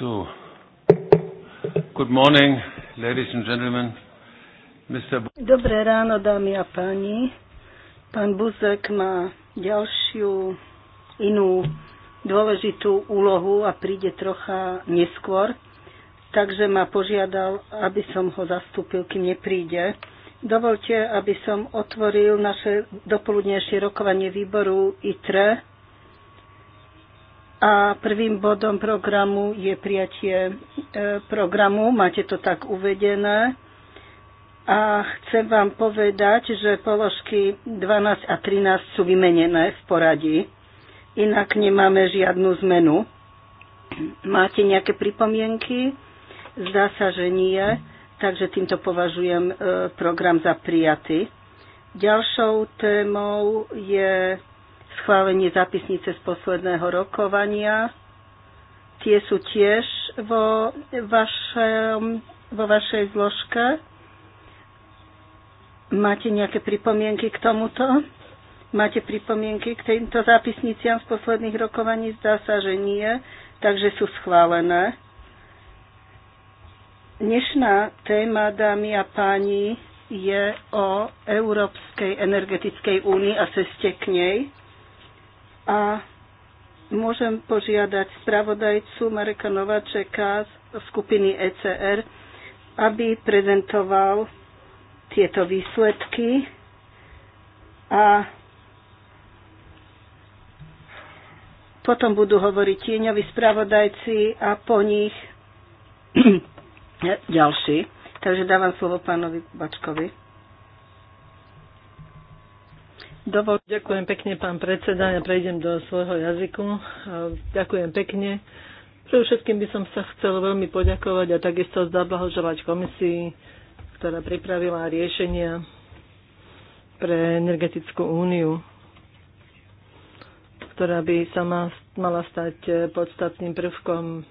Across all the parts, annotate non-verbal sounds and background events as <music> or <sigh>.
So, good morning, ladies and gentlemen. Mr. Dobré ráno, dámy a páni. Pán Buzek má ďalšiu inú dôležitú úlohu a príde trocha neskôr, takže ma požiadal, aby som ho zastúpil, kým nepríde. Dovolte, aby som otvoril naše dopoludnejšie rokovanie výboru ITRE a prvým bodom programu je prijatie e, programu. Máte to tak uvedené. A chcem vám povedať, že položky 12 a 13 sú vymenené v poradí. Inak nemáme žiadnu zmenu. Máte nejaké pripomienky? Zdá sa, že nie. Takže týmto považujem e, program za prijatý. Ďalšou témou je schválenie zápisnice z posledného rokovania. Tie sú tiež vo, vaše, vo vašej zložke. Máte nejaké pripomienky k tomuto? Máte pripomienky k týmto zápisniciam z posledných rokovaní? Zdá sa, že nie, takže sú schválené. Dnešná téma, dámy a páni, je o Európskej energetickej únii a ceste k nej. A môžem požiadať spravodajcu Mareka Nováčeka z skupiny ECR, aby prezentoval tieto výsledky a potom budú hovoriť tieňoví spravodajci a po nich <clears throat> ďalší. Takže dávam slovo pánovi Bačkovi. Dovol... Ďakujem pekne, pán predseda. Ja prejdem do svojho jazyku. Ďakujem pekne. Pre všetkým by som sa chcel veľmi poďakovať a takisto zablahožovať komisii, ktorá pripravila riešenia pre energetickú úniu, ktorá by sa mala stať podstatným prvkom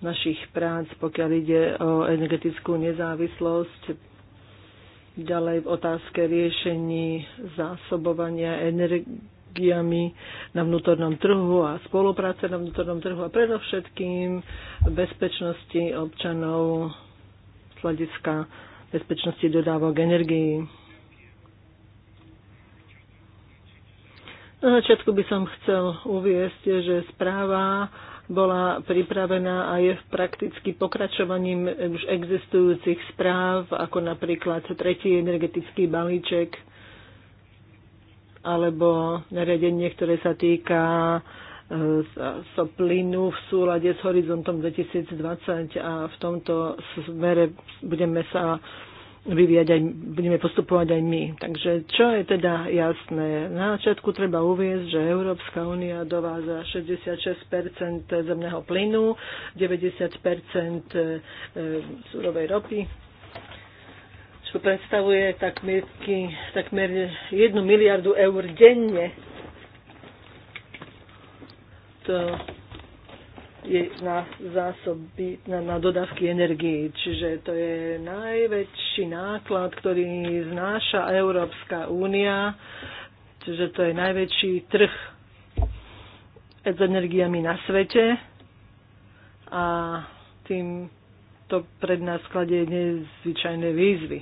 našich prác, pokiaľ ide o energetickú nezávislosť Ďalej v otázke riešení zásobovania energiami na vnútornom trhu a spolupráce na vnútornom trhu a predovšetkým bezpečnosti občanov z hľadiska bezpečnosti dodávok energií. Na začiatku by som chcel uviesť, že správa bola pripravená a je prakticky pokračovaním už existujúcich správ, ako napríklad tretí energetický balíček alebo nariadenie, ktoré sa týka e, so plynu v súlade s horizontom 2020 a v tomto smere budeme sa vyvíjať aj, budeme postupovať aj my. Takže čo je teda jasné? Na začiatku treba uviezť, že Európska únia dováza 66 zemného plynu, 90 e, surovej ropy, čo predstavuje takmer, takmer 1 miliardu eur denne. To na zásoby, na, na dodávky energii. Čiže to je najväčší náklad, ktorý znáša Európska únia. Čiže to je najväčší trh s energiami na svete. A tým to pred nás skladie nezvyčajné výzvy.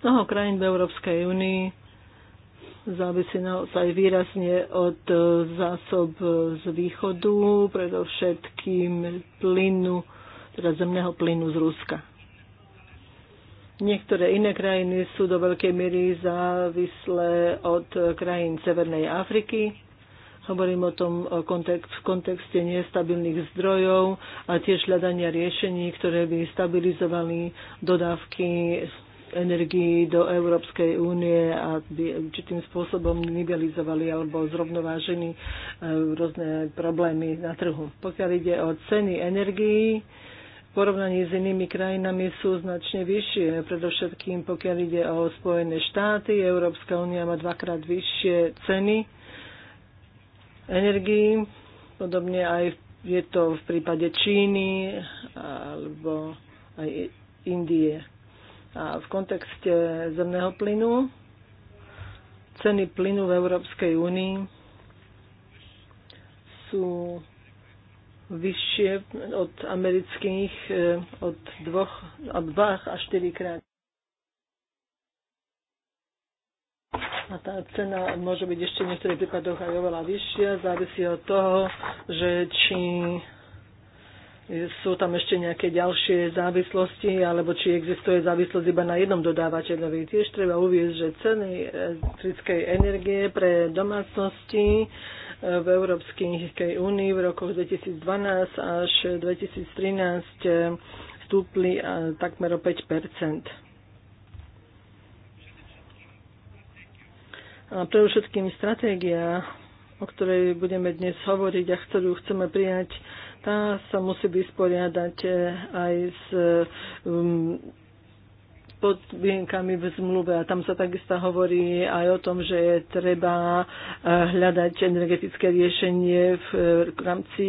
Mnoho krajín v Európskej únii závisí naozaj výrazne od e, zásob z východu, predovšetkým plynu, teda zemného plynu z Ruska. Niektoré iné krajiny sú do veľkej miery závislé od krajín Severnej Afriky. Hovorím o tom o kontek- v kontexte nestabilných zdrojov a tiež hľadania riešení, ktoré by stabilizovali dodávky energii do Európskej únie a by určitým spôsobom nivelizovali alebo zrovnovážili e, rôzne problémy na trhu. Pokiaľ ide o ceny energii v porovnaní s inými krajinami sú značne vyššie. Predovšetkým pokiaľ ide o Spojené štáty, Európska únia má dvakrát vyššie ceny energii, Podobne aj je to v prípade Číny alebo aj Indie. A v kontexte zemného plynu, ceny plynu v Európskej únii sú vyššie od amerických e, od dvoch, od až 4 krát. a tá cena môže byť ešte v niektorých prípadoch aj oveľa vyššia. Závisí od toho, že či sú tam ešte nejaké ďalšie závislosti, alebo či existuje závislosť iba na jednom dodávateľovi. Tiež treba uvieť, že ceny elektrickej energie pre domácnosti e, v Európskej únii v rokoch 2012 až 2013 e, stúpli e, takmer o 5 A pre všetkým stratégia, o ktorej budeme dnes hovoriť a ktorú chceme prijať, tá sa musí vysporiadať eh, aj s um, podmienkami v zmluve a tam sa takisto hovorí aj o tom, že je treba eh, hľadať energetické riešenie v eh, rámci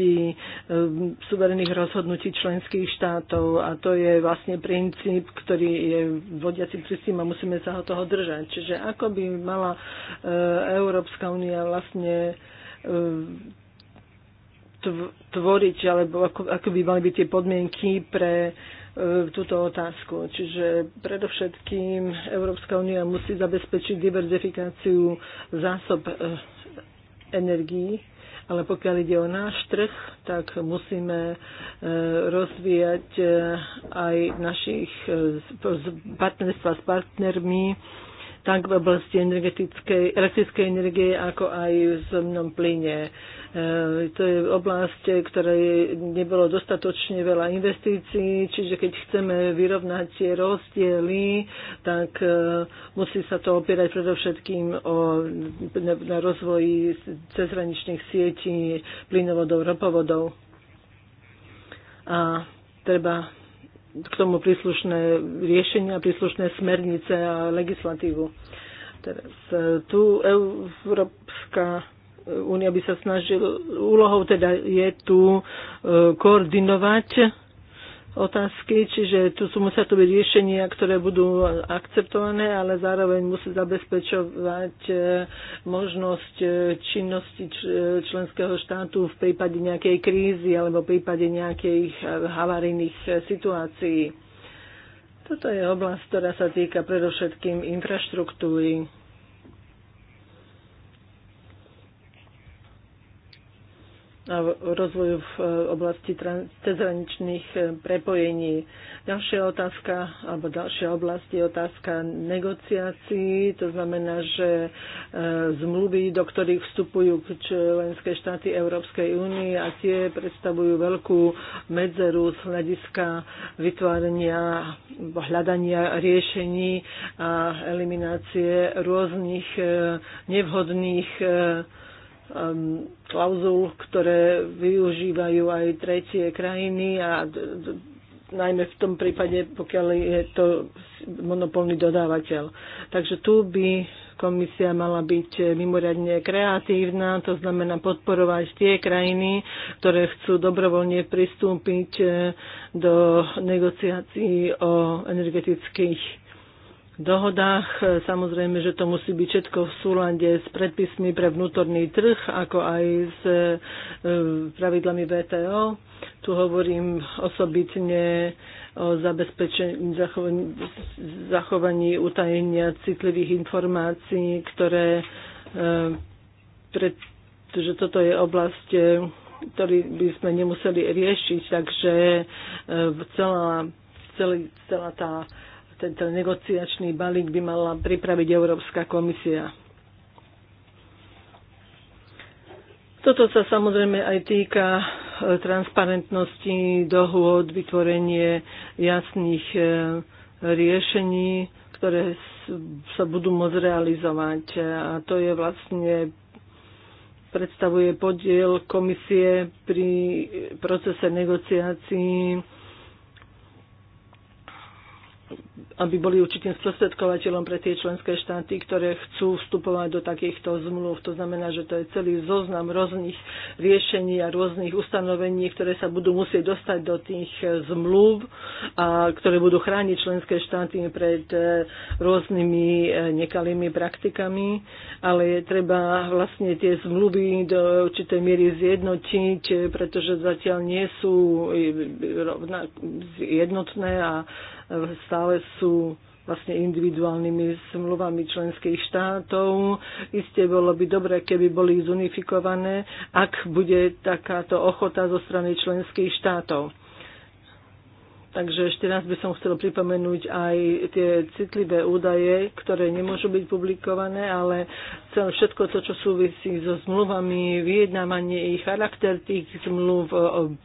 suverených rozhodnutí členských štátov a to je vlastne princíp, ktorý je vodiaci pristým a musíme sa ho toho držať. Čiže ako by mala Európska únia vlastne tvoriť, alebo ako, ako by mali byť tie podmienky pre e, túto otázku. Čiže predovšetkým Európska únia musí zabezpečiť diverzifikáciu zásob e, energií, ale pokiaľ ide o náš trh, tak musíme e, rozvíjať aj našich partnerstva s partnermi, tak v oblasti energetickej, elektrickej energie, ako aj v zemnom plyne. E, to je oblasť, ktorej nebolo dostatočne veľa investícií, čiže keď chceme vyrovnať tie rozdiely, tak e, musí sa to opierať predovšetkým o, na, na rozvoji cezhraničných sietí plynovodov, ropovodov. A treba k tomu príslušné riešenia, príslušné smernice a legislatívu. Teraz e, tu Európska únia by sa snažila, úlohou teda je tu e, koordinovať otázky, čiže tu sú, musia tu byť riešenia, ktoré budú akceptované, ale zároveň musí zabezpečovať e, možnosť e, činnosti e, členského štátu v prípade nejakej krízy alebo v prípade nejakých havarijných situácií. Toto je oblasť, ktorá sa týka predovšetkým infraštruktúry rozvoju v e, oblasti cezhraničných e, prepojení. Ďalšia otázka, alebo ďalšia oblasť je otázka negociácií, to znamená, že e, zmluvy, do ktorých vstupujú členské štáty Európskej únie a tie predstavujú veľkú medzeru z hľadiska vytvárania, hľadania riešení a eliminácie rôznych nevhodných um, klauzul, ktoré využívajú aj tretie krajiny a najmä v tom prípade, pokiaľ je to monopolný dodávateľ. Takže tu by komisia mala byť mimoriadne kreatívna, to znamená podporovať tie krajiny, ktoré chcú dobrovoľne pristúpiť eh, do negociácií o energetických dohodách. Samozrejme, že to musí byť všetko v súlande s predpismi pre vnútorný trh, ako aj s e, pravidlami VTO. Tu hovorím osobitne o zabezpečení, zachovaní, zachovaní utajenia citlivých informácií, ktoré e, pretože toto je oblasť, e, ktorý by sme nemuseli riešiť, takže celá, celý, celá tá tento negociačný balík by mala pripraviť Európska komisia. Toto sa samozrejme aj týka e, transparentnosti dohôd, vytvorenie jasných e, riešení, ktoré sa budú môcť realizovať. A to je vlastne predstavuje podiel komisie pri procese negociácií aby boli určitým sprostredkovateľom pre tie členské štáty, ktoré chcú vstupovať do takýchto zmluv. To znamená, že to je celý zoznam rôznych riešení a rôznych ustanovení, ktoré sa budú musieť dostať do tých zmluv, a ktoré budú chrániť členské štáty pred rôznymi e, nekalými praktikami, ale je treba vlastne tie zmluvy do určitej miery zjednotiť, pretože zatiaľ nie sú e, jednotné a stále sú vlastne individuálnymi zmluvami členských štátov. Isté bolo by dobre, keby boli zunifikované, ak bude takáto ochota zo strany členských štátov. Takže ešte raz by som chcel pripomenúť aj tie citlivé údaje, ktoré nemôžu byť publikované, ale celé všetko to, čo súvisí so zmluvami, vyjednávanie i charakter tých zmluv,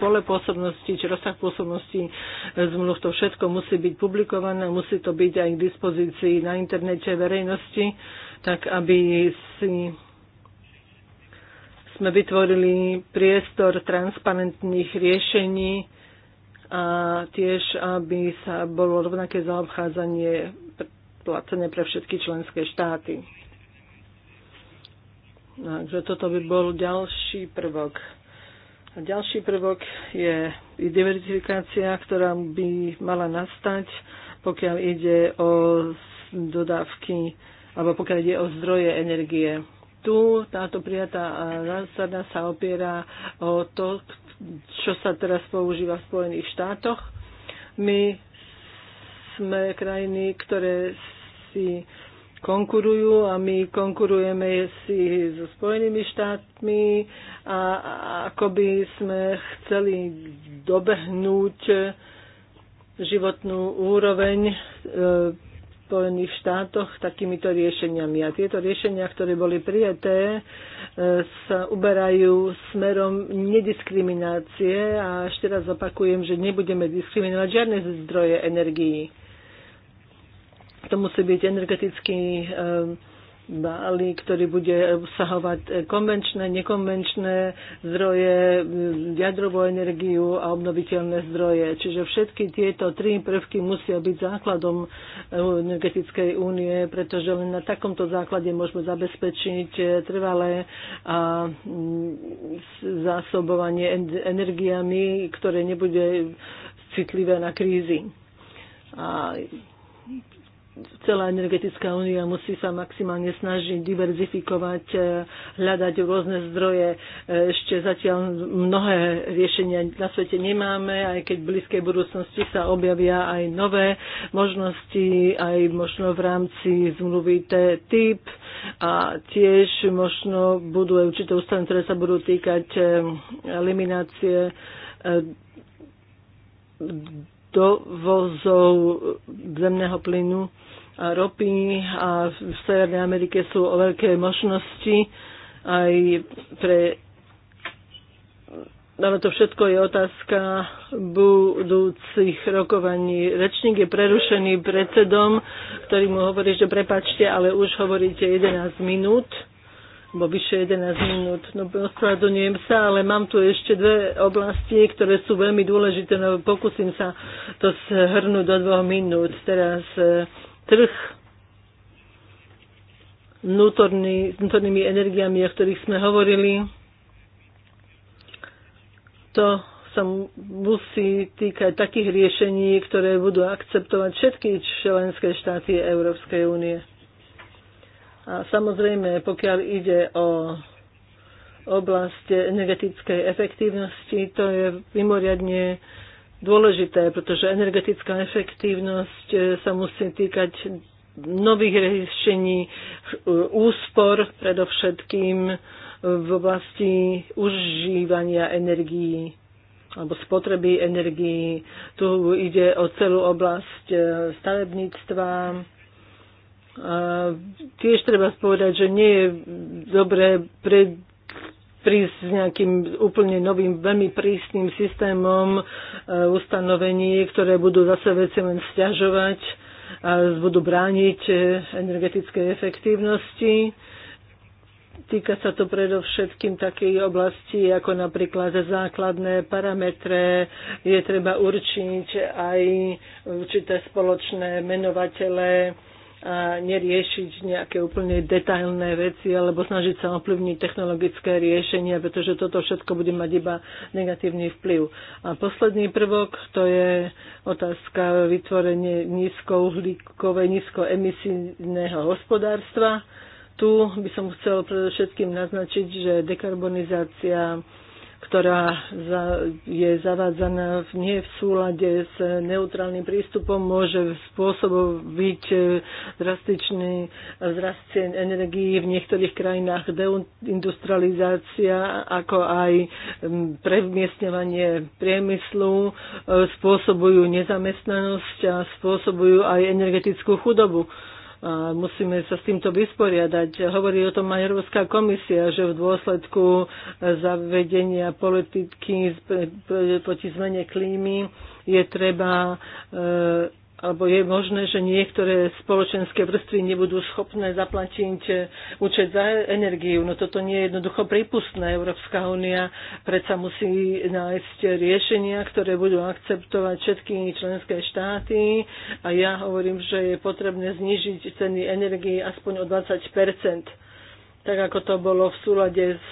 pole pôsobnosti či rozsah pôsobnosti zmluv, to všetko musí byť publikované, musí to byť aj k dispozícii na internete verejnosti, tak aby si sme vytvorili priestor transparentných riešení, a tiež, aby sa bolo rovnaké zaobchádzanie platené pre všetky členské štáty. Takže toto by bol ďalší prvok. A ďalší prvok je diverzifikácia, ktorá by mala nastať, pokiaľ ide o dodávky alebo pokiaľ ide o zdroje energie tu táto prijatá zásada sa opiera o to, čo sa teraz používa v Spojených štátoch. My sme krajiny, ktoré si konkurujú a my konkurujeme si so Spojenými štátmi a ako by sme chceli dobehnúť životnú úroveň e, Spojených štátoch takýmito riešeniami. A tieto riešenia, ktoré boli prijaté, e, sa uberajú smerom nediskriminácie a ešte raz opakujem, že nebudeme diskriminovať žiadne zdroje energii. To musí byť energetický um, Bali, ktorý bude obsahovať konvenčné, nekonvenčné zdroje, jadrovú energiu a obnoviteľné zdroje. Čiže všetky tieto tri prvky musia byť základom energetickej únie, pretože len na takomto základe môžeme zabezpečiť trvalé a zásobovanie energiami, ktoré nebude citlivé na krízy. A celá energetická únia musí sa maximálne snažiť diverzifikovať, e, hľadať rôzne zdroje. E, ešte zatiaľ mnohé riešenia na svete nemáme, aj keď v blízkej budúcnosti sa objavia aj nové možnosti, aj možno v rámci zmluvy T-typ a tiež možno budú aj určité ústavy, ktoré sa budú týkať e, eliminácie dovozov zemného plynu ropy a v Severnej Amerike sú o veľké možnosti aj pre ale to všetko je otázka budúcich rokovaní. Rečník je prerušený predsedom, ktorý mu hovorí, že prepačte, ale už hovoríte 11 minút, bo vyše 11 minút. No, ospravedlňujem sa, ale mám tu ešte dve oblasti, ktoré sú veľmi dôležité, no pokúsim sa to zhrnúť do dvoch minút. Teraz trh vnútorný, vnútornými energiami, o ktorých sme hovorili. To sa musí týkať takých riešení, ktoré budú akceptovať všetky členské štáty Európskej únie. A samozrejme, pokiaľ ide o oblasť energetickej efektívnosti, to je mimoriadne dôležité, pretože energetická efektívnosť e, sa musí týkať nových riešení e, úspor, predovšetkým v oblasti užívania energií alebo spotreby energií. Tu ide o celú oblasť e, stavebníctva. tiež treba povedať, že nie je dobré pred prísť s nejakým úplne novým, veľmi prísnym systémom e, ustanovení, ktoré budú zase veci len stiažovať a budú brániť e, energetickej efektívnosti. Týka sa to predovšetkým takej oblasti, ako napríklad základné parametre. Je treba určiť aj určité spoločné menovatele a neriešiť nejaké úplne detailné veci alebo snažiť sa ovplyvniť technologické riešenia, pretože toto všetko bude mať iba negatívny vplyv. A posledný prvok to je otázka vytvorenie nízkouhlíkovej, nízkoemisijného hospodárstva. Tu by som chcel predovšetkým naznačiť, že dekarbonizácia ktorá je zavádzaná nie v súlade s neutrálnym prístupom, môže spôsobiť e, drastičný vzrast cien v niektorých krajinách, deindustrializácia, ako aj premiestňovanie priemyslu e, spôsobujú nezamestnanosť a spôsobujú aj energetickú chudobu a musíme sa s týmto vysporiadať. Hovorí o tom aj Európska komisia, že v dôsledku zavedenia politiky proti zmene klímy je treba e, alebo je možné, že niektoré spoločenské vrstvy nebudú schopné zaplatiť eh, účet za energiu. No toto nie je jednoducho prípustné. Európska únia predsa musí nájsť riešenia, ktoré budú akceptovať všetky členské štáty a ja hovorím, že je potrebné znižiť ceny energii aspoň o 20 tak ako to bolo v súlade s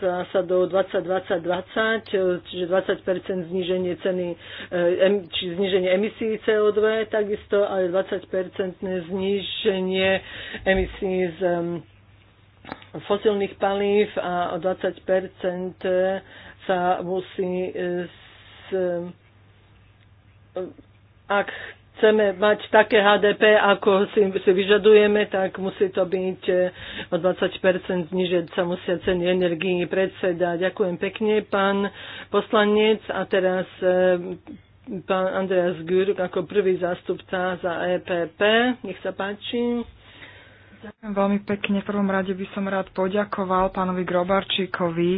zásadou 20-20-20, čiže 20 zníženie ceny, eh, či zníženie emisí CO2, takisto aj 20 zníženie emisí z fosilných palív a o 20 sa musí z, eh, ak chceme mať také HDP, ako si, si vyžadujeme, tak musí to byť e, o 20 znižiť sa musia ceny energii predseda. Ďakujem pekne, pán poslanec. A teraz e, pán Andreas Gürk ako prvý zástupca za EPP. Nech sa páči. Ďakujem veľmi pekne. V prvom rade by som rád poďakoval pánovi Grobarčíkovi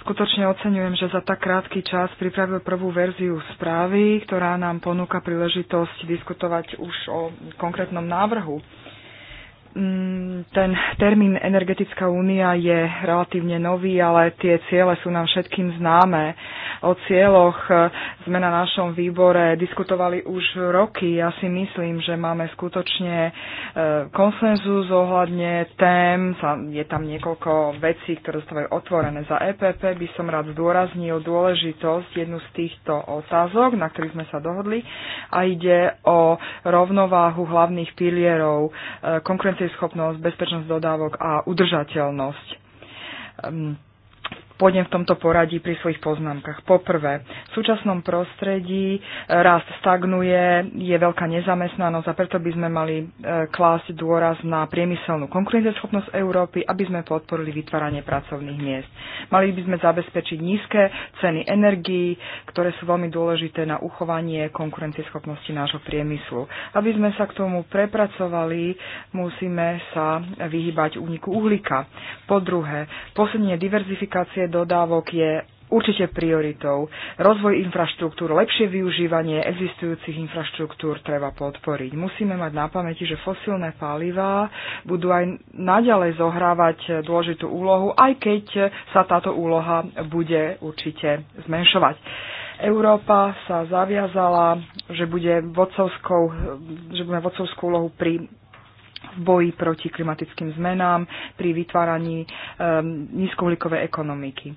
Skutočne oceňujem, že za tak krátky čas pripravil prvú verziu správy, ktorá nám ponúka príležitosť diskutovať už o konkrétnom návrhu. Mm, ten termín energetická únia je relatívne nový, ale tie ciele sú nám všetkým známe. O cieľoch e, sme na našom výbore diskutovali už roky. Ja si myslím, že máme skutočne e, konsenzus ohľadne tém. Je tam niekoľko vecí, ktoré zostávajú otvorené. Za EPP by som rád zdôraznil dôležitosť jednu z týchto otázok, na ktorých sme sa dohodli, a ide o rovnováhu hlavných pilierov e, konkurencie konkurencieschopnosť, bezpečnosť dodávok a udržateľnosť. Ehm, pôjdem v tomto poradí pri svojich poznámkach. Poprvé, v súčasnom prostredí e, rast stagnuje, je veľká nezamestnanosť a preto by sme mali e, klásť dôraz na priemyselnú konkurenceschopnosť Európy, aby sme podporili vytváranie pracovných miest. Mali by sme zabezpečiť nízke ceny energií, ktoré sú veľmi dôležité na uchovanie konkurencieschopnosti nášho priemyslu. Aby sme sa k tomu prepracovali, musíme sa vyhybať úniku uhlíka. Po druhé, posilnenie diverzifikácie dodávok je určite prioritou. Rozvoj infraštruktúr, lepšie využívanie existujúcich infraštruktúr treba podporiť. Musíme mať na pamäti, že fosílne palivá budú aj naďalej zohrávať dôležitú úlohu, aj keď sa táto úloha bude určite zmenšovať. Európa sa zaviazala, že, bude vodcovskou, že budeme vodcovskú úlohu pri v boji proti klimatickým zmenám, pri vytváraní um, nízkouhlíkovej ekonomiky.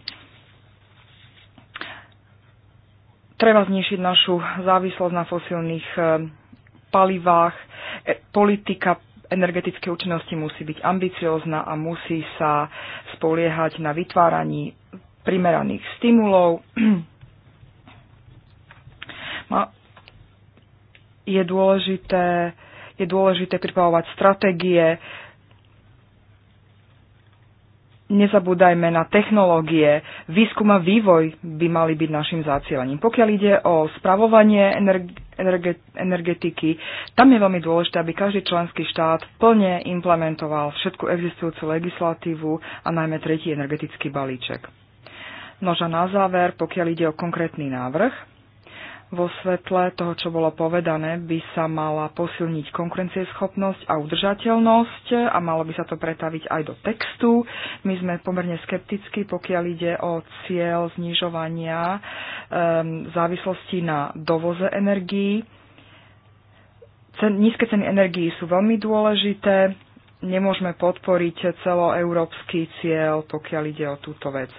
Treba znišiť našu závislosť na fosílnych um, palivách. E, politika energetické účinnosti musí byť ambiciozná a musí sa spoliehať na vytváraní primeraných stimulov. <clears throat> Je dôležité je dôležité pripravovať stratégie, nezabúdajme na technológie, výskum a vývoj by mali byť našim zacielením. Pokiaľ ide o spravovanie energetiky, tam je veľmi dôležité, aby každý členský štát plne implementoval všetku existujúcu legislatívu a najmä tretí energetický balíček. Nož a na záver, pokiaľ ide o konkrétny návrh, vo svetle toho, čo bolo povedané, by sa mala posilniť konkurencieschopnosť a udržateľnosť a malo by sa to pretaviť aj do textu. My sme pomerne skeptickí, pokiaľ ide o cieľ znižovania um, závislosti na dovoze energií. Cen, nízke ceny energií sú veľmi dôležité. Nemôžeme podporiť celoeurópsky cieľ, pokiaľ ide o túto vec.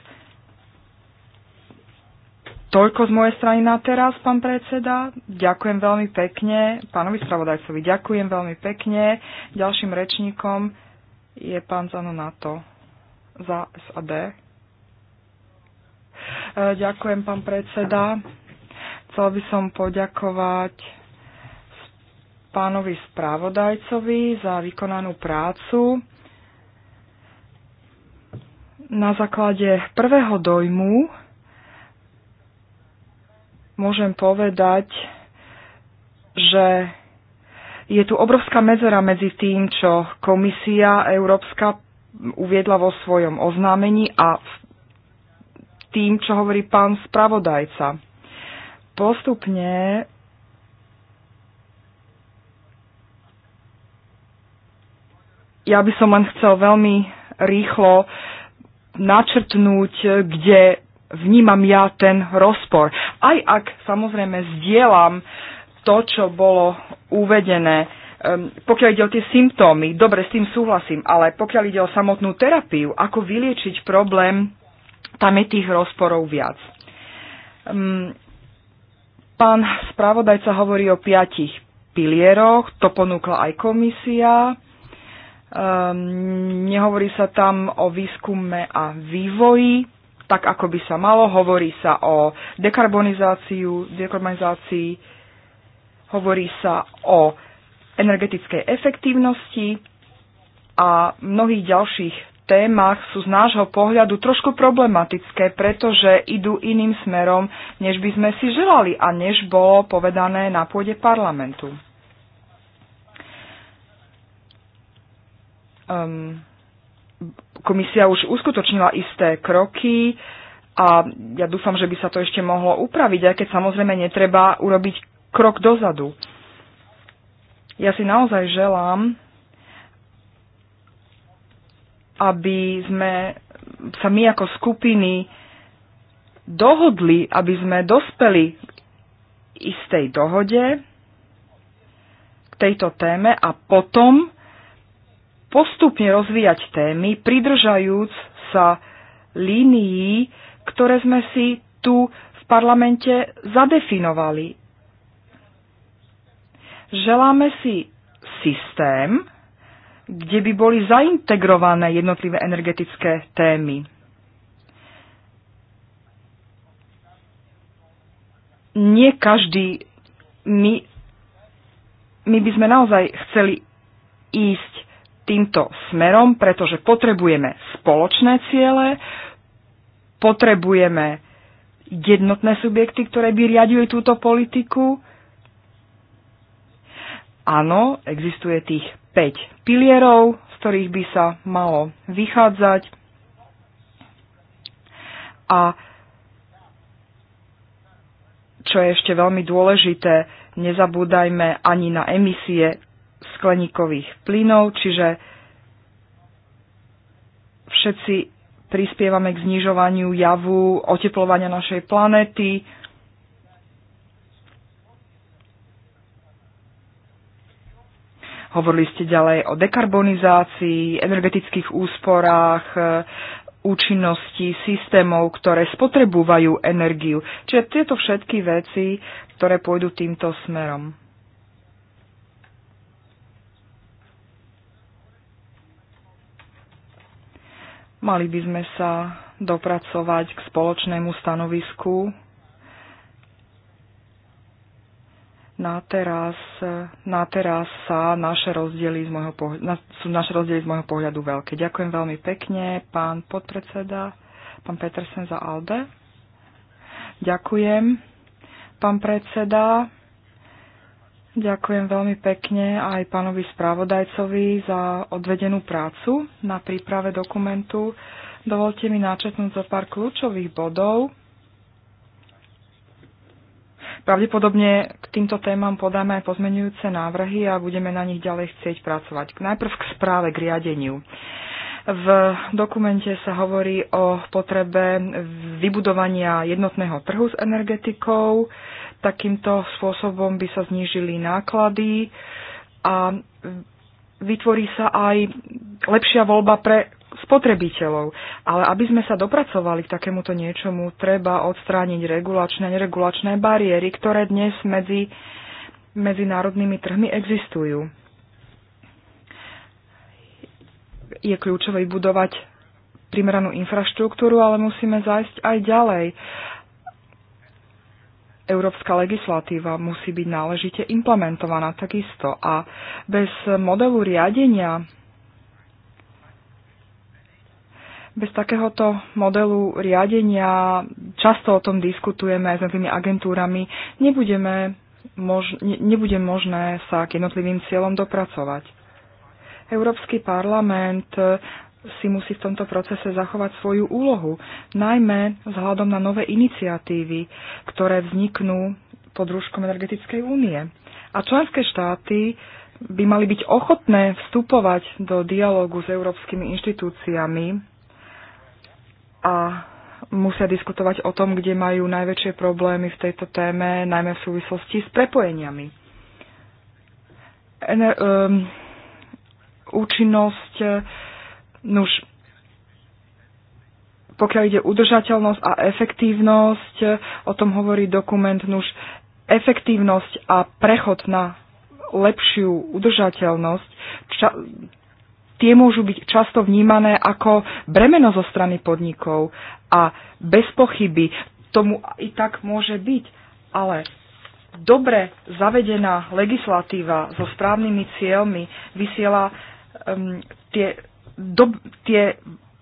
Toľko z mojej strany na teraz, pán predseda. Ďakujem veľmi pekne. Pánovi spravodajcovi ďakujem veľmi pekne. Ďalším rečníkom je pán Zanonato za SAD. E, ďakujem, pán predseda. Chcel by som poďakovať pánovi správodajcovi za vykonanú prácu. Na základe prvého dojmu môžem povedať, že je tu obrovská medzera medzi tým, čo Komisia Európska uviedla vo svojom oznámení a tým, čo hovorí pán spravodajca. Postupne ja by som len chcel veľmi rýchlo načrtnúť, kde vnímam ja ten rozpor. Aj ak samozrejme zdieľam to, čo bolo uvedené, um, pokiaľ ide o tie symptómy, dobre, s tým súhlasím, ale pokiaľ ide o samotnú terapiu, ako vyliečiť problém, tam je tých rozporov viac. Um, pán spravodajca hovorí o piatich pilieroch, to ponúkla aj komisia. Um, nehovorí sa tam o výskume a vývoji tak, ako by sa malo. Hovorí sa o dekarbonizáciu, dekarbonizácii, hovorí sa o energetickej efektívnosti a mnohých ďalších témach sú z nášho pohľadu trošku problematické, pretože idú iným smerom, než by sme si želali a než bolo povedané na pôde parlamentu. Um, komisia už uskutočnila isté kroky a ja dúfam, že by sa to ešte mohlo upraviť, aj keď samozrejme netreba urobiť krok dozadu. Ja si naozaj želám, aby sme sa my ako skupiny dohodli, aby sme dospeli k istej dohode, k tejto téme a potom postupne rozvíjať témy, pridržajúc sa línií, ktoré sme si tu v parlamente zadefinovali. Želáme si systém, kde by boli zaintegrované jednotlivé energetické témy. Nie každý, my, my by sme naozaj chceli ísť týmto smerom, pretože potrebujeme spoločné ciele, potrebujeme jednotné subjekty, ktoré by riadili túto politiku. Áno, existuje tých 5 pilierov, z ktorých by sa malo vychádzať. A čo je ešte veľmi dôležité, nezabúdajme ani na emisie skleníkových plynov, čiže všetci prispievame k znižovaniu javu oteplovania našej planéty. Hovorili ste ďalej o dekarbonizácii, energetických úsporách, e, účinnosti systémov, ktoré spotrebujú energiu. Čiže tieto všetky veci, ktoré pôjdu týmto smerom. Mali by sme sa dopracovať k spoločnému stanovisku. Na teraz, na teraz sa naše rozdiely, z môjho pohľadu, sú naše rozdiely z môjho pohľadu veľké. Ďakujem veľmi pekne, pán podpredseda, pán Petersen za Alde. Ďakujem, pán predseda. Ďakujem veľmi pekne aj pánovi správodajcovi za odvedenú prácu na príprave dokumentu. Dovolte mi načetnúť zo pár kľúčových bodov. Pravdepodobne k týmto témam podáme aj pozmenujúce návrhy a budeme na nich ďalej chcieť pracovať. Najprv k správe, k riadeniu. V dokumente sa hovorí o potrebe vybudovania jednotného trhu s energetikou, Takýmto spôsobom by sa znížili náklady a vytvorí sa aj lepšia voľba pre spotrebiteľov. Ale aby sme sa dopracovali k takémuto niečomu, treba odstrániť regulačné a neregulačné bariéry, ktoré dnes medzi medzinárodnými trhmi existujú. Je kľúčové budovať primeranú infraštruktúru, ale musíme zajsť aj ďalej európska legislatíva musí byť náležite implementovaná takisto. A bez modelu riadenia, bez takéhoto modelu riadenia, často o tom diskutujeme aj s tými agentúrami, nebudeme mož, ne, nebude možné sa k jednotlivým cieľom dopracovať. Európsky parlament si musí v tomto procese zachovať svoju úlohu, najmä vzhľadom na nové iniciatívy, ktoré vzniknú pod rúškom energetickej únie. A členské štáty by mali byť ochotné vstupovať do dialógu s európskymi inštitúciami a musia diskutovať o tom, kde majú najväčšie problémy v tejto téme, najmä v súvislosti s prepojeniami. Ener- um, účinnosť Nuž, pokiaľ ide udržateľnosť a efektívnosť, o tom hovorí dokument, nuž efektívnosť a prechod na lepšiu udržateľnosť, ča- tie môžu byť často vnímané ako bremeno zo strany podnikov a bez pochyby tomu i tak môže byť, ale dobre zavedená legislatíva so správnymi cieľmi vysiela um, tie do, tie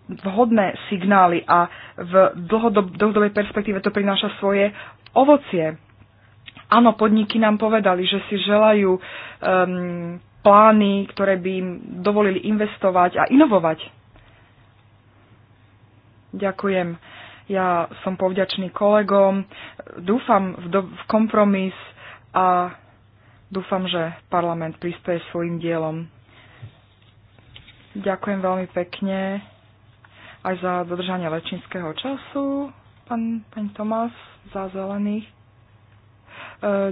vhodné signály a v dlhodob, dlhodobej perspektíve to prináša svoje ovocie. Áno, podniky nám povedali, že si želajú um, plány, ktoré by im dovolili investovať a inovovať. Ďakujem. Ja som povďačný kolegom, dúfam v, do, v kompromis a dúfam, že parlament prispieje svojim dielom. Ďakujem veľmi pekne aj za dodržanie lečinského času, pán, pán Tomás, za zelených. E,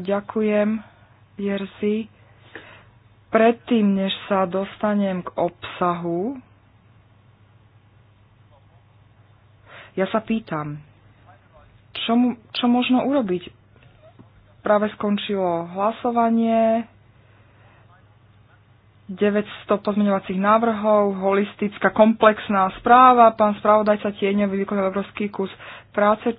ďakujem, Jerzy. Predtým, než sa dostanem k obsahu, ja sa pýtam, čo, čo možno urobiť? Práve skončilo hlasovanie, 900 pozmeňovacích návrhov, holistická, komplexná správa. Pán spravodajca tieňa vykonal obrovský kus práce.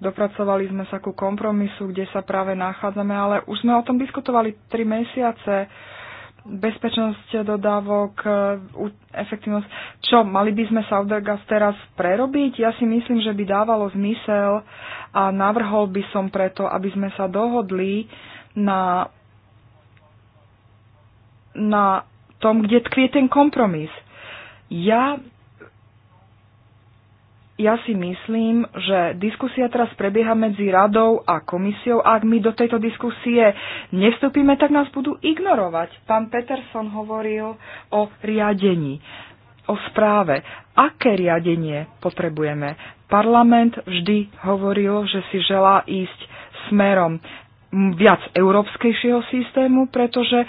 Dopracovali sme sa ku kompromisu, kde sa práve nachádzame, ale už sme o tom diskutovali 3 mesiace. Bezpečnosť dodávok, e, efektivnosť. Čo, mali by sme Saudergas teraz prerobiť? Ja si myslím, že by dávalo zmysel a navrhol by som preto, aby sme sa dohodli na na tom, kde tkvie ten kompromis. Ja, ja si myslím, že diskusia teraz prebieha medzi radou a komisiou a ak my do tejto diskusie nevstúpime, tak nás budú ignorovať. Pán Peterson hovoril o riadení, o správe. Aké riadenie potrebujeme? Parlament vždy hovoril, že si želá ísť smerom viac európskejšieho systému, pretože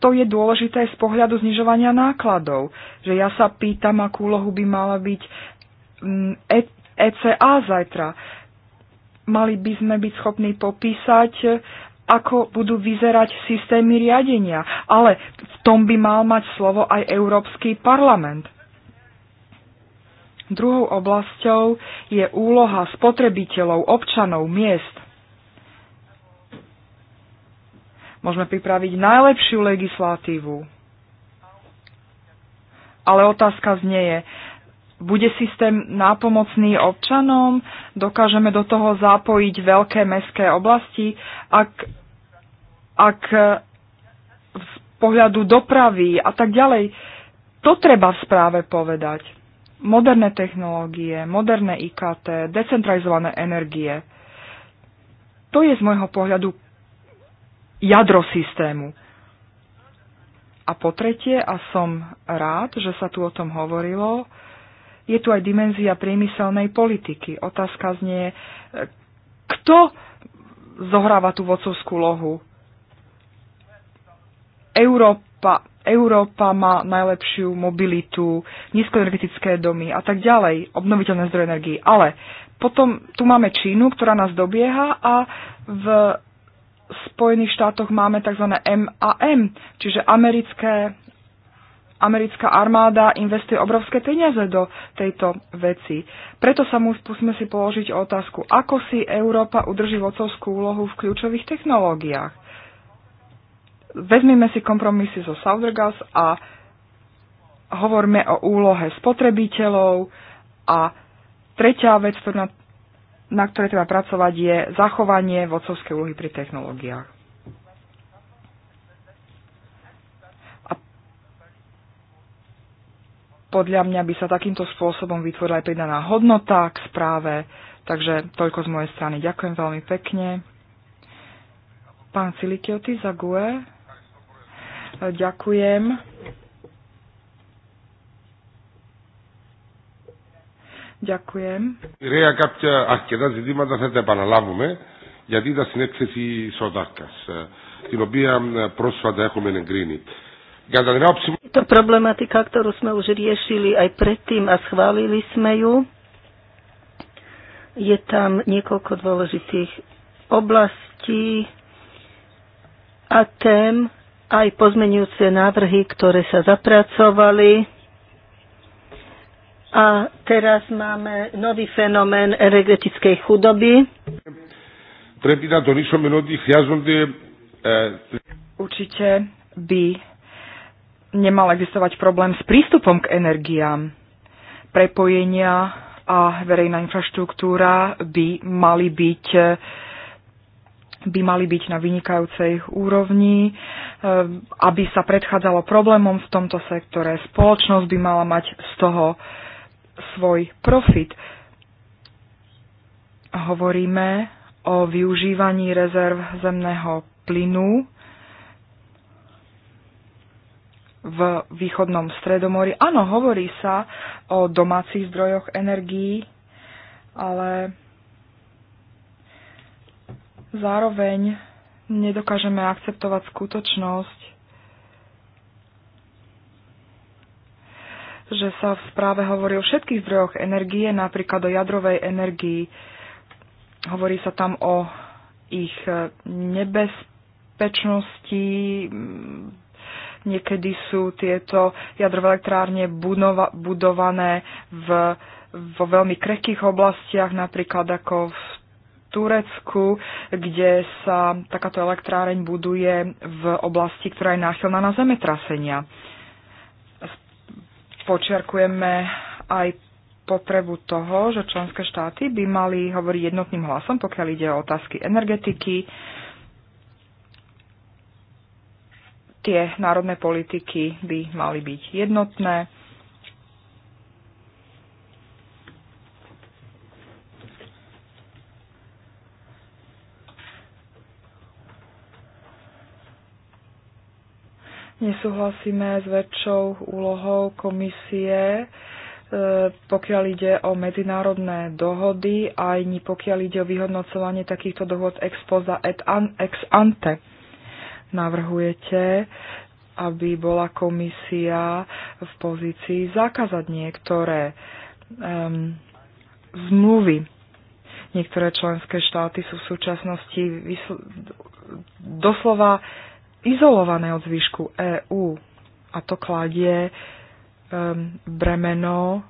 to je dôležité z pohľadu znižovania nákladov. Že ja sa pýtam, akú úlohu by mala byť mm, ECA e zajtra. Mali by sme byť schopní popísať, ako budú vyzerať systémy riadenia. Ale v tom by mal mať slovo aj Európsky parlament. Druhou oblasťou je úloha spotrebiteľov, občanov, miest – Môžeme pripraviť najlepšiu legislatívu. Ale otázka znie je, bude systém nápomocný občanom? Dokážeme do toho zapojiť veľké mestské oblasti? Ak, ak eh, z pohľadu dopravy a tak ďalej, to treba v správe povedať. Moderné technológie, moderné IKT, decentralizované energie. To je z môjho pohľadu jadro systému. A po tretie, a som rád, že sa tu o tom hovorilo, je tu aj dimenzia priemyselnej politiky. Otázka znie, e, kto zohráva tú vocovskú lohu? Európa, Európa má najlepšiu mobilitu, nízkoenergetické domy a tak ďalej, obnoviteľné zdroje energii. Ale potom tu máme Čínu, ktorá nás dobieha a v Spojených štátoch máme tzv. MAM, čiže americké, americká armáda investuje obrovské peniaze do tejto veci. Preto sa mu, musíme si položiť otázku, ako si Európa udrží vocovskú úlohu v kľúčových technológiách. Vezmime si kompromisy so Southergas a hovorme o úlohe spotrebiteľov a tretia vec, ktorá, na ktoré treba pracovať, je zachovanie vodcovskej úlohy pri technológiách. podľa mňa by sa takýmto spôsobom vytvorila aj pridaná hodnota k správe, takže toľko z mojej strany. Ďakujem veľmi pekne. Pán Silikioty za GUE. Ďakujem. Ďakujem. Ρέα κάποια αρκετά ζητήματα θα τα επαναλάβουμε γιατί ήταν στην έκθεση Σοδάρκας την οποία πρόσφατα έχουμε εγκρίνει. Κατά την άποψη Je to problematika, ktorú sme už riešili aj predtým a schválili sme ju. Je tam niekoľko dôležitých oblastí a tém, aj pozmenujúce návrhy, ktoré sa zapracovali a teraz máme nový fenomén energetickej chudoby. E, Určite by nemal existovať problém s prístupom k energiám. Prepojenia a verejná infraštruktúra by mali byť by mali byť na vynikajúcej úrovni, e, aby sa predchádzalo problémom v tomto sektore. Spoločnosť by mala mať z toho svoj profit. Hovoríme o využívaní rezerv zemného plynu v východnom stredomori. Áno, hovorí sa o domácich zdrojoch energií, ale zároveň nedokážeme akceptovať skutočnosť, že sa v správe hovorí o všetkých zdrojoch energie, napríklad o jadrovej energii. Hovorí sa tam o ich e, nebezpečnosti. Niekedy sú tieto jadrové elektrárne budova- budované v, vo veľmi krehkých oblastiach, napríklad ako v Turecku, kde sa takáto elektráreň buduje v oblasti, ktorá je náchylná na zemetrasenia počiarkujeme aj potrebu toho, že členské štáty by mali hovoriť jednotným hlasom, pokiaľ ide o otázky energetiky, tie národné politiky by mali byť jednotné. Nesúhlasíme s väčšou úlohou komisie, e, pokiaľ ide o medzinárodné dohody, ani pokiaľ ide o vyhodnocovanie takýchto dohod ex poza et an, ex ante. Navrhujete, aby bola komisia v pozícii zakázať niektoré um, zmluvy. Niektoré členské štáty sú v súčasnosti doslova izolované od zvyšku EÚ a to kladie um, bremeno,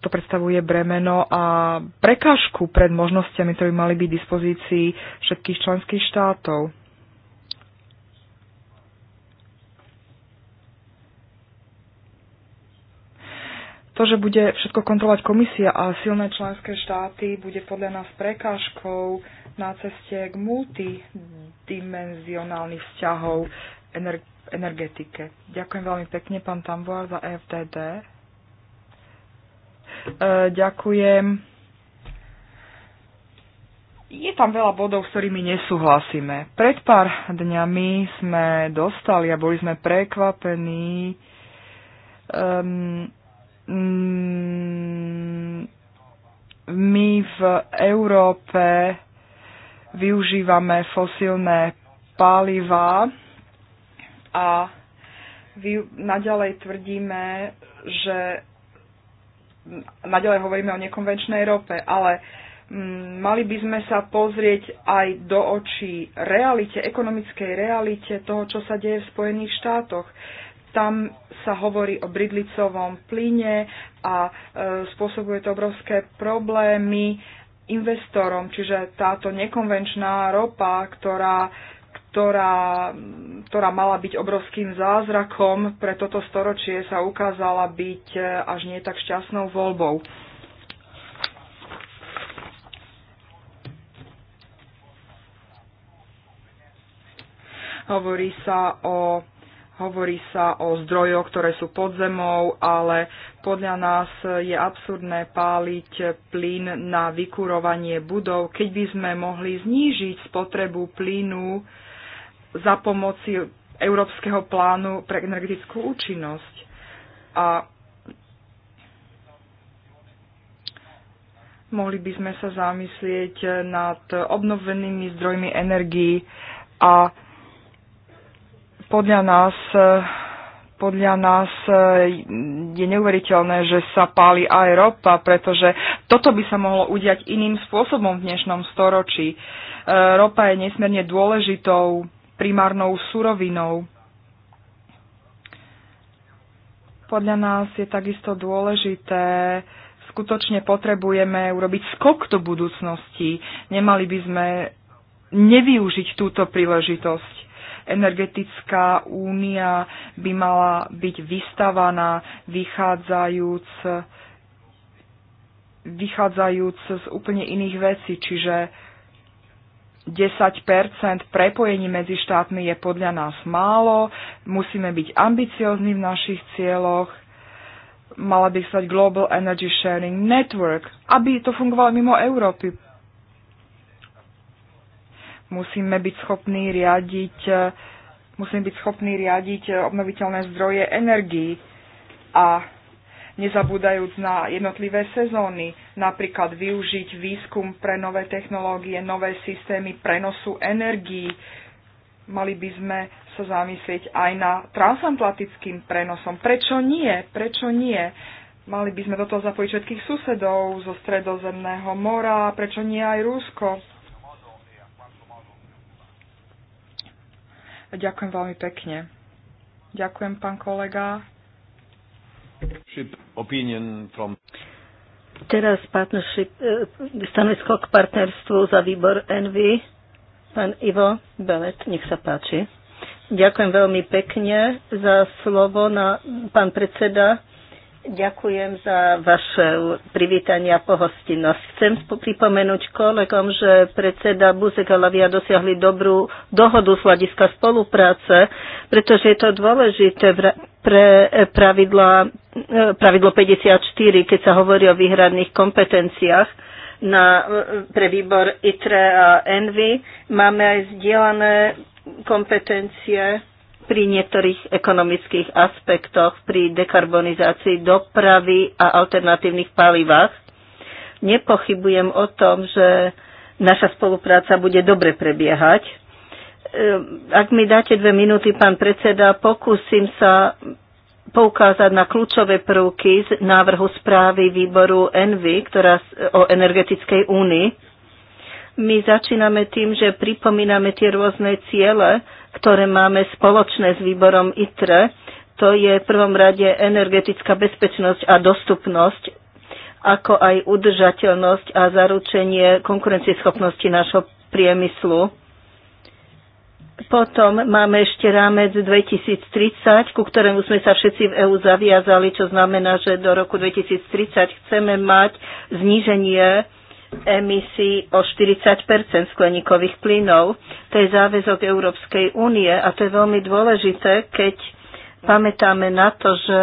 to predstavuje bremeno a prekážku pred možnosťami, ktoré by mali byť v dispozícii všetkých členských štátov. To, že bude všetko kontrolovať komisia a silné členské štáty, bude podľa nás prekážkou na ceste k multi medzinárodných vzťahov ener- energetike. Ďakujem veľmi pekne, pán Tambor, za e FDD. E, ďakujem. Je tam veľa bodov, s ktorými nesúhlasíme. Pred pár dňami sme dostali a boli sme prekvapení um, um, my v Európe využívame fosílne paliva a vy, naďalej tvrdíme, že naďalej hovoríme o nekonvenčnej rope, ale m, mm, mali by sme sa pozrieť aj do očí realite, ekonomickej realite toho, čo sa deje v Spojených štátoch. Tam sa hovorí o bridlicovom plyne a e, spôsobuje to obrovské problémy. E, investorom, čiže táto nekonvenčná ropa, ktorá, ktorá, ktorá mala byť obrovským zázrakom pre toto storočie, sa ukázala byť e, až nie tak šťastnou voľbou. Hovorí sa o Hovorí sa o zdrojoch, ktoré sú pod zemou, ale podľa nás je absurdné páliť plyn na vykurovanie budov, keď by sme mohli znížiť spotrebu plynu za pomoci Európskeho plánu pre energetickú účinnosť. A mohli by sme sa zamyslieť nad obnovenými zdrojmi energií a podľa nás, e, podľa nás e, je neuveriteľné, že sa páli aj ropa, pretože toto by sa mohlo udiať iným spôsobom v dnešnom storočí. E, ropa je nesmierne dôležitou primárnou surovinou. Podľa nás je takisto dôležité, skutočne potrebujeme urobiť skok do budúcnosti. Nemali by sme nevyužiť túto príležitosť energetická únia by mala byť vystavaná vychádzajúc vychádzajúc z úplne iných vecí, čiže 10 prepojení medzi štátmi je podľa nás málo, musíme byť ambiciozni v našich cieľoch, mala by stať Global Energy Sharing Network, aby to fungovalo mimo Európy. Musíme byť schopní riadiť, e, musíme byť schopní riadiť e, obnoviteľné zdroje energii a nezabúdajúc na jednotlivé sezóny, napríklad využiť výskum pre nové technológie, nové systémy prenosu energií. Mali by sme sa zamyslieť aj na transatlantickým prenosom. Prečo nie? Prečo nie? Mali by sme do toho zapojiť všetkých susedov zo Stredozemného mora, prečo nie aj Rusko? Ďakujem veľmi pekne. Ďakujem, pán kolega. From... Teraz partnership, e, stanovisko k partnerstvu za výbor Envy. Pán Ivo Belet, nech sa páči. Ďakujem veľmi pekne za slovo, na, pán predseda. Ďakujem za vaše privítanie a pohostinnosť. Chcem pripomenúť kolegom, že predseda Buzek a Lavia dosiahli dobrú dohodu z hľadiska spolupráce, pretože je to dôležité pre eh, pravidla, eh, pravidlo 54, keď sa hovorí o výhradných kompetenciách na, eh, pre výbor ITRE a ENVY. Máme aj zdieľané kompetencie pri niektorých ekonomických aspektoch, pri dekarbonizácii dopravy a alternatívnych palivách. Nepochybujem o tom, že naša spolupráca bude dobre prebiehať. Ehm, ak mi dáte dve minúty, pán predseda, pokúsim sa poukázať na kľúčové prvky z návrhu správy výboru ENVY, ktorá o energetickej únii. My začíname tým, že pripomíname tie rôzne ciele, ktoré máme spoločné s výborom ITRE. To je v prvom rade energetická bezpečnosť a dostupnosť, ako aj udržateľnosť a zaručenie konkurencieschopnosti nášho priemyslu. Potom máme ešte rámec 2030, ku ktorému sme sa všetci v EÚ zaviazali, čo znamená, že do roku 2030 chceme mať zníženie emisí o 40 skleníkových plynov. To je záväzok Európskej únie a to je veľmi dôležité, keď pamätáme na to, že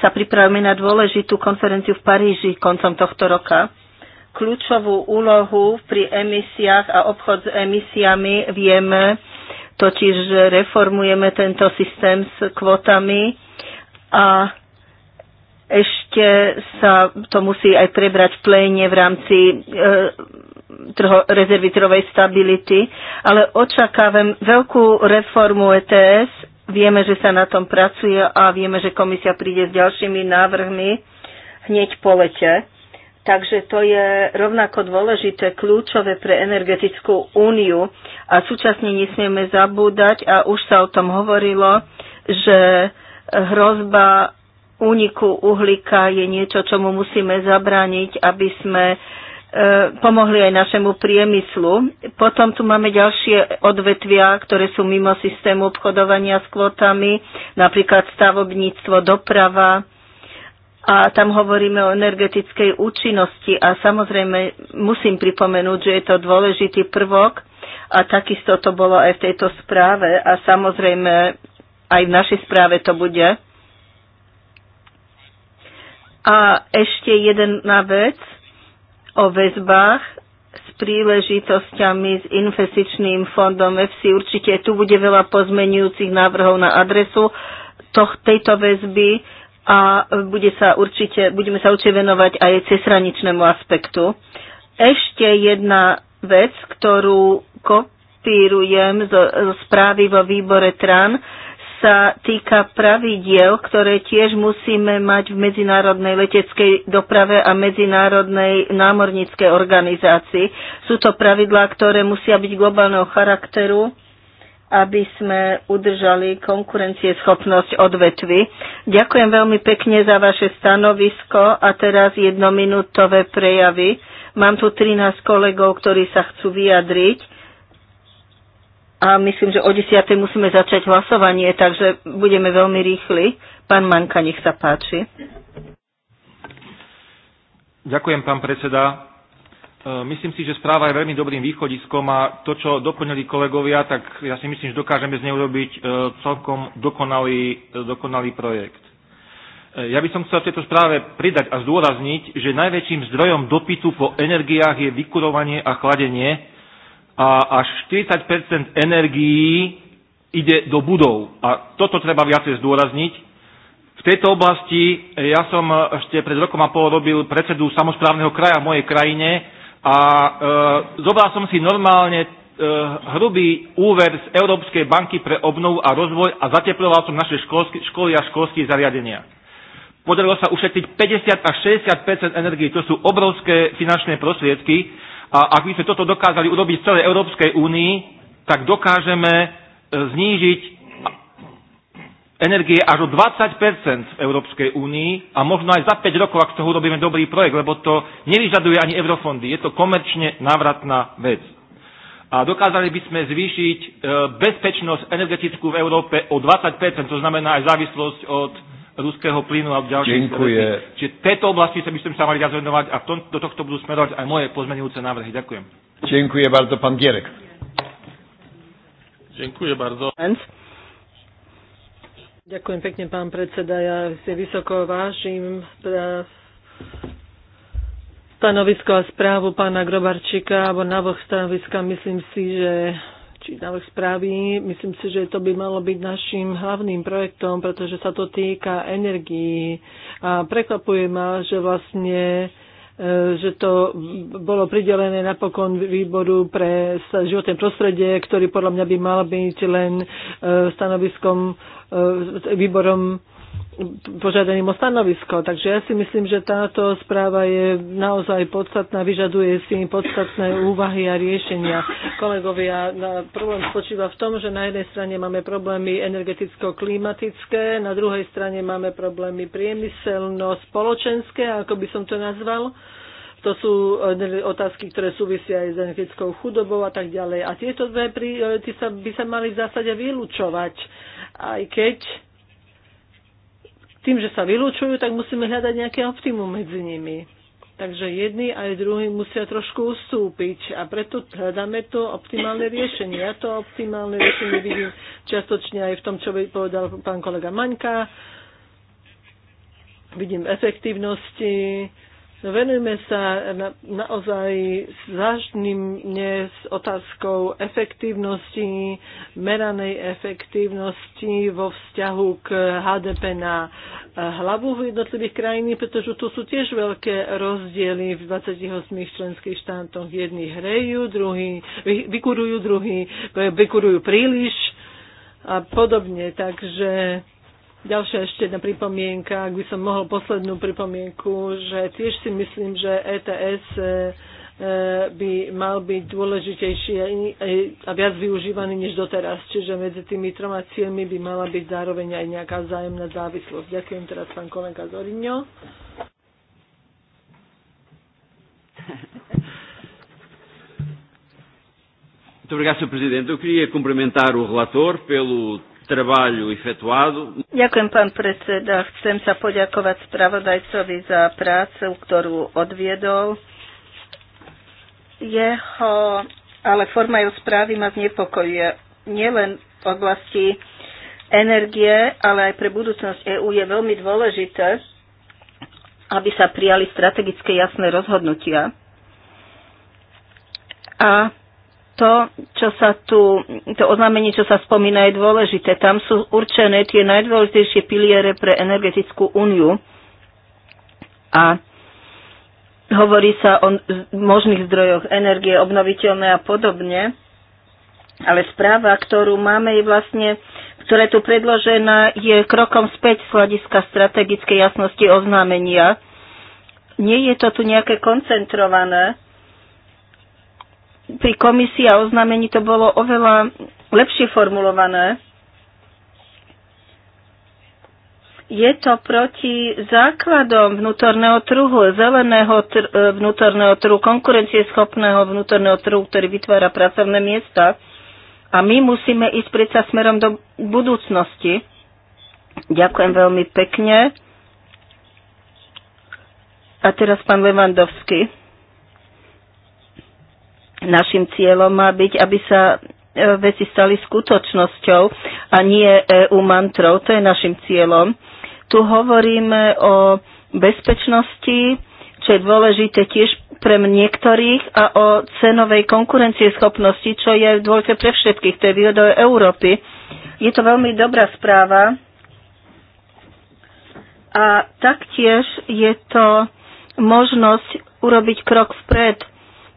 sa pripravíme na dôležitú konferenciu v Paríži koncom tohto roka. Kľúčovú úlohu pri emisiách a obchod s emisiami vieme, totiž že reformujeme tento systém s kvotami a ešte sa to musí aj prebrať v pléne v rámci e, trho, rezervy trhovej stability, ale očakávam veľkú reformu ETS. Vieme, že sa na tom pracuje a vieme, že komisia príde s ďalšími návrhmi hneď po lete. Takže to je rovnako dôležité, kľúčové pre energetickú úniu a súčasne nesmieme zabúdať, a už sa o tom hovorilo, že hrozba úniku uhlíka je niečo, čomu musíme zabrániť, aby sme e, pomohli aj našemu priemyslu. Potom tu máme ďalšie odvetvia, ktoré sú mimo systému obchodovania s kvotami, napríklad stavobníctvo, doprava. A tam hovoríme o energetickej účinnosti a samozrejme musím pripomenúť, že je to dôležitý prvok a takisto to bolo aj v tejto správe a samozrejme aj v našej správe to bude a ešte jedna vec o väzbách s príležitosťami s investičným fondom EFSI. Určite tu bude veľa pozmenujúcich návrhov na adresu toh, tejto väzby a bude sa určite, budeme sa určite venovať aj cezhraničnému aspektu. Ešte jedna vec, ktorú kopírujem zo, zo správy vo výbore TRAN, sa týka pravidiel, ktoré tiež musíme mať v medzinárodnej leteckej doprave a medzinárodnej námorníckej organizácii. Sú to pravidlá, ktoré musia byť globálneho charakteru, aby sme udržali konkurencieschopnosť odvetvy. Ďakujem veľmi pekne za vaše stanovisko a teraz jednominútové prejavy. Mám tu 13 kolegov, ktorí sa chcú vyjadriť a myslím, že o 10. musíme začať hlasovanie, takže budeme veľmi rýchli. Pán Manka, nech sa páči. Ďakujem, pán predseda. E, myslím si, že správa je veľmi dobrým východiskom a to, čo doplnili kolegovia, tak ja si myslím, že dokážeme z nej urobiť e, celkom dokonalý, e, dokonalý projekt. Ja by som chcel v tejto správe pridať a zdôrazniť, že najväčším zdrojom dopytu po energiách je vykurovanie a chladenie, a až 40 energií ide do budov. A toto treba viacej zdôrazniť. V tejto oblasti e, ja som ešte pred rokom a pol robil predsedu samozprávneho kraja v mojej krajine a e, zobral som si normálne e, hrubý úver z Európskej banky pre obnovu a rozvoj a zateploval som naše školsky, školy a školské zariadenia. Podarilo sa ušetriť 50 až 60 energie, to sú obrovské finančné prostriedky a ak by sme toto dokázali urobiť v celej Európskej únii, tak dokážeme e, znížiť energie až o 20 v Európskej únii a možno aj za 5 rokov, ak z toho urobíme dobrý projekt, lebo to nevyžaduje ani eurofondy. Je to komerčne návratná vec. A dokázali by sme zvýšiť e, bezpečnosť energetickú v Európe o 20 to znamená aj závislosť od ruského plynu a v ďalších Ďakujem. Čiže tejto oblasti sa by som sa mali viac venovať a tom, do tohto budú smerovať aj moje pozmenujúce návrhy. Ďakujem. Ďakujem bardzo, pán Gierek. Ďakujem bardzo. Ďakujem pekne, pán predseda. Ja si vysoko vážim pra stanovisko a správu pána Grobarčíka alebo návrh stanoviska. Myslím si, že či návrh správy. Myslím si, že to by malo byť našim hlavným projektom, pretože sa to týka energii. A prekvapuje ma, že vlastne e, že to bolo pridelené napokon výboru pre životné prostredie, ktorý podľa mňa by mal byť len e, stanoviskom e, výborom požiadaním o stanovisko. Takže ja si myslím, že táto správa je naozaj podstatná, vyžaduje si podstatné úvahy a riešenia. Kolegovia, na problém spočíva v tom, že na jednej strane máme problémy energeticko-klimatické, na druhej strane máme problémy priemyselno-spoločenské, ako by som to nazval. To sú eh, otázky, ktoré súvisia aj s energetickou chudobou a tak ďalej. A tieto dve priority sa, by sa mali v zásade vylúčovať, aj keď tým, že sa vylúčujú, tak musíme hľadať nejaké optimum medzi nimi. Takže jedni aj druhí musia trošku ustúpiť a preto hľadáme to optimálne riešenie. Ja to optimálne riešenie vidím čiastočne aj v tom, čo povedal pán kolega Maňka. Vidím efektívnosti, No, venujme sa na, naozaj záždným s otázkou efektívnosti, meranej efektívnosti vo vzťahu k HDP na hlavu v jednotlivých krajiny, pretože tu sú tiež veľké rozdiely v 28 členských štátoch. Jedni hrejú, druhí vykurujú, druhí vykurujú príliš a podobne. Takže Ďalšia ešte jedna pripomienka, ak by som mohol poslednú pripomienku, že tiež si myslím, že ETS e, e, by mal byť dôležitejší e, a viac využívaný než doteraz. Čiže medzi tými troma cieľmi by mala byť zároveň aj nejaká vzájomná závislosť. Ďakujem teraz pán kolega Zorinho. Muito obrigado, Sr. Presidente. Eu queria cumprimentar o relator pelo trabalho efetuado. Ďakujem, pán predseda. Chcem sa poďakovať spravodajcovi za prácu, ktorú odviedol. Jeho, ale forma jeho správy ma znepokojuje. Nielen v oblasti energie, ale aj pre budúcnosť EÚ je veľmi dôležité, aby sa prijali strategické jasné rozhodnutia. A to, čo sa tu, to oznámenie, čo sa spomína, je dôležité. Tam sú určené tie najdôležitejšie piliere pre energetickú úniu. A hovorí sa o možných zdrojoch energie, obnoviteľné a podobne. Ale správa, ktorú máme, je vlastne, ktorá je tu predložená, je krokom späť z hľadiska strategickej jasnosti oznámenia. Nie je to tu nejaké koncentrované, pri komisii a oznámení to bolo oveľa lepšie formulované. Je to proti základom vnútorného trhu, zeleného tr- e, vnútorného trhu, konkurencieschopného vnútorného trhu, ktorý vytvára pracovné miesta. A my musíme ísť predsa smerom do budúcnosti. Ďakujem veľmi pekne. A teraz pán Levandovský. Našim cieľom má byť, aby sa e, veci stali skutočnosťou a nie EU mantrou. To je našim cieľom. Tu hovoríme o bezpečnosti, čo je dôležité tiež pre niektorých a o cenovej konkurencieschopnosti, čo je dôležité pre všetkých. To je výhodou Európy. Je to veľmi dobrá správa a taktiež je to možnosť urobiť krok vpred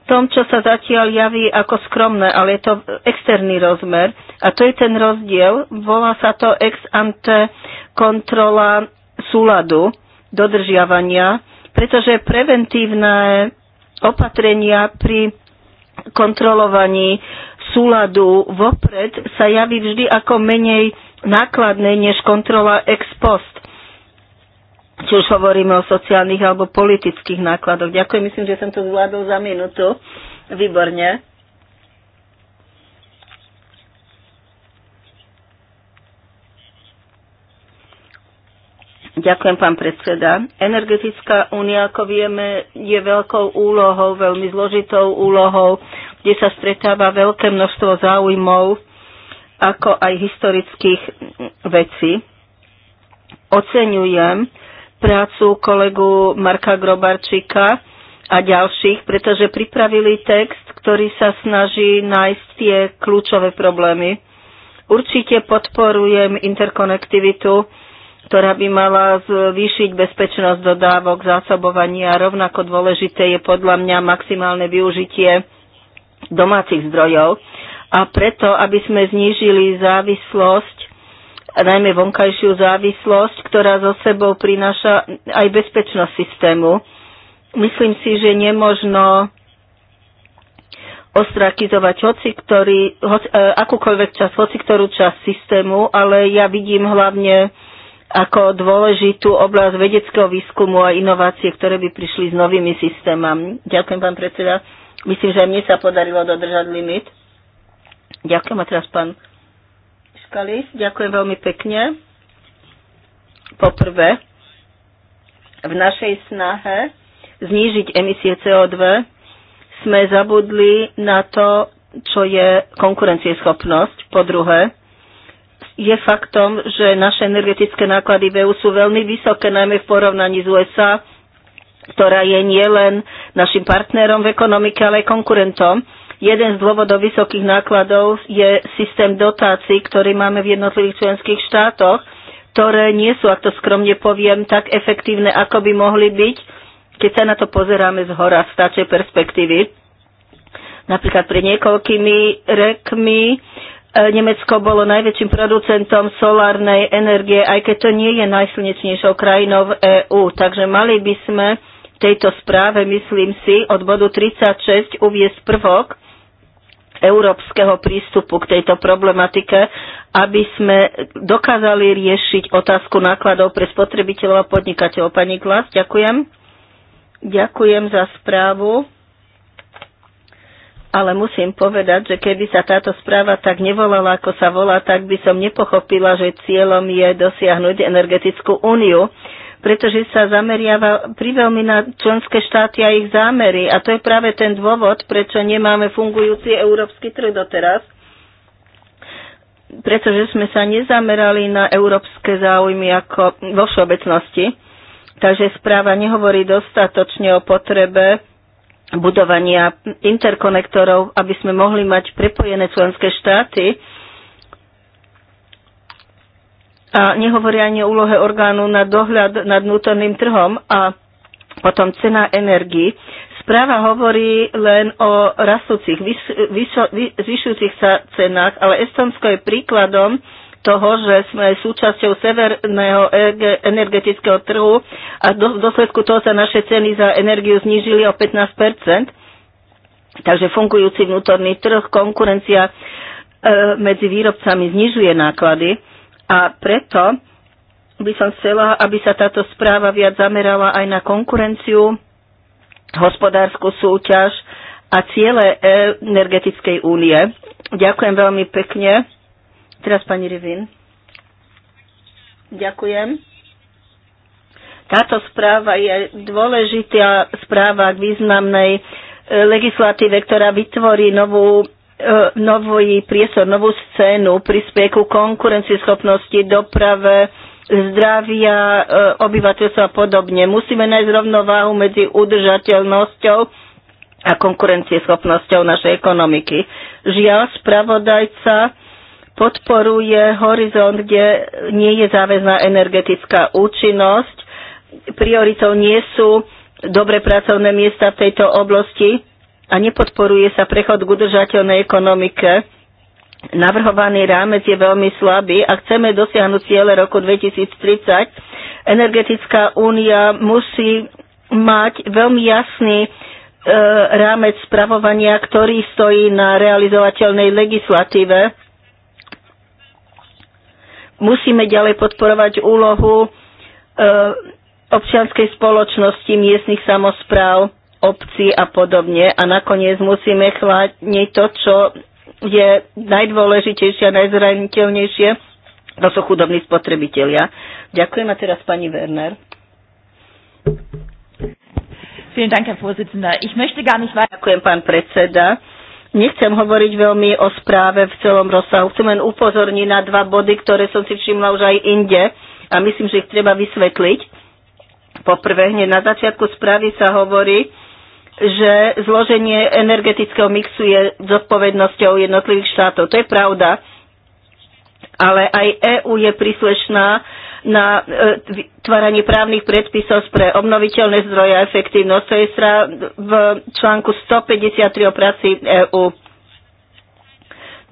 tom, čo sa zatiaľ javí ako skromné, ale je to externý rozmer. A to je ten rozdiel. Volá sa to ex ante kontrola súladu, dodržiavania, pretože preventívne opatrenia pri kontrolovaní súladu vopred sa javí vždy ako menej nákladné než kontrola ex post či už hovoríme o sociálnych alebo politických nákladoch. Ďakujem, myslím, že som to zvládol za minútu. Výborne. Ďakujem, pán predseda. Energetická únia, ako vieme, je veľkou úlohou, veľmi zložitou úlohou, kde sa stretáva veľké množstvo záujmov, ako aj historických vecí. Oceňujem, prácu kolegu Marka Grobarčíka a ďalších, pretože pripravili text, ktorý sa snaží nájsť tie kľúčové problémy. Určite podporujem interkonektivitu, ktorá by mala zvýšiť bezpečnosť dodávok, zásobovania. Rovnako dôležité je podľa mňa maximálne využitie domácich zdrojov. A preto, aby sme znížili závislosť a najmä vonkajšiu závislosť, ktorá zo sebou prináša aj bezpečnosť systému. Myslím si, že nemožno ostrakizovať hoci, ktorý, hoci, e, akúkoľvek časť, hoci ktorú časť systému, ale ja vidím hlavne ako dôležitú oblasť vedeckého výskumu a inovácie, ktoré by prišli s novými systémami. Ďakujem, pán predseda. Myslím, že aj mne sa podarilo dodržať limit. Ďakujem a teraz pán dočkali. Ďakujem veľmi pekne. Poprvé, v našej snahe znížiť emisie CO2 sme zabudli na to, čo je konkurencieschopnosť. Po druhé, je faktom, že naše energetické náklady v EU sú veľmi vysoké, najmä v porovnaní s USA, ktorá je nielen našim partnerom v ekonomike, ale aj konkurentom. Jeden z dôvodov vysokých nákladov je systém dotácií, ktorý máme v jednotlivých členských štátoch, ktoré nie sú, ak to skromne poviem, tak efektívne, ako by mohli byť, keď sa na to pozeráme z hora, z táčej perspektívy. Napríklad pri niekoľkými rekmi e, Nemecko bolo najväčším producentom solárnej energie, aj keď to nie je najslnečnejšou krajinou v EÚ. Takže mali by sme v tejto správe, myslím si, od bodu 36 uviesť prvok, európskeho prístupu k tejto problematike, aby sme dokázali riešiť otázku nákladov pre spotrebiteľov a podnikateľov. Pani Klas, ďakujem. Ďakujem za správu. Ale musím povedať, že keby sa táto správa tak nevolala, ako sa volá, tak by som nepochopila, že cieľom je dosiahnuť energetickú úniu pretože sa zameriava priveľmi na členské štáty a ich zámery. A to je práve ten dôvod, prečo nemáme fungujúci európsky trh doteraz pretože sme sa nezamerali na európske záujmy ako vo všeobecnosti. Takže správa nehovorí dostatočne o potrebe budovania interkonektorov, aby sme mohli mať prepojené členské štáty a nehovoria ani o úlohe orgánu na dohľad nad vnútorným trhom a potom cena energii. Správa hovorí len o rastúcich, zvyšujúcich sa cenách, ale Estonsko je príkladom toho, že sme súčasťou severného energetického trhu a do, v dôsledku toho sa naše ceny za energiu znížili o 15 Takže fungujúci vnútorný trh, konkurencia e, medzi výrobcami znižuje náklady a preto by som chcela, aby sa táto správa viac zamerala aj na konkurenciu, hospodárskú súťaž a ciele energetickej únie. Ďakujem veľmi pekne. Teraz pani Rivin. Ďakujem. Táto správa je dôležitá správa k významnej e, legislatíve, ktorá vytvorí novú E, nový priestor, novú scénu, prispieje ku konkurencieschopnosti, doprave, zdravia e, obyvateľstva a podobne. Musíme nájsť rovnováhu medzi udržateľnosťou a konkurencieschopnosťou našej ekonomiky. Žiaľ, spravodajca podporuje horizont, kde nie je záväzná energetická účinnosť. Prioritou nie sú dobre pracovné miesta v tejto oblasti, a nepodporuje sa prechod k udržateľnej ekonomike. Navrhovaný rámec je veľmi slabý a chceme dosiahnuť ciele roku 2030. Energetická únia musí mať veľmi jasný e, rámec spravovania, ktorý stojí na realizovateľnej legislatíve. Musíme ďalej podporovať úlohu e, občianskej spoločnosti, miestnych samozpráv obci a podobne. A nakoniec musíme chlániť to, čo je najdôležitejšie a najzraniteľnejšie, to sú chudobní spotrebitelia. Ďakujem a teraz pani Werner. Vielen Dank, Herr Vorsitzender. Ich möchte gar nicht weiter... Ďakujem, pán predseda. Nechcem hovoriť veľmi o správe v celom rozsahu. Chcem len upozorniť na dva body, ktoré som si všimla už aj inde a myslím, že ich treba vysvetliť. Poprvé, hneď na začiatku správy sa hovorí, že zloženie energetického mixu je zodpovednosťou jednotlivých štátov. To je pravda. Ale aj EÚ je príslušná na e, tváranie právnych predpisov pre obnoviteľné zdroje a efektívnosť. To je v článku 153 o práci EÚ.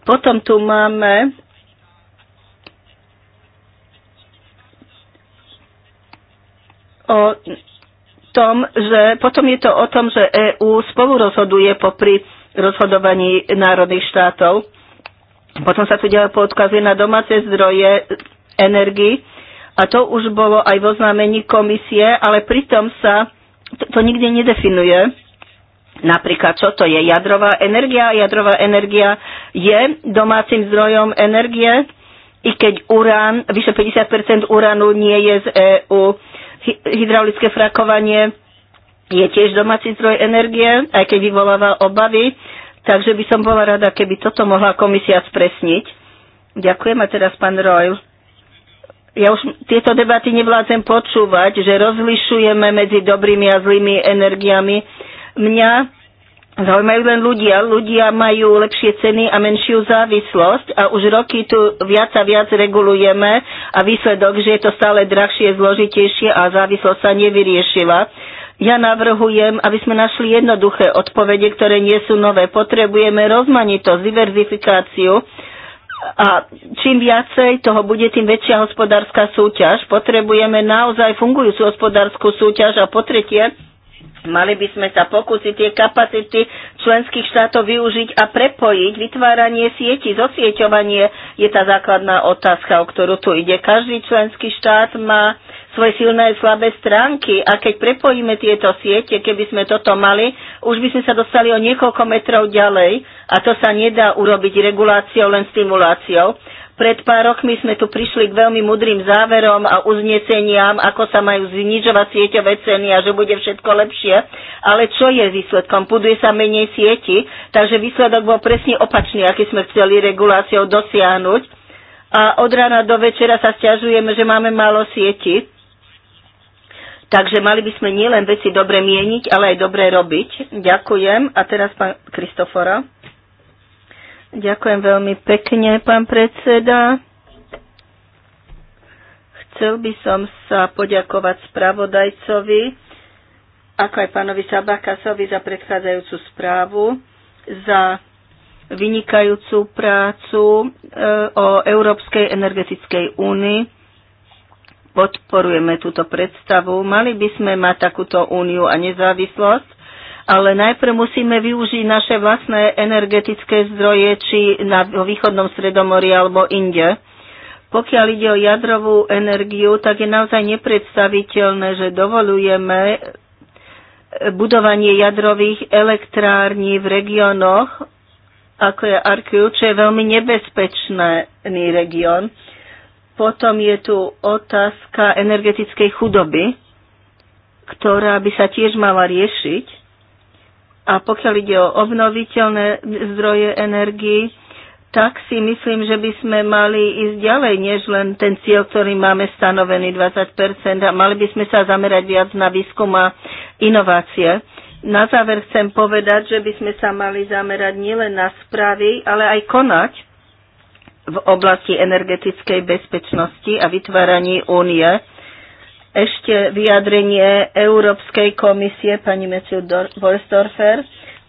Potom tu máme o tom, že potom je to o tom, že EÚ spolu rozhoduje popri rozhodovaní národných štátov. Potom sa tu ďalej poodkazuje na domáce zdroje energii a to už bolo aj vo znamení komisie, ale pritom sa to, to nikde nedefinuje. Napríklad, čo to je jadrová energia? Jadrová energia je domácim zdrojom energie, i keď urán, vyše 50 uránu nie je z EÚ hydraulické frakovanie je tiež domáci zdroj energie, aj keď vyvoláva obavy. Takže by som bola rada, keby toto mohla komisia spresniť. Ďakujem a teraz pán Royl. Ja už tieto debaty nevládzem počúvať, že rozlišujeme medzi dobrými a zlými energiami. Mňa Zaujímajú len ľudia. Ľudia majú lepšie ceny a menšiu závislosť a už roky tu viac a viac regulujeme a výsledok, že je to stále drahšie, zložitejšie a závislosť sa nevyriešila. Ja navrhujem, aby sme našli jednoduché odpovede, ktoré nie sú nové. Potrebujeme rozmanitosť, diverzifikáciu a čím viacej toho bude, tým väčšia hospodárska súťaž. Potrebujeme naozaj fungujúcu hospodárskú súťaž a po tretie, Mali by sme sa pokúsiť tie kapacity členských štátov využiť a prepojiť. Vytváranie sieti, zosieťovanie je tá základná otázka, o ktorú tu ide. Každý členský štát má svoje silné a slabé stránky a keď prepojíme tieto siete, keby sme toto mali, už by sme sa dostali o niekoľko metrov ďalej a to sa nedá urobiť reguláciou, len stimuláciou. Pred pár rokmi sme tu prišli k veľmi mudrým záverom a uzneseniam, ako sa majú znižovať sieťové ceny a že bude všetko lepšie. Ale čo je výsledkom? Buduje sa menej sieti, takže výsledok bol presne opačný, aký sme chceli reguláciou dosiahnuť. A od rána do večera sa stiažujeme, že máme málo sieti. Takže mali by sme nielen veci dobre mieniť, ale aj dobre robiť. Ďakujem. A teraz pán Kristofora. Ďakujem veľmi pekne, pán predseda. Chcel by som sa poďakovať spravodajcovi, ako aj pánovi Sabakasovi za predchádzajúcu správu, za vynikajúcu prácu e, o Európskej energetickej únii. Podporujeme túto predstavu. Mali by sme mať takúto úniu a nezávislosť ale najprv musíme využiť naše vlastné energetické zdroje, či na východnom stredomori alebo inde. Pokiaľ ide o jadrovú energiu, tak je naozaj nepredstaviteľné, že dovolujeme budovanie jadrových elektrární v regiónoch, ako je Arkiu, čo je veľmi nebezpečný región. Potom je tu otázka energetickej chudoby, ktorá by sa tiež mala riešiť a pokiaľ ide o obnoviteľné zdroje energii, tak si myslím, že by sme mali ísť ďalej, než len ten cieľ, ktorý máme stanovený 20 a mali by sme sa zamerať viac na výskum a inovácie. Na záver chcem povedať, že by sme sa mali zamerať nielen na správy, ale aj konať v oblasti energetickej bezpečnosti a vytváraní únie ešte vyjadrenie Európskej komisie pani Matthew Wolstorfer.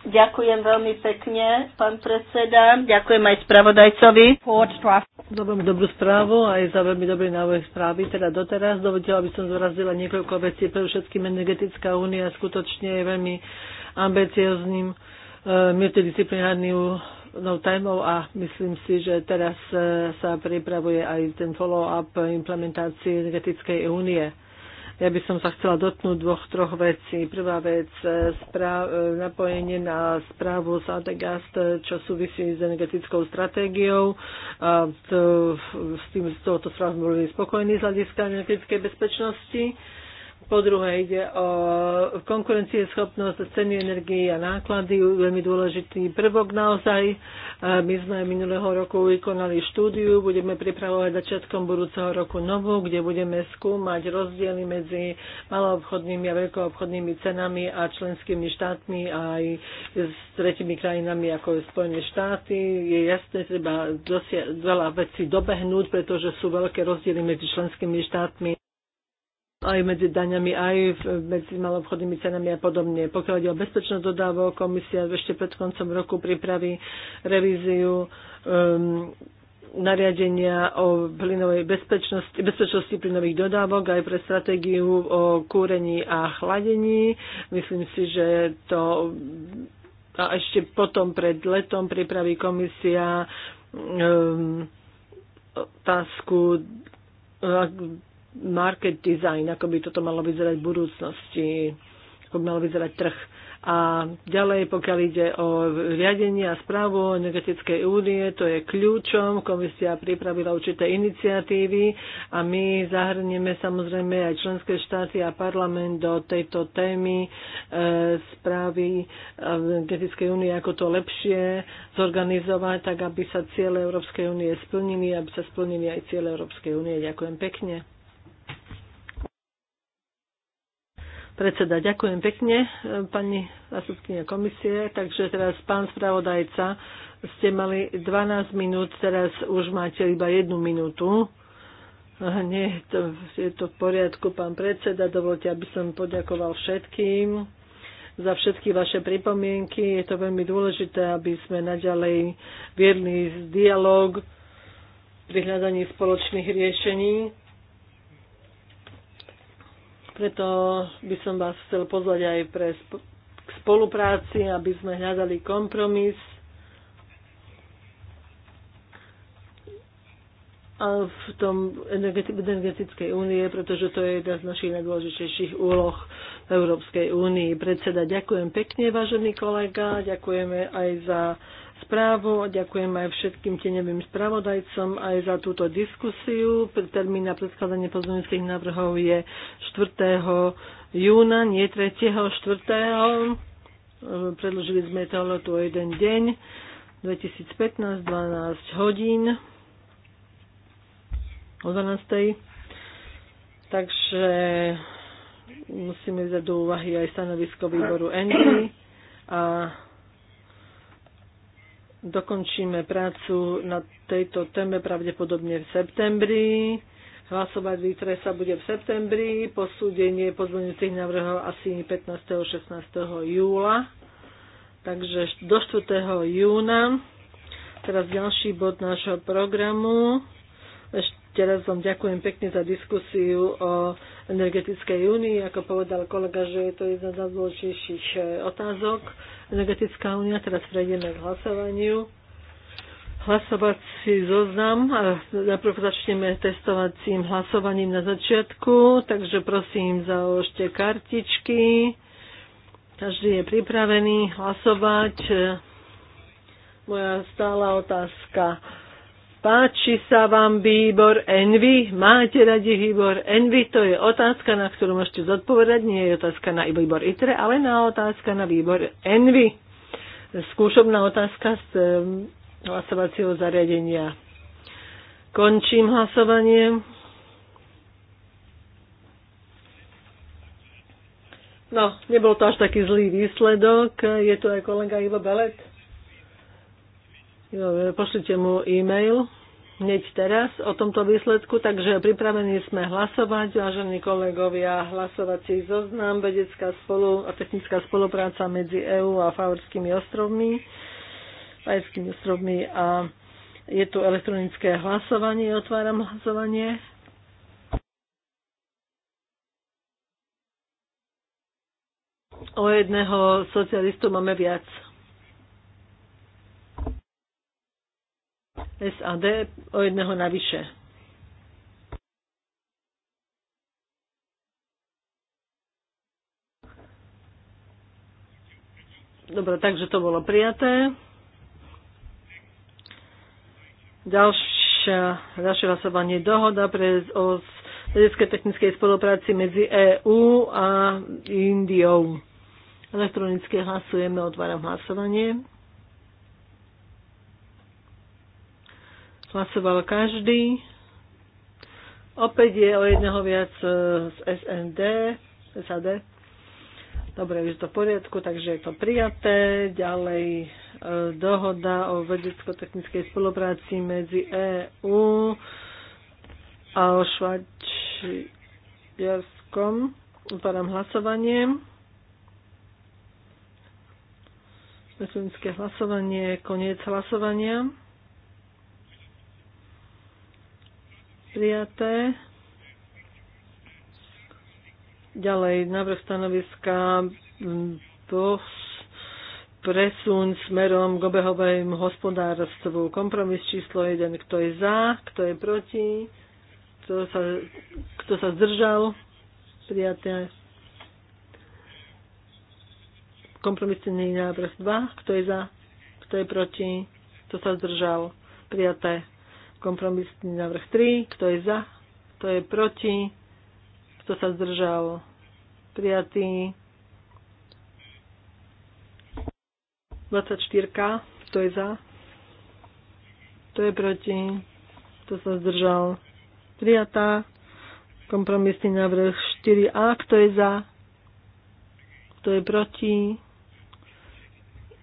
Ďakujem veľmi pekne, pán predseda. Ďakujem aj spravodajcovi. Dobrú, dobrú správu aj za veľmi dobrý návoj správy. Teda doteraz dovedela by som zrazila niekoľko vecí. Pre všetkým energetická únia skutočne je veľmi ambiciozným e, eh, multidisciplinárnym no, témou a myslím si, že teraz eh, sa pripravuje aj ten follow-up implementácie energetickej únie ja by som sa chcela dotknúť dvoch, troch vecí. Prvá vec, e, správ, e, napojenie na správu z Adegast, e, čo súvisí s energetickou stratégiou. A to, s tým, z tohoto správu boli spokojní z hľadiska energetickej bezpečnosti. Po druhé ide o konkurencieschopnosť, ceny energie a náklady, veľmi dôležitý prvok naozaj. My sme minulého roku vykonali štúdiu, budeme pripravovať začiatkom budúceho roku novú, kde budeme skúmať rozdiely medzi maloobchodnými a veľkoobchodnými cenami a členskými štátmi a aj s tretimi krajinami ako Spojené štáty. Je jasné, treba veľa vecí dobehnúť, pretože sú veľké rozdiely medzi členskými štátmi aj medzi daňami, aj medzi malobchodnými cenami a podobne. Pokiaľ ide o bezpečnosť dodávok, komisia ešte pred koncom roku pripraví revíziu um, nariadenia o plynovej bezpečnosti, bezpečnosti plynových dodávok aj pre stratégiu o kúrení a chladení. Myslím si, že to a ešte potom pred letom pripraví komisia um, otázku market design, ako by toto malo vyzerať v budúcnosti, ako by malo vyzerať trh. A ďalej, pokiaľ ide o riadenie a správu energetickej únie, to je kľúčom. Komisia pripravila určité iniciatívy a my zahrnieme samozrejme aj členské štáty a parlament do tejto témy e, správy energetickej únie, ako to lepšie zorganizovať, tak aby sa ciele Európskej únie splnili, aby sa splnili aj ciele Európskej únie. Ďakujem pekne. Predseda, ďakujem pekne, e, pani zastupkynia komisie. Takže teraz pán spravodajca, ste mali 12 minút, teraz už máte iba jednu minútu. Nie, to, je to v poriadku, pán predseda. Dovolte, aby som poďakoval všetkým za všetky vaše pripomienky. Je to veľmi dôležité, aby sme naďalej viedli dialog pri hľadaní spoločných riešení preto by som vás chcel pozvať aj pre k spolupráci, aby sme hľadali kompromis. A v tom energetickej únie, pretože to je jedna z našich najdôležitejších úloh v Európskej únii. Predseda, ďakujem pekne, vážený kolega, ďakujeme aj za správu. Ďakujem aj všetkým tenevým spravodajcom aj za túto diskusiu. Termín na predkladanie pozornických návrhov je 4. júna, nie 3. 4. Predložili sme to o jeden deň, 2015, 12 hodín o 12. Takže musíme vzať do úvahy aj stanovisko výboru ENDY a dokončíme prácu na tejto téme pravdepodobne v septembri. Hlasovať výtre sa bude v septembri, posúdenie pozvoňujúcich návrhov asi 15. 16. júla. Takže do 4. júna. Teraz ďalší bod nášho programu. Ešte raz vám ďakujem pekne za diskusiu o energetickej únii. Ako povedal kolega, že je to jedna z najdôležitejších e, otázok. Energetická únia, teraz prejdeme k hlasovaniu. Hlasovací zoznam. E, najprv začneme testovacím hlasovaním na začiatku, takže prosím založte kartičky. Každý je pripravený hlasovať. E, moja stála otázka Páči sa vám výbor Envy? Máte radi výbor Envy? To je otázka, na ktorú môžete zodpovedať. Nie je otázka na výbor ITRE, ale na otázka na výbor Envy. Skúšobná otázka z ehm, hlasovacieho zariadenia. Končím hlasovanie. No, nebol to až taký zlý výsledok. Je tu aj kolega Ivo Belet. Pošlite mu e-mail hneď teraz o tomto výsledku, takže pripravení sme hlasovať, vážení kolegovia, hlasovací zoznam, vedecká spolu a technická spolupráca medzi EÚ a Favorskými ostrovmi, Fajerskými ostrovmi a je tu elektronické hlasovanie, otváram hlasovanie. O jedného socialistu máme viac. SAD o jedného navyše. Dobre, takže to bolo prijaté. Ďalšia, ďalšie hlasovanie dohoda pre, o vedeckej technickej spolupráci medzi EÚ a Indiou. Elektronicky hlasujeme, otváram hlasovanie. Hlasoval každý. Opäť je o jedného viac e, z SND, SAD. Dobre, už to v poriadku, takže je to prijaté. Ďalej e, dohoda o vedecko-technickej spolupráci medzi EÚ a Švajčiarskom. Otváram hlasovanie. Mesunské hlasovanie, koniec hlasovania. prijaté. Ďalej, návrh stanoviska po presun smerom k obehovému hospodárstvu. Kompromis číslo 1. Kto je za, kto je proti, kto sa, kto sa zdržal, prijaté. Kompromisný návrh 2. Kto je za, kto je proti, kto sa zdržal, prijaté Kompromisný návrh 3. Kto je za? Kto je proti? Kto sa zdržal? Prijatý. 24. Kto je za? Kto je proti? Kto sa zdržal? Prijatá. Kompromisný návrh 4a. Kto je za? Kto je proti?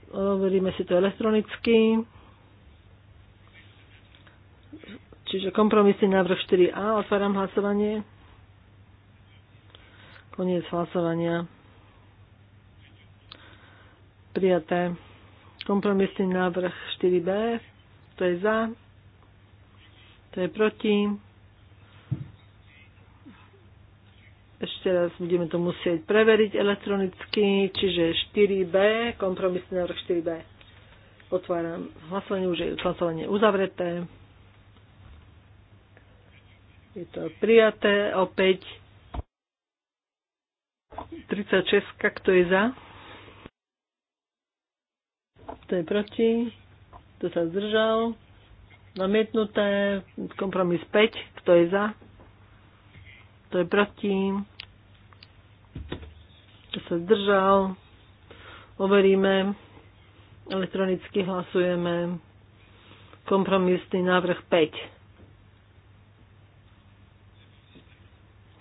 Overíme si to elektronicky. Čiže kompromisný návrh 4a. Otváram hlasovanie. Koniec hlasovania. Prijaté. Kompromisný návrh 4b. To je za. To je proti. Ešte raz budeme to musieť preveriť elektronicky, čiže 4b, kompromisný návrh 4b. Otváram hlasovanie, už je hlasovanie uzavreté. Je to prijaté opäť 36, kto je za? Kto je proti? Kto sa zdržal? Namietnuté. Kompromis 5. Kto je za? Kto je proti? Kto sa zdržal? Overíme. Elektronicky hlasujeme. Kompromisný návrh 5.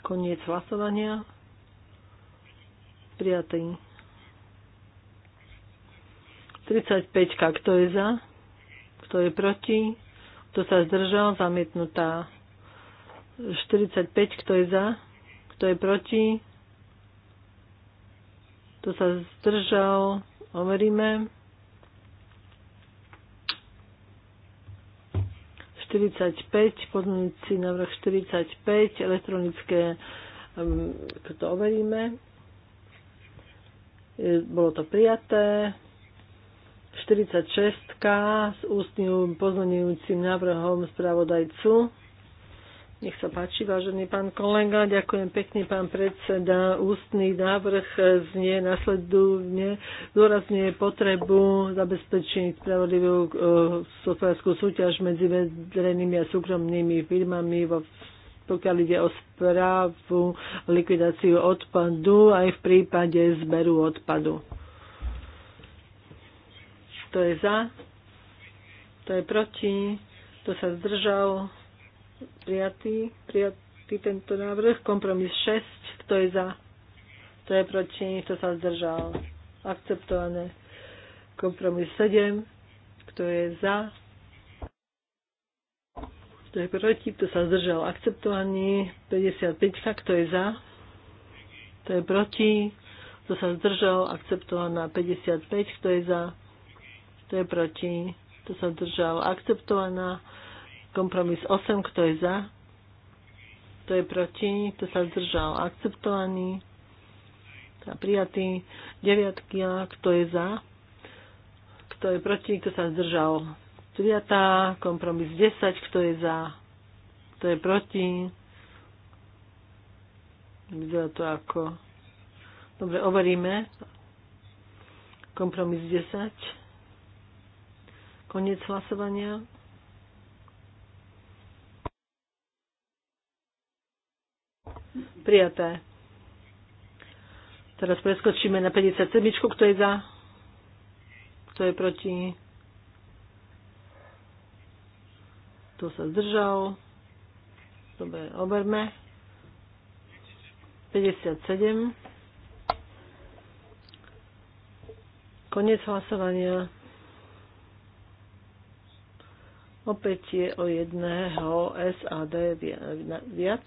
Koniec hlasovania. Prijatý. 35. Kto je za? Kto je proti? Kto sa zdržal? Zamietnutá. 45. Kto je za? Kto je proti? Kto sa zdržal? Overíme. 45, na návrh 45, elektronické, um, to overíme. Bolo to prijaté. 46 s ústnym pozmeňujúcim návrhom spravodajcu. Nech sa páči, vážený pán kolega, ďakujem pekne, pán predseda. Ústný návrh znie nasledovne dôrazne potrebu zabezpečiť spravodlivú e, sociálnu súťaž medzi verejnými a súkromnými firmami vo pokiaľ ide o správu, likvidáciu odpadu aj v prípade zberu odpadu. To je za, to je proti, to sa zdržal, prijatý, prijatý tento návrh. Kompromis 6, kto je za, kto je proti, kto sa zdržal. Akceptované. Kompromis 7, kto je za, kto je proti, kto sa zdržal. Akceptovaný. 55, kto je za, kto je proti, kto sa zdržal. Akceptovaná 55, kto je za, kto je proti, kto sa zdržal. Akceptovaná Kompromis 8, kto je za? Kto je proti? Kto sa zdržal? Akceptovaný. Teda prijatý. a kto je za? Kto je proti? Kto sa zdržal? Prijatá. Kompromis 10, kto je za? Kto je proti? Vyzerá to ako... Dobre, overíme. Kompromis 10. Koniec hlasovania. Prijaté. Teraz preskočíme na 57. Kto je za? Kto je proti? Kto sa zdržal? Dobre, oberme. 57. Konec hlasovania. Opäť je o jedného SAD viac.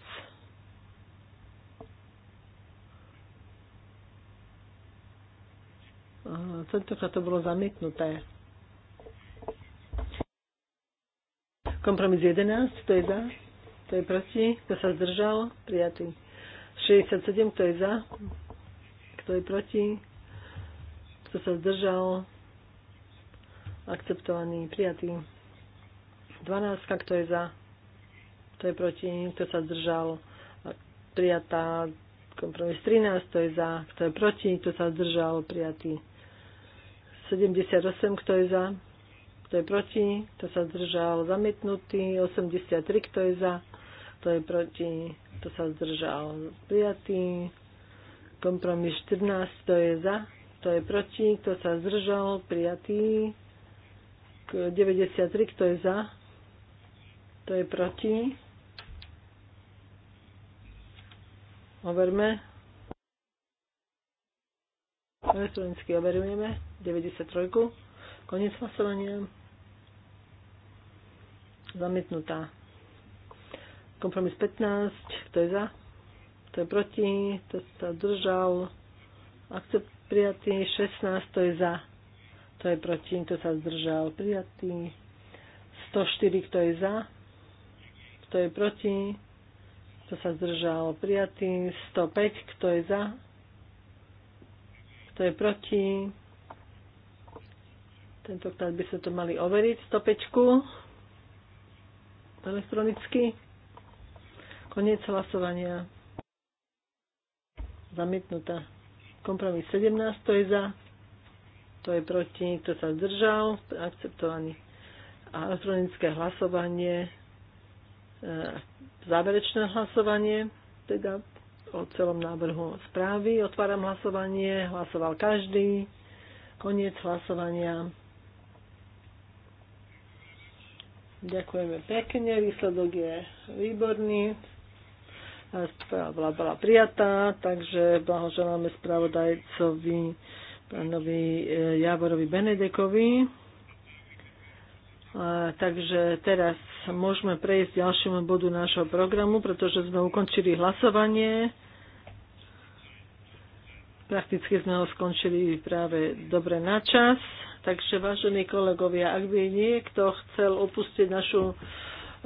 tentokrát to bolo zamietnuté. Kompromis 11, kto je za? Kto je proti? Kto sa zdržal? Prijatý. 67, kto je za? Kto je proti? Kto sa zdržal? Akceptovaný. Prijatý. 12, kto je za? Kto je proti? Kto sa zdržal? Prijatá. Kompromis 13, kto je za? Kto je proti? Kto sa zdržal? Prijatý. 78, kto je za, kto je proti, kto sa zdržal, zamietnutý. 83, kto je za, kto je proti, kto sa zdržal, prijatý. Kompromis 14, kto je za, kto je proti, kto sa zdržal, prijatý. 93, kto je za, kto je proti. Overme. Elektronicky overujeme 93. Koniec hlasovania. Zamietnutá. Kompromis 15. Kto je za? Kto je proti? Kto sa zdržal? Akcept prijatý. 16. Kto je za? Kto je proti? Kto sa zdržal? Prijatý. 104. Kto je za? Kto je proti? Kto sa zdržal? Prijatý. 105. Kto je za? kto je proti. Tentokrát by sme to mali overiť, stopečku elektronicky. Koniec hlasovania. Zamietnutá. Kompromis 17, to je za, to je proti, kto sa zdržal, akceptovaný. A elektronické hlasovanie, e, záverečné hlasovanie, teda o celom návrhu správy. Otváram hlasovanie. Hlasoval každý. Koniec hlasovania. Ďakujeme pekne. Výsledok je výborný. Správa bola prijatá, takže blahoželáme spravodajcovi pánovi e, Javorovi Benedekovi. A, takže teraz môžeme prejsť ďalšiemu bodu nášho programu, pretože sme ukončili hlasovanie prakticky sme ho skončili práve dobre na čas. Takže, vážení kolegovia, ak by niekto chcel opustiť našu,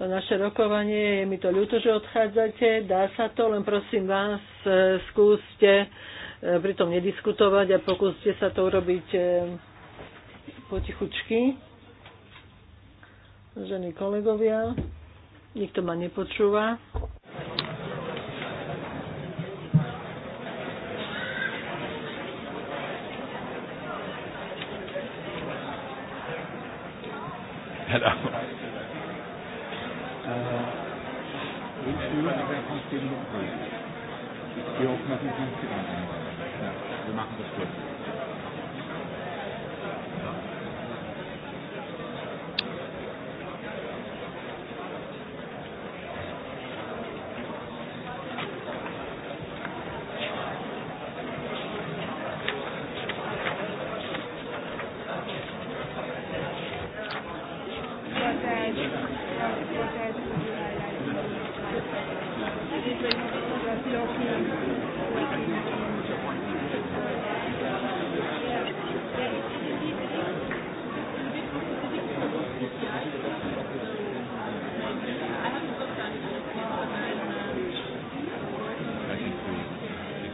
naše rokovanie, je mi to ľúto, že odchádzate, dá sa to, len prosím vás, e, skúste e, pritom nediskutovať a pokúste sa to urobiť e, potichučky. Vážení kolegovia, nikto ma nepočúva.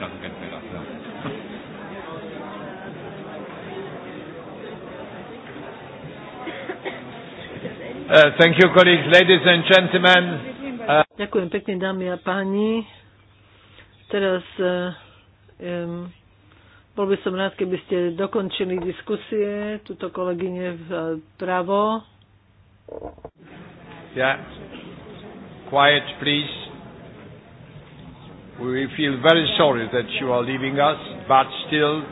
Sachen kennen Uh, thank you, colleagues, ladies and gentlemen. Uh, Ďakujem pekne, dámy a páni. Teraz uh, um, bol by som rád, keby ste dokončili diskusie, tuto kolegyne vpravo. Eh, yeah. Quiet, please. We feel very sorry that you are leaving us, but still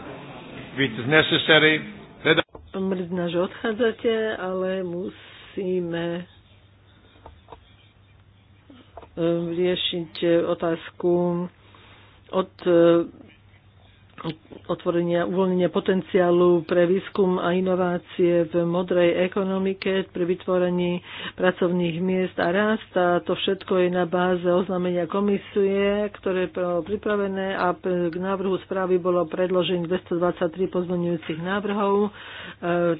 it is necessary that... Mrzná, že odchádzate, ale musíme eh, riešiť eh, otázku od eh, otvorenia, uvoľnenia potenciálu pre výskum a inovácie v modrej ekonomike, pri vytvorení pracovných miest a rast. A to všetko je na báze oznámenia komisie, ktoré bolo pripravené a k návrhu správy bolo predložených 223 pozmeňujúcich návrhov. E,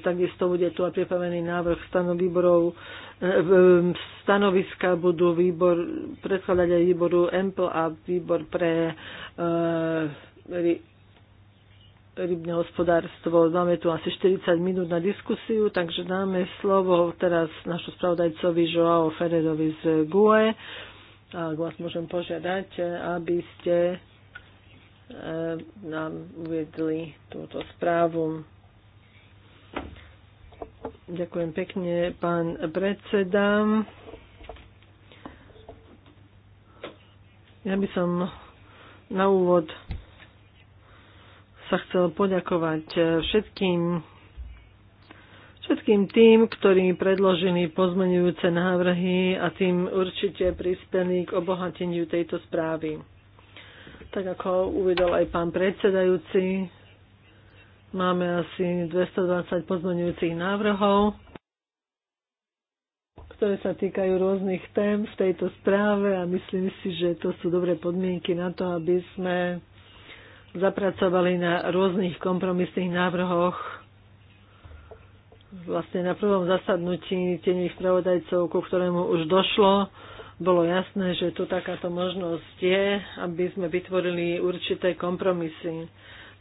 takisto bude tu aj pripravený návrh stanov výborov e, stanoviska budú výbor, predkladať aj výboru EMPL a výbor pre e, rybné hospodárstvo. Máme tu asi 40 minút na diskusiu, takže dáme slovo teraz našu spravodajcovi Joao Feredovi z GUE. A ak vás môžem požiadať, aby ste e, nám uviedli túto správu. Ďakujem pekne, pán predseda. Ja by som na úvod sa chcel poďakovať eh, všetkým všetkým tým, ktorí predložili pozmenujúce návrhy a tým určite prispeli k obohateniu tejto správy. Tak ako uvedol aj pán predsedajúci, máme asi 220 pozmenujúcich návrhov, ktoré sa týkajú rôznych tém v tejto správe a myslím si, že to sú dobré podmienky na to, aby sme zapracovali na rôznych kompromisných návrhoch. Vlastne na prvom zasadnutí tených spravodajcov, ku ktorému už došlo, bolo jasné, že tu takáto možnosť je, aby sme vytvorili určité kompromisy.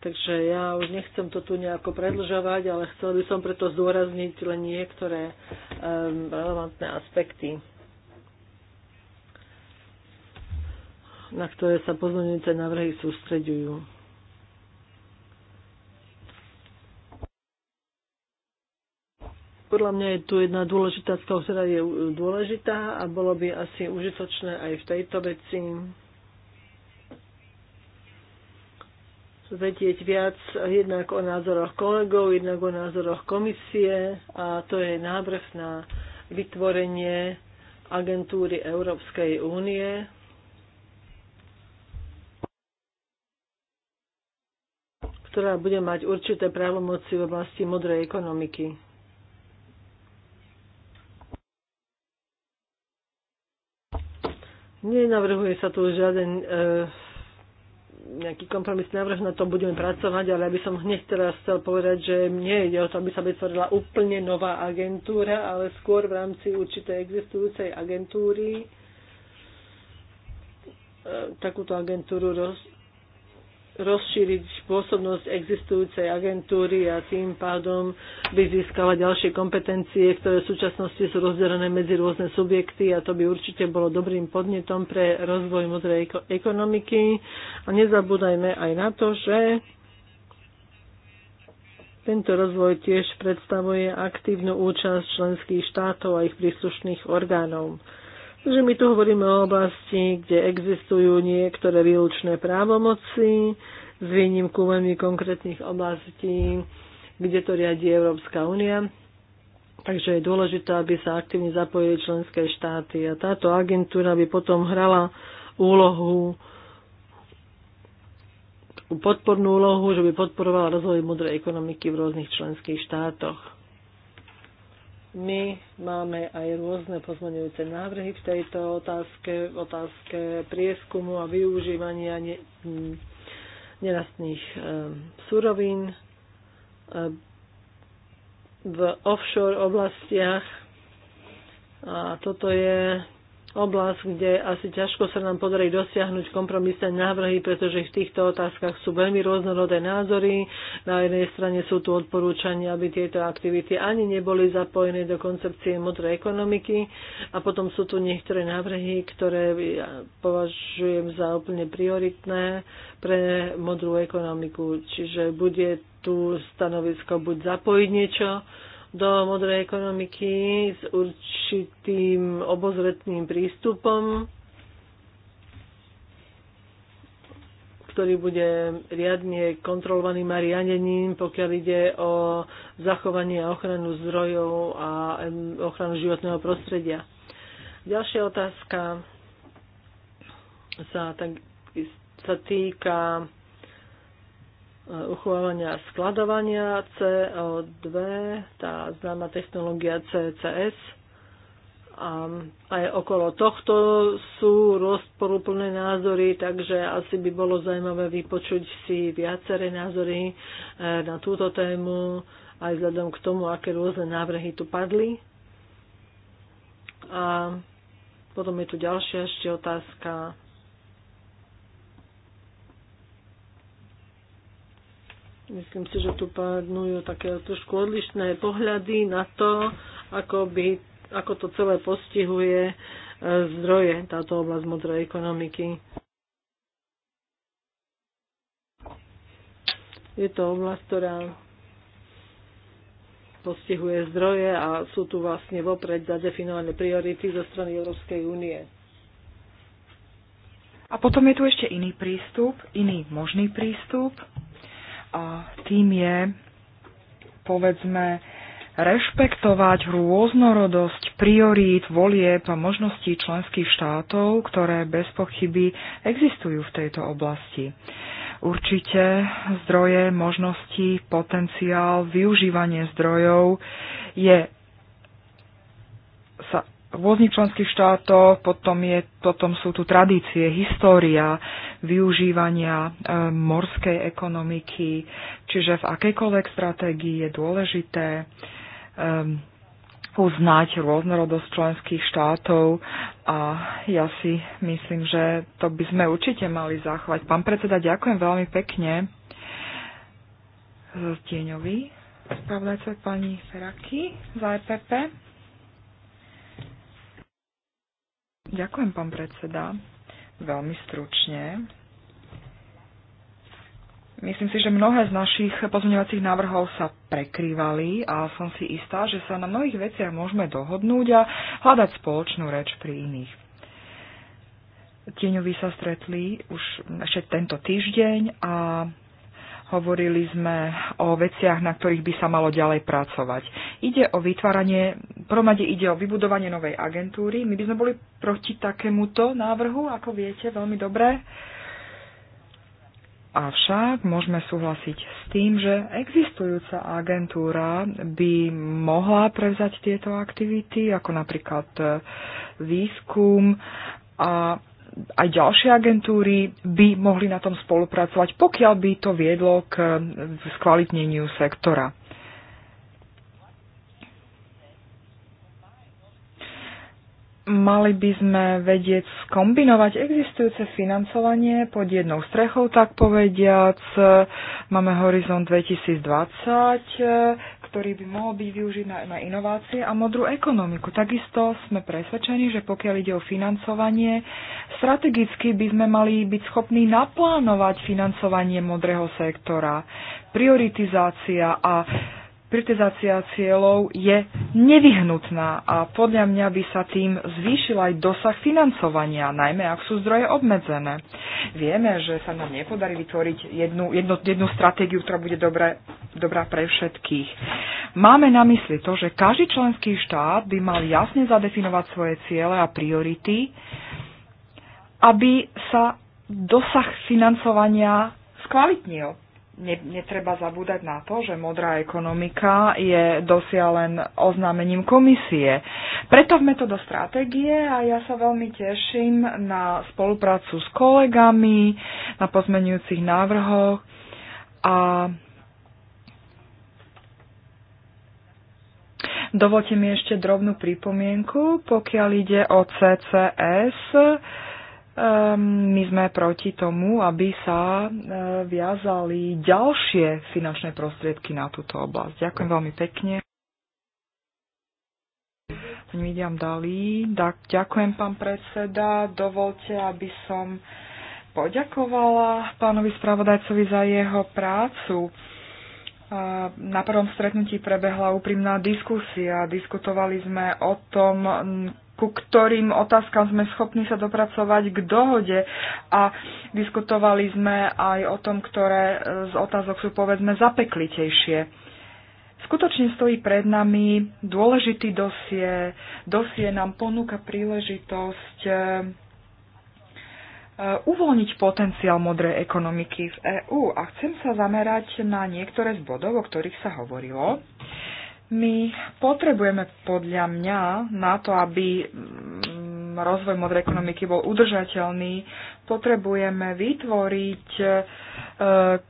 Takže ja už nechcem to tu nejako predlžovať, ale chcel by som preto zdôrazniť len niektoré um, relevantné aspekty, na ktoré sa pozornice návrhy sústreďujú. Podľa mňa je tu jedna dôležitá z toho, ktorá teda je dôležitá a bolo by asi užitočné aj v tejto veci vedieť viac jednak o názoroch kolegov, jednak o názoroch komisie a to je návrh na vytvorenie agentúry Európskej únie. ktorá bude mať určité právomoci v oblasti modrej ekonomiky. Nenavrhuje sa tu žiaden e, nejaký kompromisný návrh, na tom budeme pracovať, ale aby som hneď teraz chcel povedať, že nie ide o to, aby sa vytvorila úplne nová agentúra, ale skôr v rámci určitej existujúcej agentúry e, takúto agentúru roz, rozšíriť pôsobnosť existujúcej agentúry a tým pádom by získala ďalšie kompetencie, ktoré v súčasnosti sú rozdelené medzi rôzne subjekty a to by určite bolo dobrým podnetom pre rozvoj modrej ekonomiky. A nezabúdajme aj na to, že tento rozvoj tiež predstavuje aktívnu účasť členských štátov a ich príslušných orgánov. Takže my tu hovoríme o oblasti, kde existujú niektoré výlučné právomoci, s výnimkou veľmi konkrétnych oblastí, kde to riadi Európska únia. Takže je dôležité, aby sa aktívne zapojili členské štáty a táto agentúra by potom hrala úlohu podpornú úlohu, že by podporovala rozvoj modrej ekonomiky v rôznych členských štátoch. My máme aj rôzne pozmeňujúce návrhy v tejto otázke, otázke prieskumu a využívania ne, mm, nerastných e, ehm, surovín e, v offshore oblastiach. A toto je oblasť, kde asi ťažko sa nám podarí dosiahnuť kompromisné návrhy, pretože v týchto otázkach sú veľmi rôznorodé názory. Na jednej strane sú tu odporúčania, aby tieto aktivity ani neboli zapojené do koncepcie modrej ekonomiky a potom sú tu niektoré návrhy, ktoré ja považujem za úplne prioritné pre modrú ekonomiku. Čiže bude tu stanovisko buď zapojiť niečo, do modrej ekonomiky s určitým obozretným prístupom, ktorý bude riadne kontrolovaným a riadením, pokiaľ ide o zachovanie a ochranu zdrojov a ochranu životného prostredia. Ďalšia otázka sa, tak, sa týka uchovávania a skladovania CO2, tá známa technológia CCS. A aj okolo tohto sú rozporúplné názory, takže asi by bolo zaujímavé vypočuť si viaceré názory eh, na túto tému, aj vzhľadom k tomu, aké rôzne návrhy tu padli. A potom je tu ďalšia ešte otázka Myslím si, že tu panujú také trošku odlišné pohľady na to, ako, by, ako to celé postihuje e, zdroje táto oblasť modrej ekonomiky. Je to oblasť, ktorá postihuje zdroje a sú tu vlastne vopred zadefinované priority zo strany Európskej únie. A potom je tu ešte iný prístup, iný možný prístup, a tým je, povedzme, rešpektovať rôznorodosť priorít, volieb a možností členských štátov, ktoré bez pochyby existujú v tejto oblasti. Určite zdroje, možnosti, potenciál, využívanie zdrojov je sa v rôznych členských štátoch, potom, je, potom sú tu tradície, história, využívania e, morskej ekonomiky. Čiže v akejkoľvek stratégii je dôležité e, uznať rôznorodosť členských štátov a ja si myslím, že to by sme určite mali zachovať. Pán predseda, ďakujem veľmi pekne tieňovi spravodajca pani Feraky za EPP. Ďakujem, pán predseda veľmi stručne. Myslím si, že mnohé z našich pozmeňovacích návrhov sa prekrývali a som si istá, že sa na mnohých veciach môžeme dohodnúť a hľadať spoločnú reč pri iných. Tieňoví sa stretli už ešte tento týždeň a Hovorili sme o veciach, na ktorých by sa malo ďalej pracovať. Ide o vytváranie, promade ide o vybudovanie novej agentúry. My by sme boli proti takémuto návrhu, ako viete, veľmi dobre. Avšak môžeme súhlasiť s tým, že existujúca agentúra by mohla prevzať tieto aktivity, ako napríklad eh, výskum a aj ďalšie agentúry by mohli na tom spolupracovať, pokiaľ by to viedlo k skvalitneniu sektora. Mali by sme vedieť skombinovať existujúce financovanie pod jednou strechou, tak povediac. Máme Horizont 2020, ktorý by mohol byť využiť na, na inovácie a modrú ekonomiku. Takisto sme presvedčení, že pokiaľ ide o financovanie, strategicky by sme mali byť schopní naplánovať financovanie modrého sektora, prioritizácia a prioritizácia cieľov je nevyhnutná a podľa mňa by sa tým zvýšil aj dosah financovania, najmä ak sú zdroje obmedzené. Vieme, že sa nám nepodarí vytvoriť jednu, jednu, jednu stratégiu, ktorá bude dobré, dobrá pre všetkých. Máme na mysli to, že každý členský štát by mal jasne zadefinovať svoje ciele a priority, aby sa dosah financovania skvalitnil ne, netreba zabúdať na to, že modrá ekonomika je dosia len oznámením komisie. Pretavme to do stratégie a ja sa veľmi teším na spoluprácu s kolegami, na pozmenujúcich návrhoch a Dovolte mi ešte drobnú pripomienku, pokiaľ ide o CCS Ehm, my sme proti tomu, aby sa e, viazali ďalšie finančné prostriedky na túto oblasť. Ďakujem veľmi pekne. Vidiam Dalí. Ďakujem, pán predseda. Dovolte, aby som poďakovala pánovi spravodajcovi za jeho prácu. Na prvom stretnutí prebehla úprimná diskusia. Diskutovali sme o tom, ku ktorým otázkam sme schopní sa dopracovať k dohode a diskutovali sme aj o tom, ktoré e, z otázok sú povedzme zapeklitejšie. Skutočne stojí pred nami dôležitý dosie. Dosie nám ponúka príležitosť e, e, uvoľniť potenciál modrej ekonomiky v EÚ a chcem sa zamerať na niektoré z bodov, o ktorých sa hovorilo. My potrebujeme podľa mňa na to, aby mm, rozvoj modrej ekonomiky bol udržateľný, potrebujeme vytvoriť e,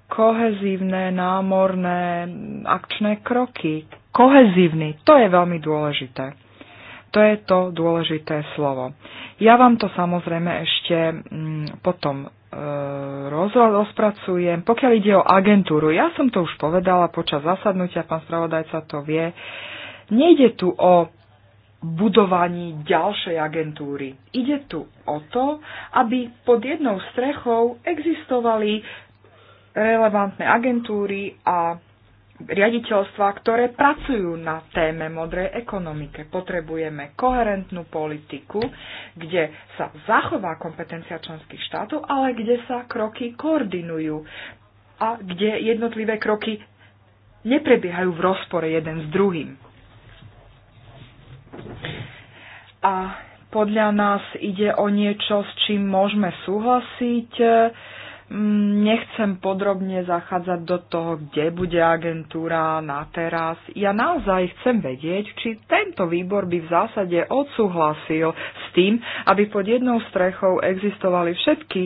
kohezívne námorné mm, akčné kroky. Kohezívny, to je veľmi dôležité. To je to dôležité slovo. Ja vám to samozrejme ešte mm, potom rozpracujem. Pokiaľ ide o agentúru, ja som to už povedala počas zasadnutia, pán spravodajca to vie. Nejde tu o budovaní ďalšej agentúry. Ide tu o to, aby pod jednou strechou existovali relevantné agentúry a riaditeľstva, ktoré pracujú na téme modrej ekonomike. Potrebujeme koherentnú politiku, kde sa zachová kompetencia členských štátov, ale kde sa kroky koordinujú a kde jednotlivé kroky neprebiehajú v rozpore jeden s druhým. A podľa nás ide o niečo, s čím môžeme súhlasiť Mm, nechcem podrobne zachádzať do toho, kde bude agentúra na teraz. Ja naozaj chcem vedieť, či tento výbor by v zásade odsúhlasil s tým, aby pod jednou strechou existovali všetky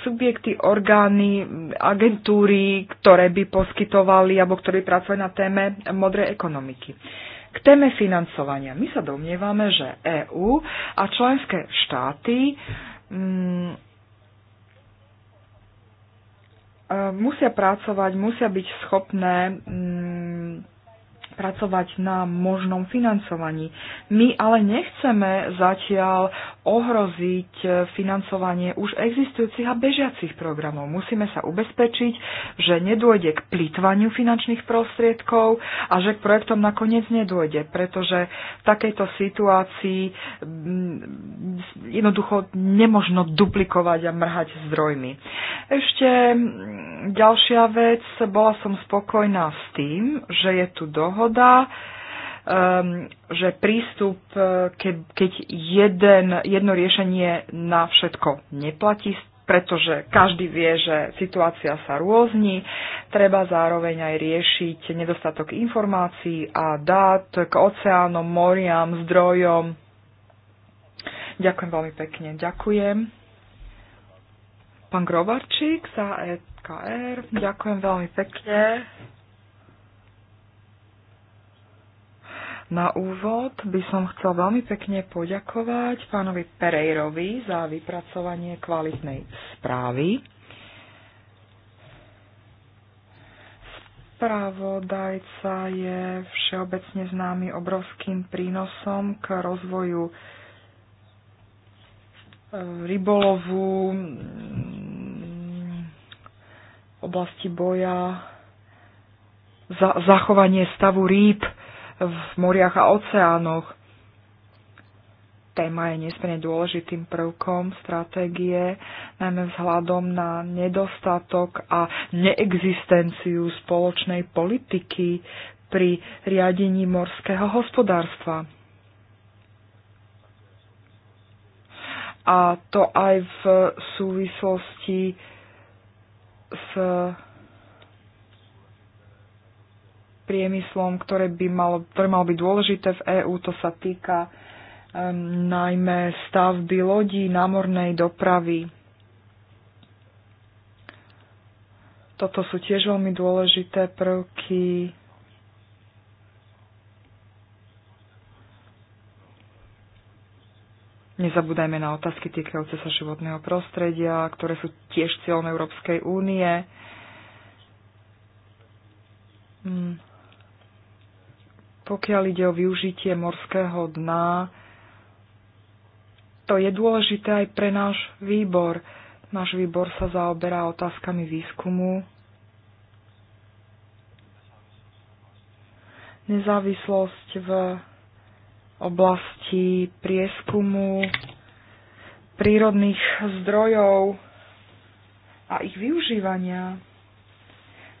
subjekty, orgány, agentúry, ktoré by poskytovali alebo ktorí pracujú na téme modrej ekonomiky. K téme financovania. My sa domnievame, že EÚ a členské štáty mm, musia pracovať, musia byť schopné mm, pracovať na možnom financovaní. My ale nechceme zatiaľ ohroziť financovanie už existujúcich a bežiacich programov. Musíme sa ubezpečiť, že nedôjde k plýtvaniu finančných prostriedkov a že k projektom nakoniec nedôjde, pretože v takejto situácii mm, jednoducho nemožno duplikovať a mrhať zdrojmi. Ešte ďalšia vec, bola som spokojná s tým, že je tu dohoda, dohoda, um, že prístup, eh, ke, keď jeden, jedno riešenie na všetko neplatí, pretože každý vie, že situácia sa rôzni, treba zároveň aj riešiť nedostatok informácií a dát k oceánom, moriam, zdrojom. Ďakujem veľmi pekne. Ďakujem. Pán Grobarčík za EKR, ďakujem veľmi pekne. Na úvod by som chcel veľmi pekne poďakovať pánovi Perejrovi za vypracovanie kvalitnej správy. Spravodajca je všeobecne známy obrovským prínosom k rozvoju e, rybolovu, mm, oblasti boja, za, zachovanie stavu rýb, v moriach a oceánoch. Téma je nesmierne dôležitým prvkom stratégie, najmä vzhľadom na nedostatok a neexistenciu spoločnej politiky pri riadení morského hospodárstva. A to aj v súvislosti s priemyslom, ktoré, by malo, ktoré malo byť dôležité v EÚ. To sa týka um, najmä stavby lodí, námornej dopravy. Toto sú tiež veľmi dôležité prvky. Nezabúdajme na otázky týkajúce sa životného prostredia, ktoré sú tiež cieľom Európskej únie. Hmm. Pokiaľ ide o využitie morského dna, to je dôležité aj pre náš výbor. Náš výbor sa zaoberá otázkami výskumu, nezávislosť v oblasti prieskumu prírodných zdrojov a ich využívania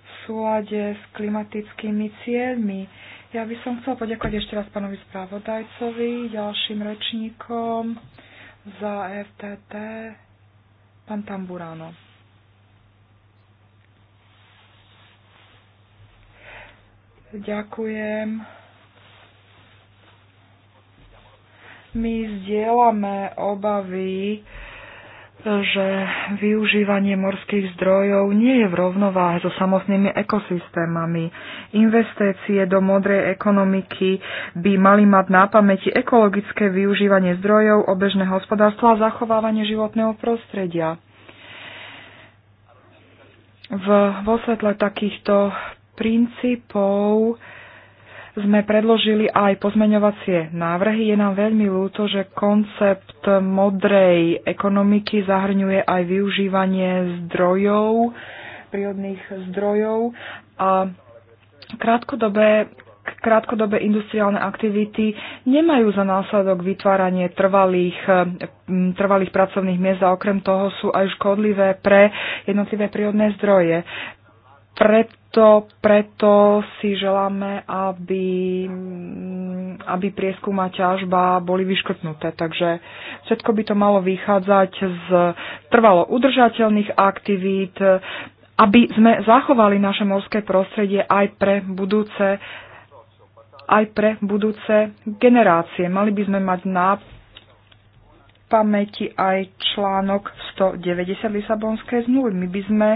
v súlade s klimatickými cieľmi. Ja by som chcela poďakovať ešte raz pánovi správodajcovi, ďalším rečníkom za e FTT, pán Tamburáno. Ďakujem. My zdieľame obavy, že využívanie morských zdrojov nie je v rovnováhe so samotnými ekosystémami. Investície do modrej ekonomiky by mali mať na pamäti ekologické využívanie zdrojov, obežné hospodárstva a zachovávanie životného prostredia. V, vo svetle takýchto princípov sme predložili aj pozmeňovacie návrhy. Je nám veľmi ľúto, že koncept modrej ekonomiky zahrňuje aj využívanie zdrojov, prírodných zdrojov a krátkodobé krátkodobé industriálne aktivity nemajú za následok vytváranie trvalých, trvalých pracovných miest a okrem toho sú aj škodlivé pre jednotlivé prírodné zdroje. Preto, preto si želáme, aby, mm, aby prieskum a ťažba boli vyškrtnuté. Takže všetko by to malo vychádzať z trvalo udržateľných aktivít, aby sme zachovali naše morské prostredie aj pre budúce aj pre budúce generácie. Mali by sme mať pamäti aj článok 190 Lisabonskej zmluvy. My by sme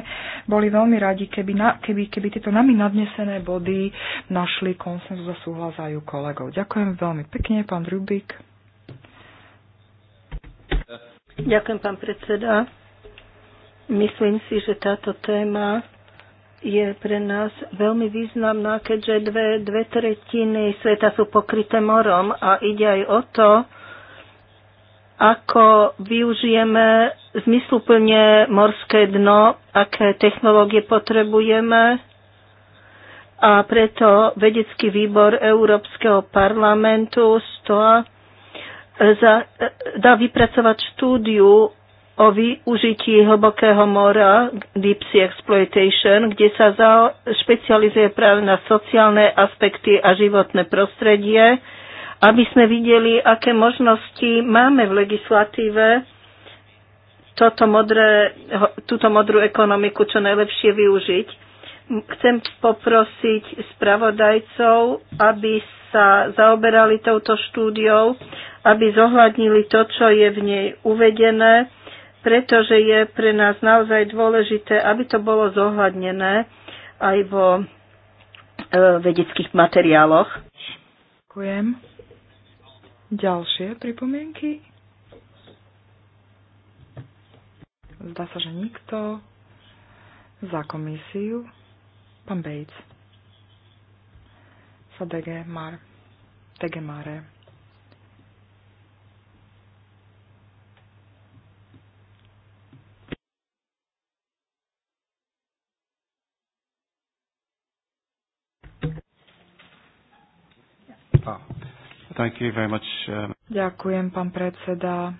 boli veľmi radi, keby, na, keby, keby tieto nami nadnesené body našli konsenzus a súhlas aj u kolegov. Ďakujem veľmi pekne, pán Rubik. Ďakujem, pán predseda. Myslím si, že táto téma je pre nás veľmi významná, keďže dve, dve tretiny sveta sú pokryté morom a ide aj o to, ako využijeme zmysluplne morské dno, aké technológie potrebujeme. A preto vedecký výbor Európskeho parlamentu STOA e, za, e, dá vypracovať štúdiu o využití hlbokého mora Deep Sea Exploitation, kde sa za, špecializuje práve na sociálne aspekty a životné prostredie aby sme videli, aké možnosti máme v legislatíve toto modré, túto modrú ekonomiku čo najlepšie využiť. Chcem poprosiť spravodajcov, aby sa zaoberali touto štúdiou, aby zohľadnili to, čo je v nej uvedené, pretože je pre nás naozaj dôležité, aby to bolo zohľadnené aj vo e, vedeckých materiáloch. Ďakujem. Ďalšie pripomienky? Zdá sa, že nikto. Za komisiu pán Bejc. Sa DG Mar. DG Mare. Ah, Thank you very much. Um, Ďakujem, pán predseda,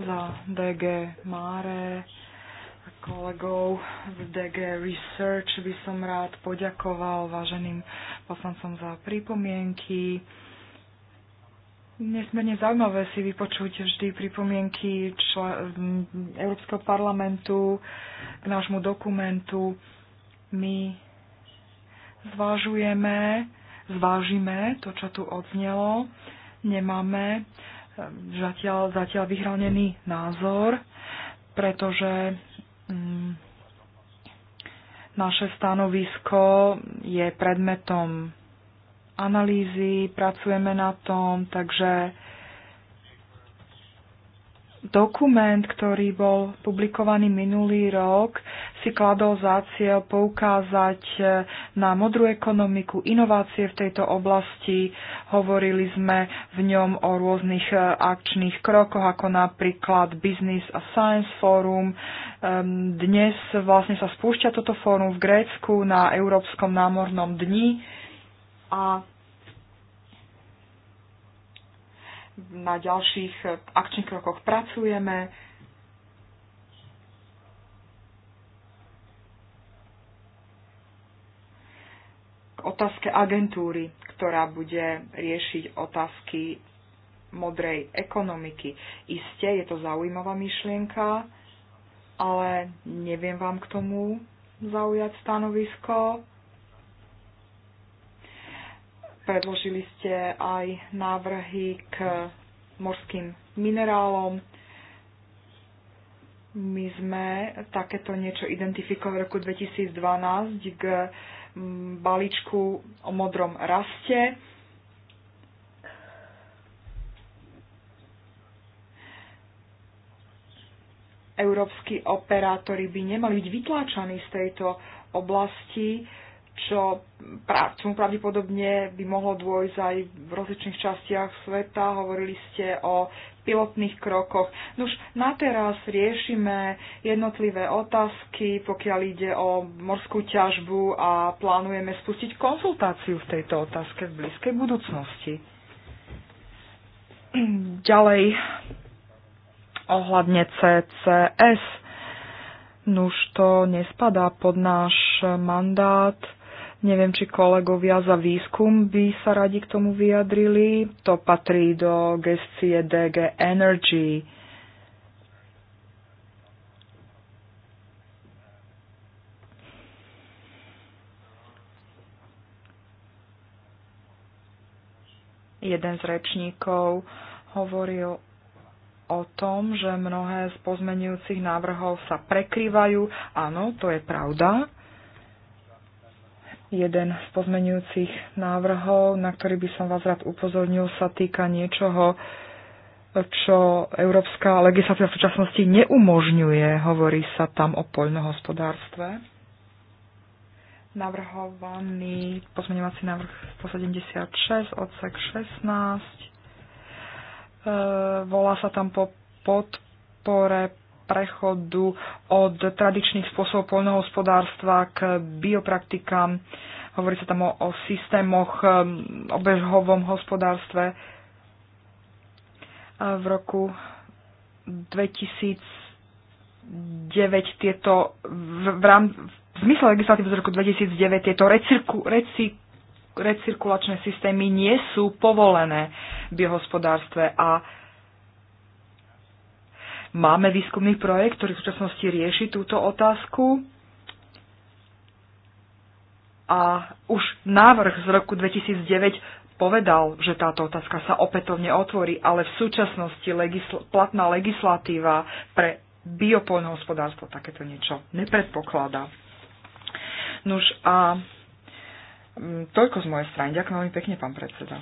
za DG Máre kolegov z DG Research by som rád poďakoval váženým poslancom za pripomienky. Nesmierne zaujímavé si vypočuť vždy pripomienky Európskeho parlamentu k nášmu dokumentu. My zvážujeme, zvážime to, čo tu odznelo. Nemáme ehm, zatiaľ, zatiaľ vyhranený názor, pretože mm, naše stanovisko je predmetom analýzy, pracujeme na tom, takže dokument, ktorý bol publikovaný minulý rok, si kladol za cieľ poukázať e, na modrú ekonomiku, inovácie v tejto oblasti. Hovorili sme v ňom o rôznych e, akčných krokoch, ako napríklad Business a Science Forum. Ehm, dnes vlastne sa spúšťa toto fórum v Grécku na Európskom námornom dni a na ďalších eh, akčných krokoch pracujeme. K otázke agentúry, ktorá bude riešiť otázky modrej ekonomiky. Isté, je to zaujímavá myšlienka, ale neviem vám k tomu zaujať stanovisko. Predložili ste aj návrhy k morským minerálom. My sme takéto niečo identifikovali v roku 2012 k mm, balíčku o modrom raste. Európsky operátori by nemali byť vytláčaní z tejto oblasti, čo čomu pravdepodobne by mohlo dôjsť aj v rozličných častiach sveta. Hovorili ste o pilotných krokoch. Nuž, na teraz riešime jednotlivé otázky, pokiaľ ide o morskú ťažbu a plánujeme spustiť konzultáciu v tejto otázke v blízkej budúcnosti. <clears throat> Ďalej, ohľadne CCS. Nuž, to nespadá pod náš mandát Neviem, či kolegovia za výskum by sa radi k tomu vyjadrili. To patrí do gestie DG Energy. Jeden z rečníkov hovoril o tom, že mnohé z pozmenujúcich návrhov sa prekrývajú. Áno, to je pravda. Jeden z pozmenujúcich návrhov, na ktorý by som vás rád upozornil, sa týka niečoho, čo európska legislatíva v súčasnosti neumožňuje. Hovorí sa tam o poľnohospodárstve. Navrhovaný pozmeňovací návrh 176, odsek 16. E, volá sa tam po podpore prechodu od tradičných spôsobov poľnohospodárstva k biopraktikám. Hovorí sa tam o, o systémoch, um, o bežhovom hospodárstve. A v roku 2009 tieto v, v, rám, v zmysle legislatívy z roku 2009 tieto recirku, recirku recirkulačné systémy nie sú povolené v biohospodárstve a Máme výskumný projekt, ktorý v súčasnosti rieši túto otázku a už návrh z roku 2009 povedal, že táto otázka sa opätovne otvorí, ale v súčasnosti legisl- platná legislatíva pre hospodárstvo takéto niečo nepredpokladá. Nuž a mm, toľko z mojej strany. Ďakujem veľmi pekne, pán predseda.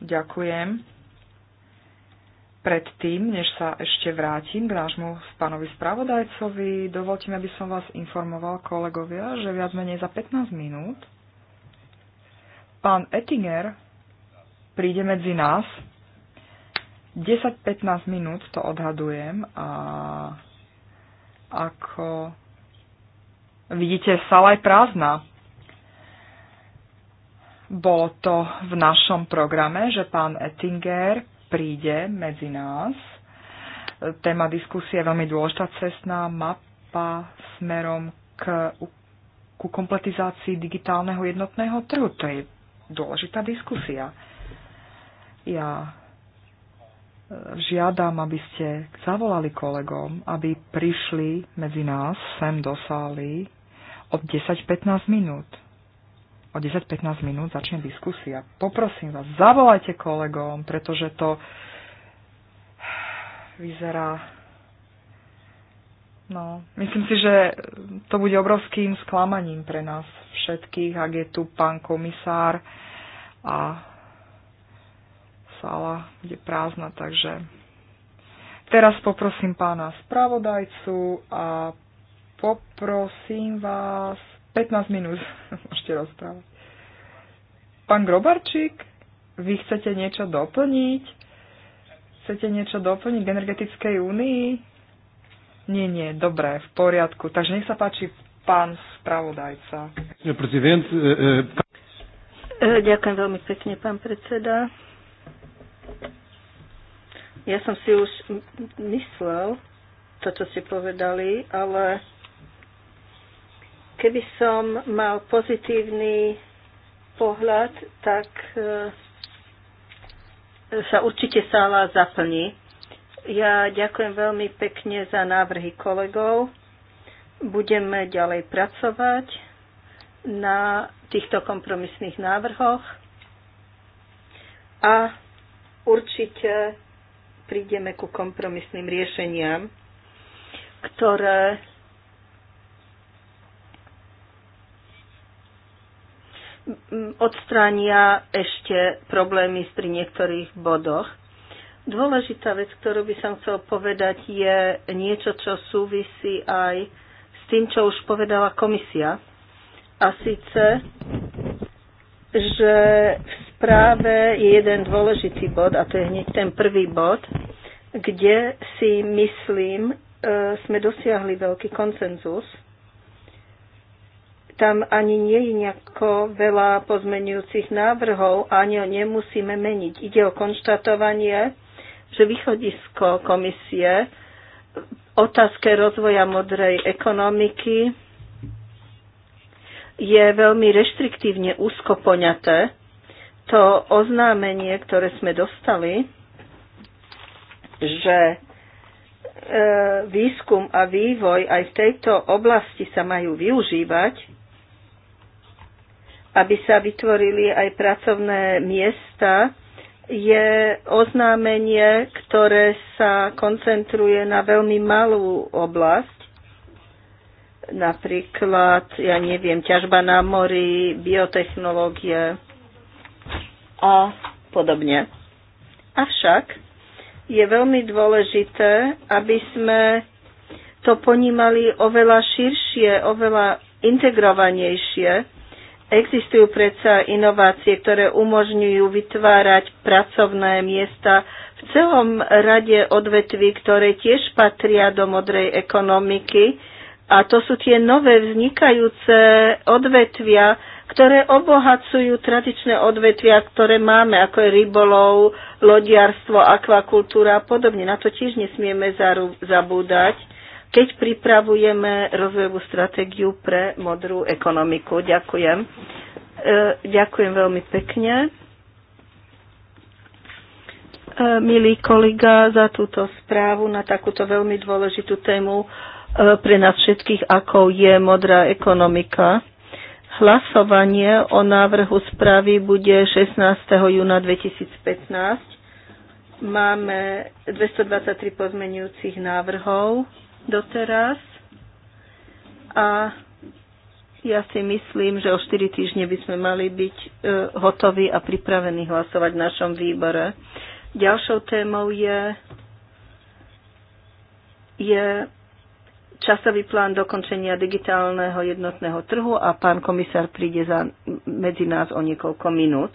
Ďakujem. Predtým, než sa ešte vrátim k nášmu pánovi spravodajcovi, dovolte mi, aby som vás informoval, kolegovia, že viac menej za 15 minút pán Ettinger príde medzi nás. 10-15 minút to odhadujem a ako vidíte, sala je prázdna. Bolo to v našom programe, že pán Ettinger príde medzi nás. Téma diskusie je veľmi dôležitá cestná mapa smerom k, ku kompletizácii digitálneho jednotného trhu. To je dôležitá diskusia. Ja e, žiadam, aby ste zavolali kolegom, aby prišli medzi nás sem do sály od 10-15 minút o 10-15 minút začne diskusia. Poprosím vás, zavolajte kolegom, pretože to vyzerá... No, myslím si, že to bude obrovským sklamaním pre nás všetkých, ak je tu pán komisár a sála bude prázdna, takže teraz poprosím pána spravodajcu a poprosím vás 15 minút <laughs> môžete rozprávať. Pán Grobarčík, vy chcete niečo doplniť? Chcete niečo doplniť k energetickej únii? Nie, nie, dobré, v poriadku. Takže nech sa páči, pán spravodajca. E, e, e, ďakujem veľmi pekne, pán predseda. Ja som si už myslel to, čo ste povedali, ale Keby som mal pozitívny pohľad, tak e, sa určite sála zaplní. Ja ďakujem veľmi pekne za návrhy kolegov. Budeme ďalej pracovať na týchto kompromisných návrhoch a určite prídeme ku kompromisným riešeniam, ktoré odstránia ešte problémy pri niektorých bodoch. Dôležitá vec, ktorú by som chcel povedať, je niečo, čo súvisí aj s tým, čo už povedala komisia. A síce, že v správe je jeden dôležitý bod, a to je hneď ten prvý bod, kde si myslím, e, sme dosiahli veľký koncenzus tam ani nie je nejako veľa pozmenujúcich návrhov, ani ho nemusíme meniť. Ide o konštatovanie, že východisko komisie v otázke rozvoja modrej ekonomiky je veľmi reštriktívne úzko poňaté. To oznámenie, ktoré sme dostali, že e, výskum a vývoj aj v tejto oblasti sa majú využívať, aby sa vytvorili aj pracovné miesta, je oznámenie, ktoré sa koncentruje na veľmi malú oblasť. Napríklad, ja neviem, ťažba na mori, biotechnológie a podobne. Avšak je veľmi dôležité, aby sme to ponímali oveľa širšie, oveľa integrovanejšie, Existujú predsa inovácie, ktoré umožňujú vytvárať pracovné miesta v celom rade odvetví, ktoré tiež patria do modrej ekonomiky. A to sú tie nové vznikajúce odvetvia, ktoré obohacujú tradičné odvetvia, ktoré máme, ako je rybolov, lodiarstvo, akvakultúra a podobne. Na to tiež nesmieme zabúdať keď pripravujeme rozvojovú stratégiu pre modrú ekonomiku. Ďakujem. E, ďakujem veľmi pekne e, milý kolega, za túto správu na takúto veľmi dôležitú tému e, pre nás všetkých, ako je modrá ekonomika. Hlasovanie o návrhu správy bude 16. júna 2015. Máme 223 pozmenujúcich návrhov doteraz a ja si myslím, že o 4 týždne by sme mali byť e, hotoví a pripravení hlasovať v našom výbore. Ďalšou témou je, je časový plán dokončenia digitálneho jednotného trhu a pán komisár príde za, medzi nás o niekoľko minút.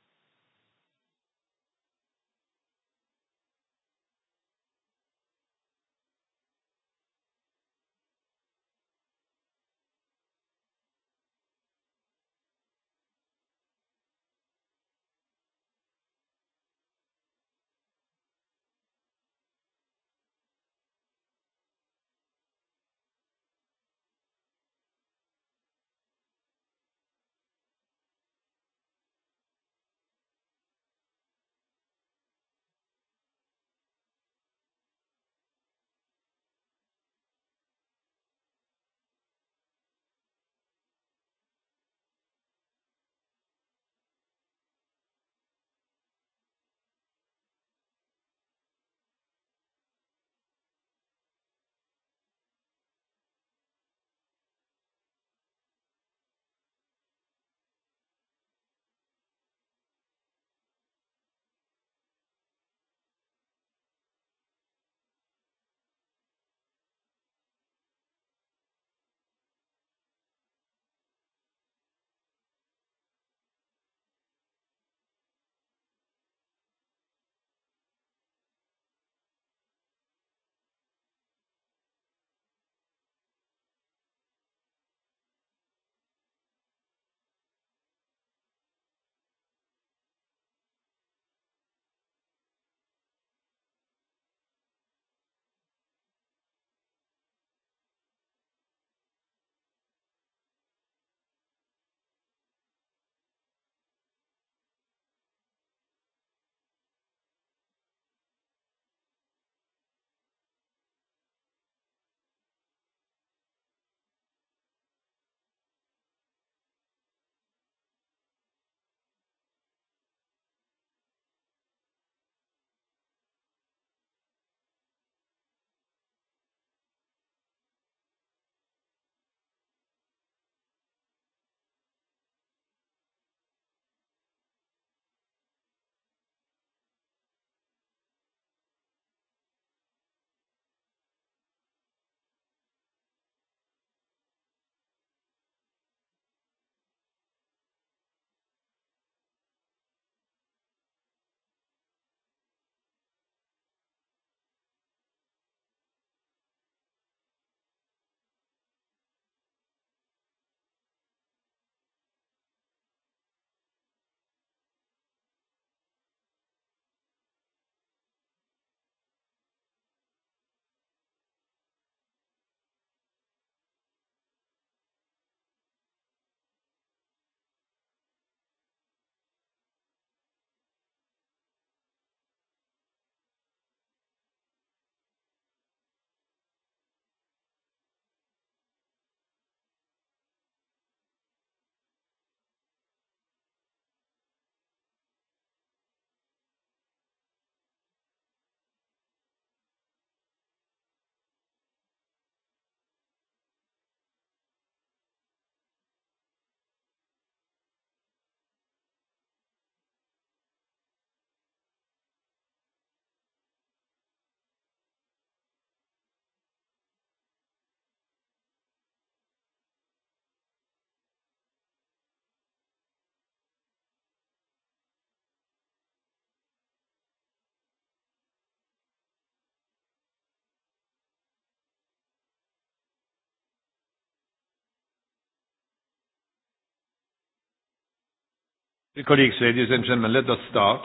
Dear Colleagues, ladies and gentlemen, let us start.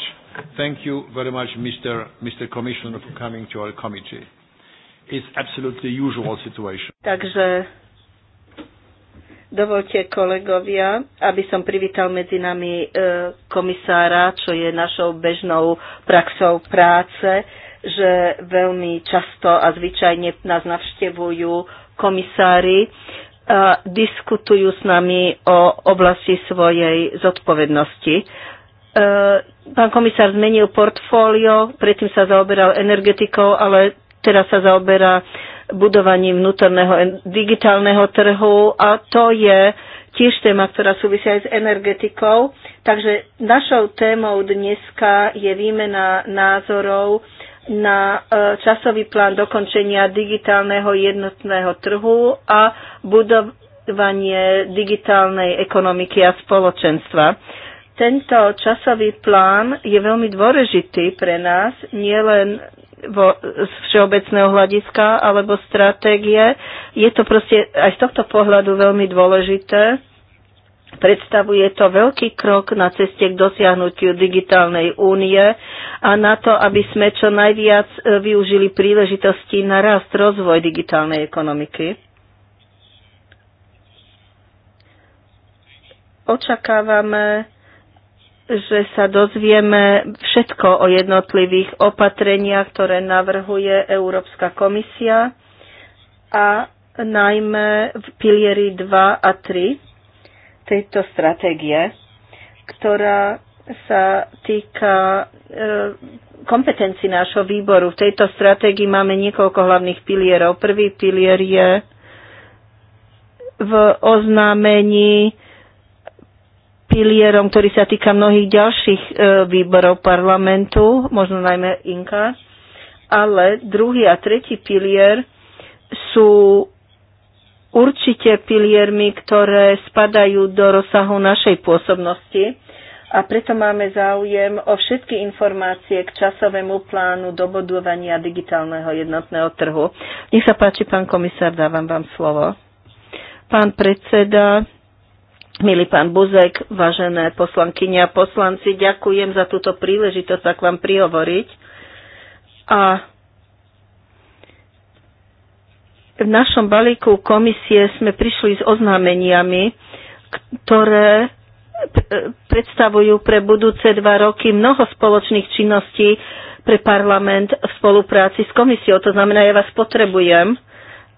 Thank you very much, Mr. Mr. Commissioner, for coming to our committee. It's absolutely usual situation. Takže dovolte kolegovia, aby som privítal medzi nami e, komisára, čo je našou bežnou praxou práce, že veľmi často a zvyčajne nás navštevujú komisári diskutujú s nami o oblasti svojej zodpovednosti. E, pán komisár zmenil portfólio, predtým sa zaoberal energetikou, ale teraz sa zaoberá budovaním vnútorného digitálneho trhu a to je tiež téma, ktorá súvisia aj s energetikou. Takže našou témou dneska je výmena názorov na e, časový plán dokončenia digitálneho jednotného trhu a budovanie digitálnej ekonomiky a spoločenstva. Tento časový plán je veľmi dôležitý pre nás, nielen vo, z všeobecného hľadiska alebo stratégie. Je to proste aj z tohto pohľadu veľmi dôležité Predstavuje to veľký krok na ceste k dosiahnutiu digitálnej únie a na to, aby sme čo najviac e, využili príležitosti na rast rozvoj digitálnej ekonomiky. Očakávame, že sa dozvieme všetko o jednotlivých opatreniach, ktoré navrhuje Európska komisia a najmä v pilieri 2 a 3 tejto stratégie, ktorá sa týka e, kompetencií nášho výboru. V tejto stratégii máme niekoľko hlavných pilierov. Prvý pilier je v oznámení pilierom, ktorý sa týka mnohých ďalších e, výborov parlamentu, možno najmä INKA. Ale druhý a tretí pilier sú určite piliermi, ktoré spadajú do rozsahu našej pôsobnosti a preto máme záujem o všetky informácie k časovému plánu dobudovania digitálneho jednotného trhu. Nech sa páči, pán komisár, dávam vám slovo. Pán predseda, milý pán Buzek, vážené poslankyne a poslanci, ďakujem za túto príležitosť sa k vám prihovoriť. A v našom balíku komisie sme prišli s oznámeniami, ktoré e, predstavujú pre budúce dva roky mnoho spoločných činností pre parlament v spolupráci s komisiou. To znamená, ja vás potrebujem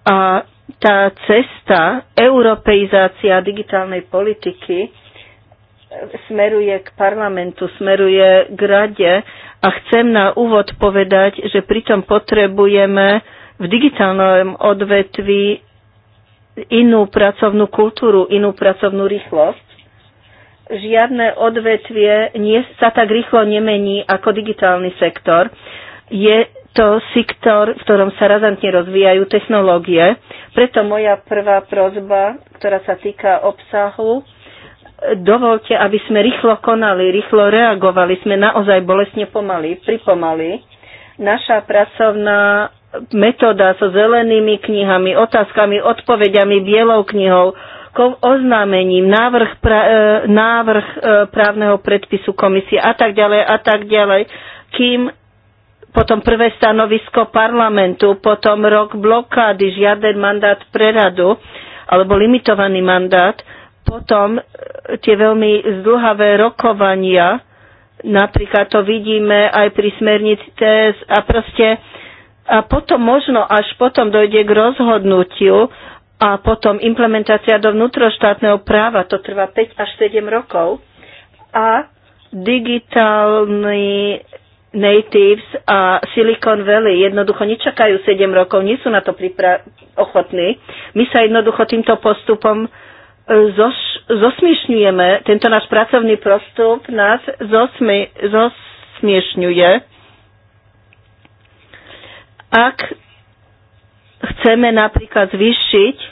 a tá cesta europeizácia digitálnej politiky e, smeruje k parlamentu, smeruje k rade a chcem na úvod povedať, že pritom potrebujeme v digitálnom odvetví inú pracovnú kultúru, inú pracovnú rýchlosť. Žiadne odvetvie nie, sa tak rýchlo nemení ako digitálny sektor. Je to sektor, v ktorom sa razantne rozvíjajú technológie. Preto moja prvá prozba, ktorá sa týka obsahu, dovolte, aby sme rýchlo konali, rýchlo reagovali, sme naozaj bolestne pomali, pripomali. Naša pracovná metóda so zelenými knihami, otázkami, odpovediami, bielou knihou, oznámením, návrh, pra, e, návrh e, právneho predpisu komisie a tak ďalej a tak ďalej, kým potom prvé stanovisko parlamentu, potom rok blokády, žiaden mandát pre radu alebo limitovaný mandát, potom e, tie veľmi zdlhavé rokovania, napríklad to vidíme aj pri smernici TS a proste a potom možno až potom dojde k rozhodnutiu a potom implementácia do vnútroštátneho práva. To trvá 5 až 7 rokov. A digitálny natives a Silicon Valley jednoducho nečakajú 7 rokov, nie sú na to pripra- ochotní. My sa jednoducho týmto postupom e, zoš- zosmiešňujeme. Tento náš pracovný postup nás zosmi- zosmiešňuje. Ak chceme napríklad zvýšiť e,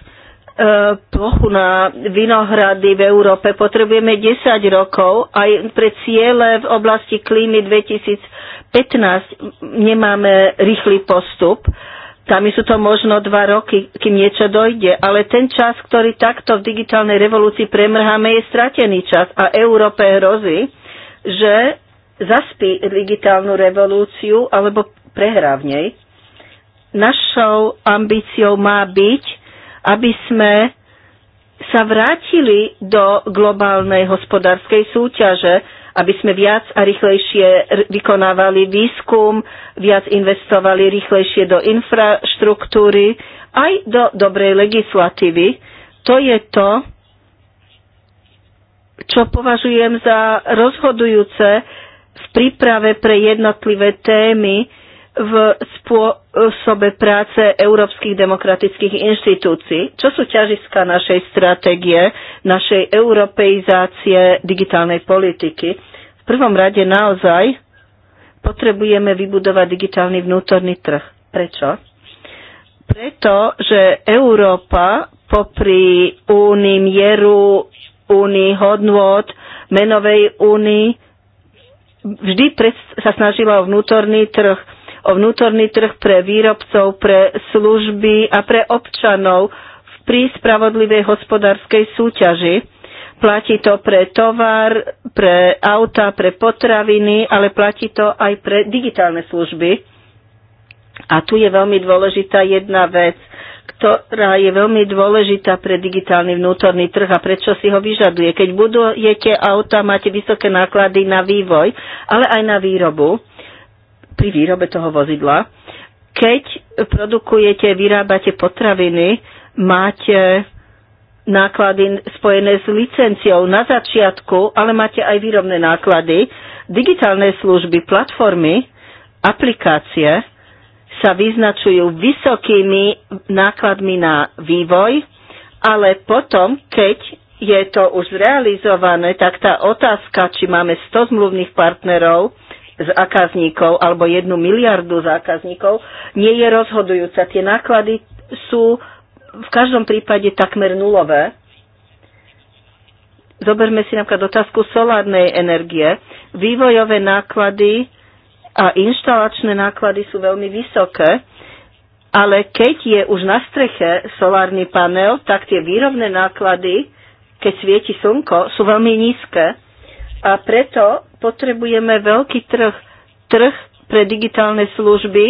plochu na vinohrady v Európe potrebujeme 10 rokov. Aj pre ciele v oblasti klímy 2015 nemáme rýchly postup. Tam sú to možno dva roky, kým niečo dojde. Ale ten čas, ktorý takto v digitálnej revolúcii premrháme, je stratený čas. A Európe hrozí, že zaspí digitálnu revolúciu alebo prehrá v nej našou ambíciou má byť, aby sme sa vrátili do globálnej hospodárskej súťaže, aby sme viac a rýchlejšie vykonávali výskum, viac investovali rýchlejšie do infraštruktúry, aj do dobrej legislatívy. To je to, čo považujem za rozhodujúce v príprave pre jednotlivé témy, v spôsobe práce európskych demokratických inštitúcií. Čo sú ťažiska našej stratégie, našej europeizácie digitálnej politiky? V prvom rade naozaj potrebujeme vybudovať digitálny vnútorný trh. Prečo? Preto, že Európa popri únii mieru, únii hodnôt, menovej únii, vždy pred, sa snažila o vnútorný trh o vnútorný trh pre výrobcov, pre služby a pre občanov pri spravodlivej hospodárskej súťaži. Platí to pre tovar, pre auta, pre potraviny, ale platí to aj pre digitálne služby. A tu je veľmi dôležitá jedna vec, ktorá je veľmi dôležitá pre digitálny vnútorný trh a prečo si ho vyžaduje. Keď budujete auta, máte vysoké náklady na vývoj, ale aj na výrobu pri výrobe toho vozidla. Keď produkujete, vyrábate potraviny, máte náklady spojené s licenciou na začiatku, ale máte aj výrobné náklady. Digitálne služby, platformy, aplikácie sa vyznačujú vysokými nákladmi na vývoj, ale potom, keď je to už zrealizované, tak tá otázka, či máme 100 zmluvných partnerov, zákazníkov alebo jednu miliardu zákazníkov, nie je rozhodujúca. Tie náklady sú v každom prípade takmer nulové. Zoberme si napríklad otázku solárnej energie. Vývojové náklady a inštalačné náklady sú veľmi vysoké, ale keď je už na streche solárny panel, tak tie výrobné náklady, keď svieti slnko, sú veľmi nízke. A preto Potrebujeme veľký trh, trh pre digitálne služby,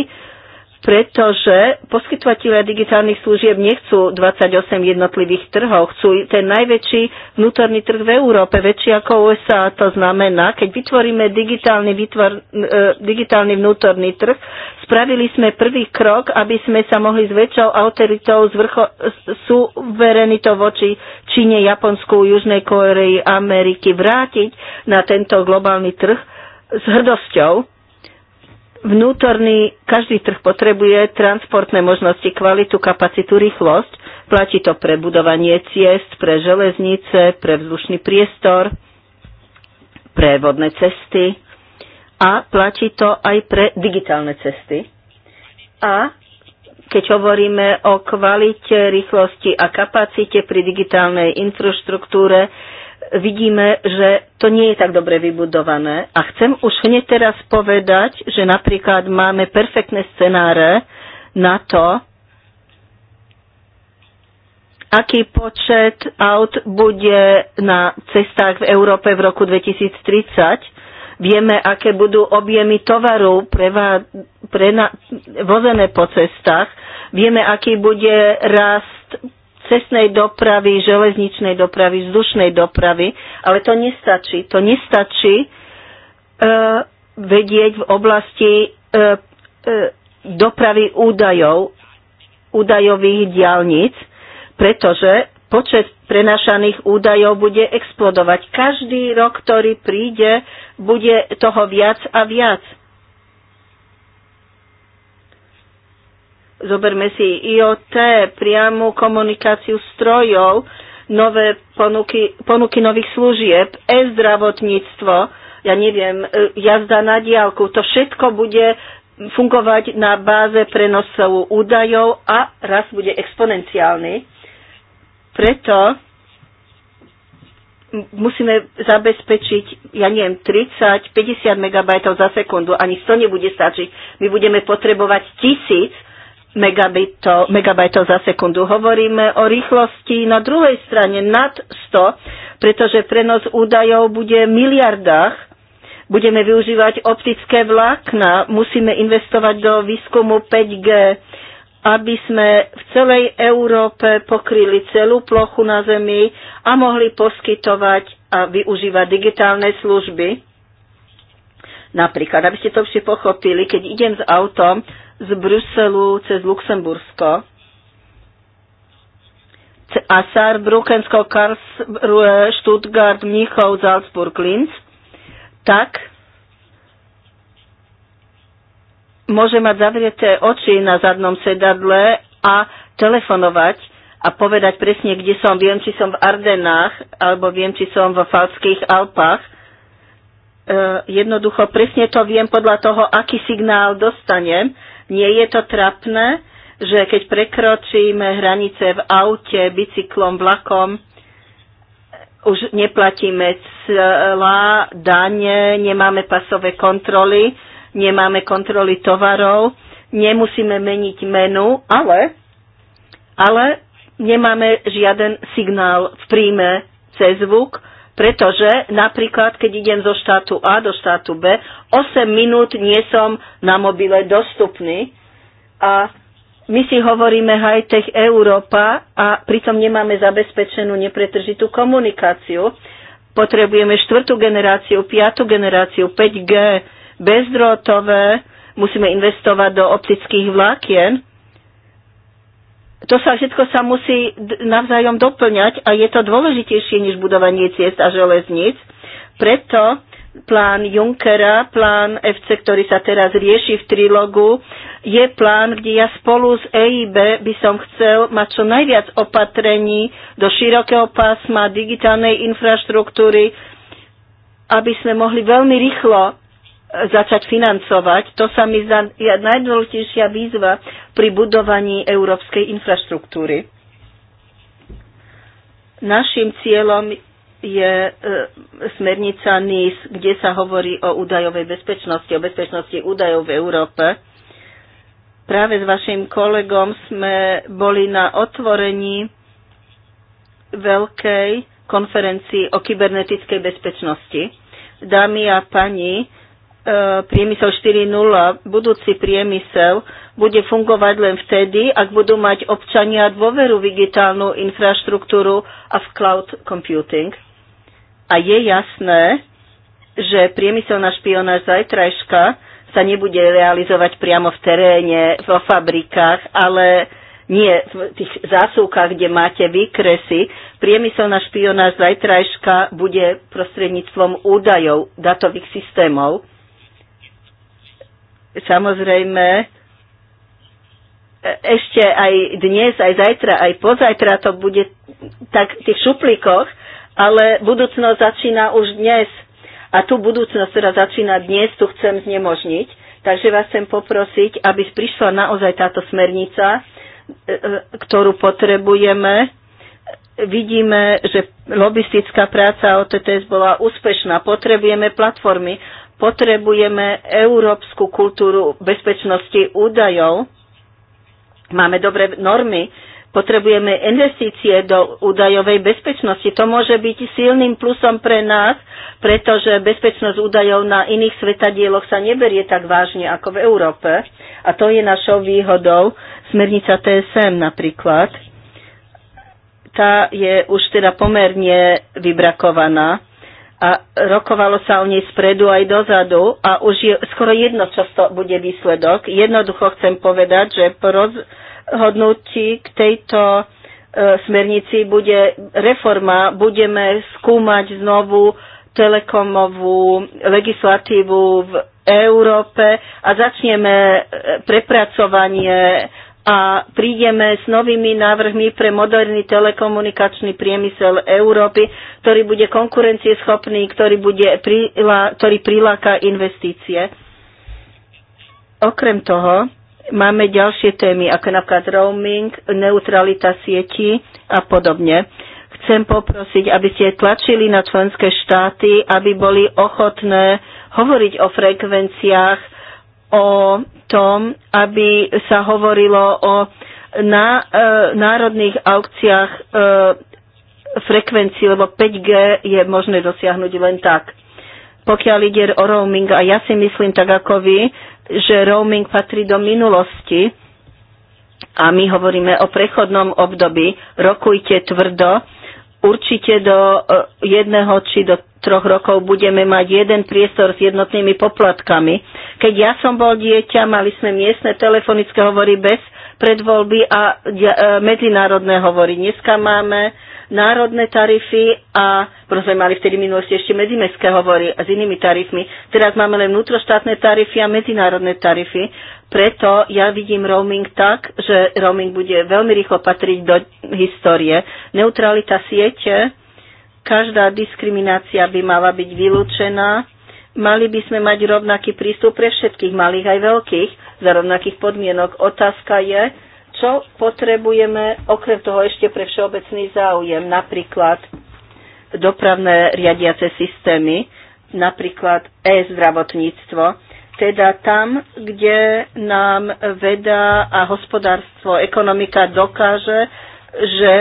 pretože poskytovatelia digitálnych služieb nechcú 28 jednotlivých trhov, chcú ten najväčší vnútorný trh v Európe, väčší ako USA. To znamená, keď vytvoríme digitálny, vytvor, e, digitálny vnútorný trh, spravili sme prvý krok, aby sme sa mohli s väčšou autoritou, s vrcho, suverenitou voči Číne, Japonsku, Južnej Koreji, Ameriky vrátiť na tento globálny trh s hrdosťou Vnútorný, každý trh potrebuje transportné možnosti, kvalitu, kapacitu, rýchlosť. Platí to pre budovanie ciest, pre železnice, pre vzdušný priestor, pre vodné cesty a platí to aj pre digitálne cesty. A keď hovoríme o kvalite, rýchlosti a kapacite pri digitálnej infraštruktúre, vidíme, že to nie je tak dobre vybudované. A chcem už hneď teraz povedať, že napríklad máme perfektné scenáre na to, aký počet aut bude na cestách v Európe v roku 2030. Vieme, aké budú objemy tovaru prevá, prena, vozené po cestách. Vieme, aký bude raz cestnej dopravy, železničnej dopravy, vzdušnej dopravy, ale to nestačí. To nestačí e, vedieť v oblasti e, e, dopravy údajov, údajových diálnic, pretože počet prenašaných údajov bude explodovať. Každý rok, ktorý príde, bude toho viac a viac. Zoberme si IoT, priamu komunikáciu strojov, nové ponuky, ponuky nových služieb, e-zdravotníctvo, ja neviem, e, jazda na diálku. To všetko bude fungovať na báze prenosov údajov a raz bude exponenciálny. Preto musíme zabezpečiť, ja neviem, 30, 50 MB za sekundu, ani 100 nebude stačiť. My budeme potrebovať tisíc megabajtov za sekundu. Hovoríme o rýchlosti na druhej strane nad 100, pretože prenos údajov bude v miliardách. Budeme využívať optické vlákna, musíme investovať do výskumu 5G, aby sme v celej Európe pokryli celú plochu na Zemi a mohli poskytovať a využívať digitálne služby. Napríklad, aby ste to všetko pochopili, keď idem s autom, z Bruselu cez Luxembursko a Saarbrückensko, Karlsruhe, Stuttgart, Mnichov, Salzburg, Linz, tak môže mať zavrieté oči na zadnom sedadle a telefonovať a povedať presne, kde som. Viem, či som v Ardenách, alebo viem, či som v Falských Alpách. E, jednoducho, presne to viem podľa toho, aký signál dostanem nie je to trapné, že keď prekročíme hranice v aute, bicyklom, vlakom, už neplatíme celá dane, nemáme pasové kontroly, nemáme kontroly tovarov, nemusíme meniť menu, ale, ale nemáme žiaden signál v príjme cez zvuk, pretože napríklad, keď idem zo štátu A do štátu B, 8 minút nie som na mobile dostupný a my si hovoríme high-tech Európa a pritom nemáme zabezpečenú nepretržitú komunikáciu. Potrebujeme štvrtú generáciu, piatú generáciu, 5G, bezdrotové musíme investovať do optických vlákien to sa všetko sa musí navzájom doplňať a je to dôležitejšie než budovanie ciest a železníc. Preto plán Junckera, plán FC, ktorý sa teraz rieši v trilogu, je plán, kde ja spolu s EIB by som chcel mať čo najviac opatrení do širokého pásma digitálnej infraštruktúry, aby sme mohli veľmi rýchlo začať financovať. To sa mi zdá najdôležitejšia výzva pri budovaní európskej infraštruktúry. Našim cieľom je e, smernica NIS, kde sa hovorí o údajovej bezpečnosti, o bezpečnosti údajov v Európe. Práve s vašim kolegom sme boli na otvorení veľkej konferencii o kybernetickej bezpečnosti. Dámy a pani, E, priemysel 4.0, budúci priemysel, bude fungovať len vtedy, ak budú mať občania dôveru v digitálnu infraštruktúru a v cloud computing. A je jasné, že priemyselná špionáž zajtrajška sa nebude realizovať priamo v teréne, vo fabrikách, ale nie v tých zásuvkách, kde máte výkresy. Priemyselná špionáž zajtrajška bude prostredníctvom údajov, datových systémov Samozrejme, e, ešte aj dnes, aj zajtra, aj pozajtra to bude tak v tých šuplíkoch, ale budúcnosť začína už dnes. A tú budúcnosť, ktorá začína dnes, tu chcem znemožniť. Takže vás chcem poprosiť, aby prišla naozaj táto smernica, e, e, ktorú potrebujeme. Vidíme, že lobistická práca OTTS bola úspešná. Potrebujeme platformy. Potrebujeme európsku kultúru bezpečnosti údajov. Máme dobré normy, potrebujeme investície do údajovej bezpečnosti. To môže byť silným plusom pre nás, pretože bezpečnosť údajov na iných svetadieloch sa neberie tak vážne ako v Európe. A to je našou výhodou. Smernica TSM napríklad. Tá je už teda pomerne vybrakovaná a rokovalo sa o nej spredu aj dozadu a už je skoro jedno, čo to bude výsledok. Jednoducho chcem povedať, že po rozhodnutí k tejto e, smernici bude reforma, budeme skúmať znovu telekomovú legislatívu v Európe a začneme e, prepracovanie a prídeme s novými návrhmi pre moderný telekomunikačný priemysel Európy, ktorý bude konkurencieschopný, ktorý, bude, ktorý priláka investície. Okrem toho máme ďalšie témy, ako napríklad roaming, neutralita sieti a podobne. Chcem poprosiť, aby ste tlačili na členské štáty, aby boli ochotné hovoriť o frekvenciách, o tom, aby sa hovorilo o na, e, národných aukciách e, frekvencií, lebo 5G je možné dosiahnuť len tak. Pokiaľ ide o roaming, a ja si myslím tak ako vy, že roaming patrí do minulosti a my hovoríme o prechodnom období, rokujte tvrdo, určite do eh, jedného či do troch rokov budeme mať jeden priestor s jednotnými poplatkami. Keď ja som bol dieťa, mali sme miestne telefonické hovory bez predvoľby a eh, medzinárodné hovory. Dneska máme národné tarify a, sme mali vtedy minulosti ešte medzimestské hovory a s inými tarifmi. Teraz máme len vnútroštátne tarify a medzinárodné tarify. Preto ja vidím roaming tak, že roaming bude veľmi rýchlo patriť do histórie. Neutralita siete, každá diskriminácia by mala byť vylúčená. Mali by sme mať rovnaký prístup pre všetkých malých aj veľkých za rovnakých podmienok. Otázka je, čo potrebujeme okrem toho ešte pre všeobecný záujem, napríklad dopravné riadiace systémy, napríklad e-zdravotníctvo, teda tam, kde nám veda a hospodárstvo, ekonomika dokáže, že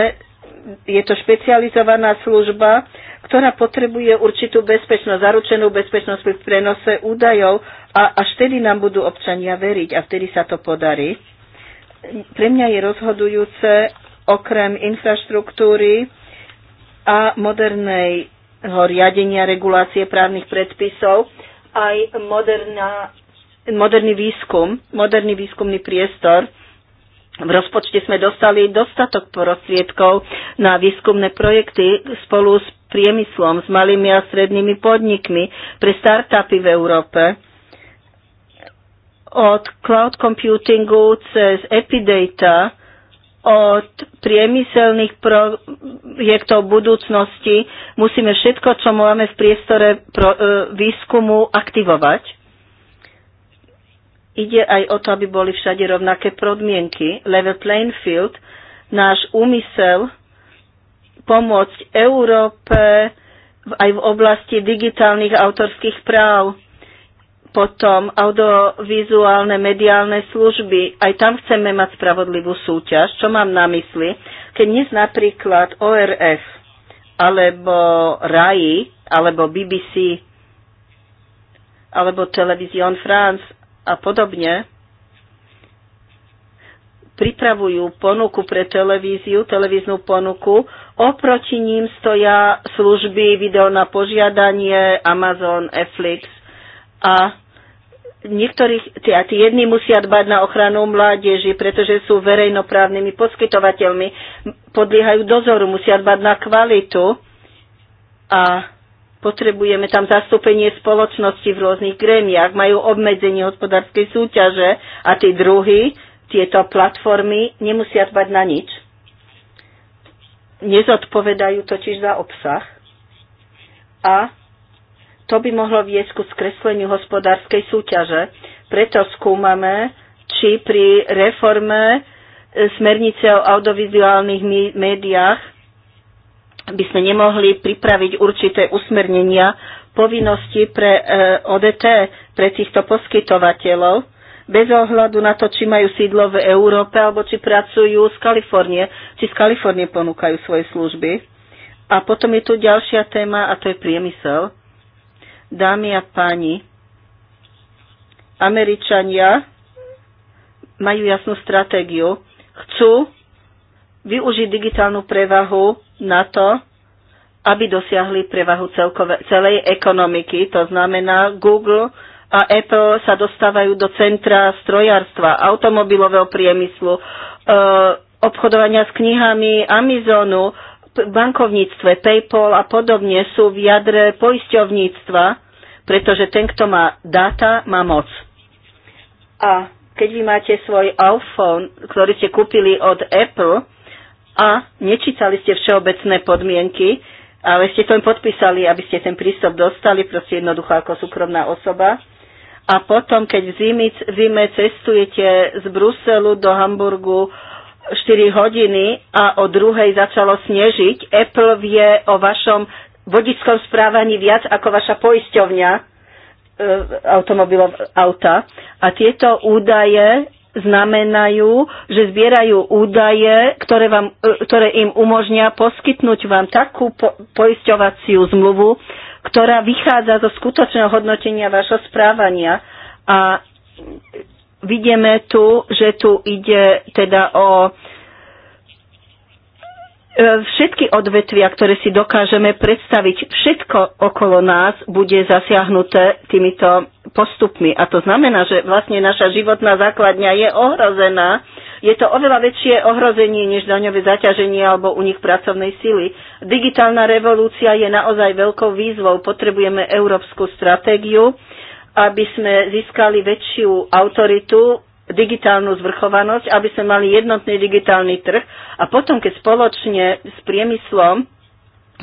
je to špecializovaná služba, ktorá potrebuje určitú bezpečnosť, zaručenú bezpečnosť pri prenose údajov a až vtedy nám budú občania veriť a vtedy sa to podarí pre mňa je rozhodujúce okrem infraštruktúry a moderného riadenia regulácie právnych predpisov aj moderná, moderný výskum, moderný výskumný priestor. V rozpočte sme dostali dostatok prostriedkov na výskumné projekty spolu s priemyslom, s malými a strednými podnikmi pre startupy v Európe od cloud computingu cez Epidata, od priemyselných projektov budúcnosti musíme všetko, čo máme v priestore pro, e, výskumu, aktivovať. Ide aj o to, aby boli všade rovnaké podmienky. Level playing field, náš úmysel pomôcť Európe aj v oblasti digitálnych autorských práv potom audiovizuálne mediálne služby. Aj tam chceme mať spravodlivú súťaž. Čo mám na mysli? Keď dnes napríklad ORF alebo RAI alebo BBC alebo Television France a podobne pripravujú ponuku pre televíziu, televíznu ponuku. Oproti ním stoja služby video na požiadanie, Amazon, Netflix a niektorých, a tí jedni musia dbať na ochranu mládeži, pretože sú verejnoprávnymi poskytovateľmi, podliehajú dozoru, musia dbať na kvalitu a potrebujeme tam zastúpenie spoločnosti v rôznych grémiach, majú obmedzenie hospodárskej súťaže a tí druhí, tieto platformy, nemusia dbať na nič. Nezodpovedajú totiž za obsah a to by mohlo viesť ku skresleniu hospodárskej súťaže. Preto skúmame, či pri reforme e, smernice o audiovizuálnych médiách by sme nemohli pripraviť určité usmernenia povinnosti pre e, ODT, pre týchto poskytovateľov, bez ohľadu na to, či majú sídlo v Európe alebo či pracujú z Kalifornie, či z Kalifornie ponúkajú svoje služby. A potom je tu ďalšia téma a to je priemysel. Dámy a páni, Američania majú jasnú stratégiu. Chcú využiť digitálnu prevahu na to, aby dosiahli prevahu celkové, celej ekonomiky. To znamená, Google a Apple sa dostávajú do centra strojárstva, automobilového priemyslu, e, obchodovania s knihami Amazonu, bankovníctve, PayPal a podobne sú v jadre poisťovníctva, pretože ten, kto má dáta, má moc. A keď vy máte svoj iPhone, ktorý ste kúpili od Apple a nečítali ste všeobecné podmienky, ale ste to im podpísali, aby ste ten prístup dostali, proste jednoducho ako súkromná osoba. A potom, keď v zime, zime cestujete z Bruselu do Hamburgu 4 hodiny a o druhej začalo snežiť. Apple vie o vašom vodickom správaní viac ako vaša poisťovňa e, automobilov auta. A tieto údaje znamenajú, že zbierajú údaje, ktoré, vám, e, ktoré im umožnia poskytnúť vám takú po, poisťovaciu zmluvu, ktorá vychádza zo skutočného hodnotenia vašho správania. A vidíme tu, že tu ide teda o e, všetky odvetvia, ktoré si dokážeme predstaviť, všetko okolo nás bude zasiahnuté týmito postupmi. A to znamená, že vlastne naša životná základňa je ohrozená. Je to oveľa väčšie ohrozenie než daňové zaťaženie alebo u nich pracovnej sily. Digitálna revolúcia je naozaj veľkou výzvou. Potrebujeme európsku stratégiu aby sme získali väčšiu autoritu, digitálnu zvrchovanosť, aby sme mali jednotný digitálny trh a potom, keď spoločne s priemyslom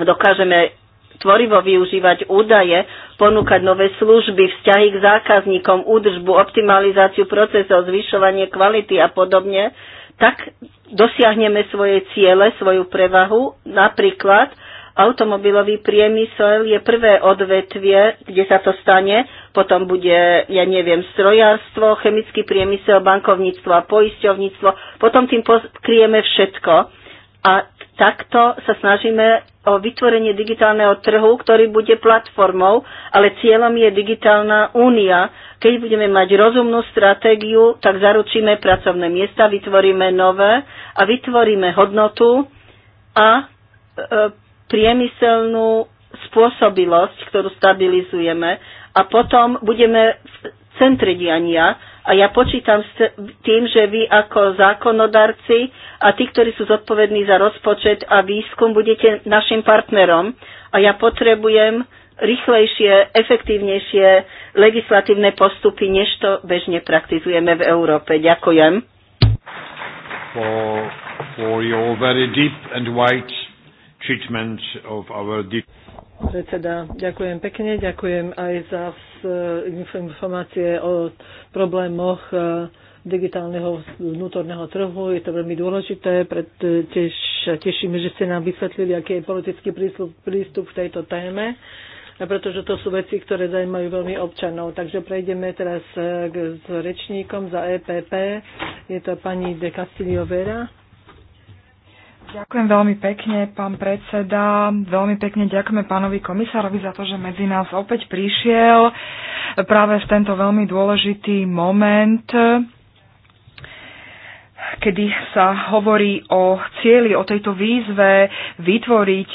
dokážeme tvorivo využívať údaje, ponúkať nové služby, vzťahy k zákazníkom, údržbu, optimalizáciu procesov, zvyšovanie kvality a podobne, tak dosiahneme svoje ciele, svoju prevahu. Napríklad automobilový priemysel je prvé odvetvie, kde sa to stane potom bude, ja neviem, strojárstvo, chemický priemysel, bankovníctvo a poisťovníctvo. Potom tým pokrieme všetko. A takto sa snažíme o vytvorenie digitálneho trhu, ktorý bude platformou, ale cieľom je digitálna únia. Keď budeme mať rozumnú stratégiu, tak zaručíme pracovné miesta, vytvoríme nové a vytvoríme hodnotu a e, priemyselnú spôsobilosť, ktorú stabilizujeme a potom budeme v centre diania a ja počítam s tým, že vy ako zákonodarci a tí, ktorí sú zodpovední za rozpočet a výskum, budete našim partnerom a ja potrebujem rýchlejšie, efektívnejšie legislatívne postupy, než to bežne praktizujeme v Európe. Ďakujem. For, for your very deep and wide treatment of our Predseda, ďakujem pekne, ďakujem aj za eh, informácie o problémoch eh, digitálneho vnútorného trhu. Je to veľmi dôležité, eh, tiež tešíme, že ste nám vysvetlili, aký je politický prístup, prístup v tejto téme, pretože to sú veci, ktoré zaujímajú veľmi občanov. Takže prejdeme teraz k, s rečníkom za EPP. Je to pani de Castillo Vera. Ďakujem veľmi pekne, pán predseda. Veľmi pekne ďakujeme pánovi komisárovi za to, že medzi nás opäť prišiel práve v tento veľmi dôležitý moment kedy sa hovorí o cieli, o tejto výzve vytvoriť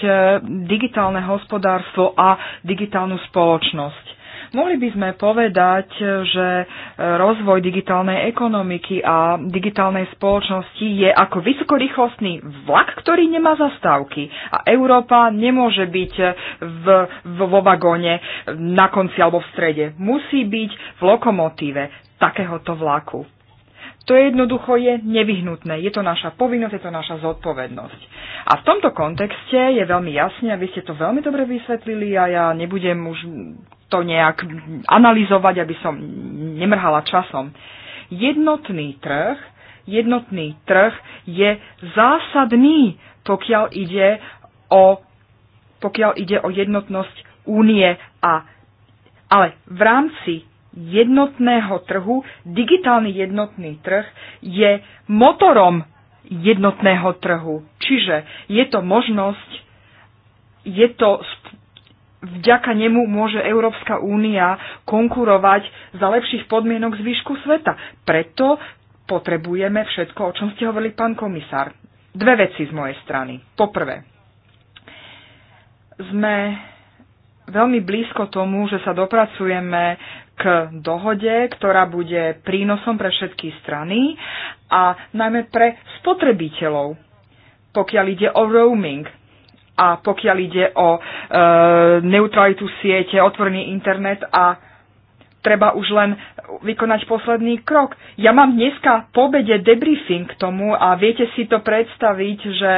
digitálne hospodárstvo a digitálnu spoločnosť. Mohli by sme povedať, že rozvoj digitálnej ekonomiky a digitálnej spoločnosti je ako vysokorýchlostný vlak, ktorý nemá zastávky. A Európa nemôže byť v, v, vo vagóne na konci alebo v strede. Musí byť v lokomotíve takéhoto vlaku. To jednoducho je nevyhnutné. Je to naša povinnosť, je to naša zodpovednosť. A v tomto kontexte je veľmi jasne, aby ste to veľmi dobre vysvetlili a ja nebudem už to nejak analyzovať, aby som nemrhala časom. Jednotný trh, jednotný trh je zásadný, pokiaľ ide o, pokiaľ ide o jednotnosť únie a ale v rámci jednotného trhu, digitálny jednotný trh je motorom jednotného trhu. Čiže je to možnosť, je to vďaka nemu môže Európska únia konkurovať za lepších podmienok zvyšku sveta. Preto potrebujeme všetko, o čom ste hovorili, pán komisár. Dve veci z mojej strany. Poprvé, sme veľmi blízko tomu, že sa dopracujeme k dohode, ktorá bude prínosom pre všetky strany a najmä pre spotrebiteľov, pokiaľ ide o roaming a pokiaľ ide o e, neutralitu siete, otvorený internet a treba už len vykonať posledný krok. Ja mám dneska po obede debriefing k tomu a viete si to predstaviť, že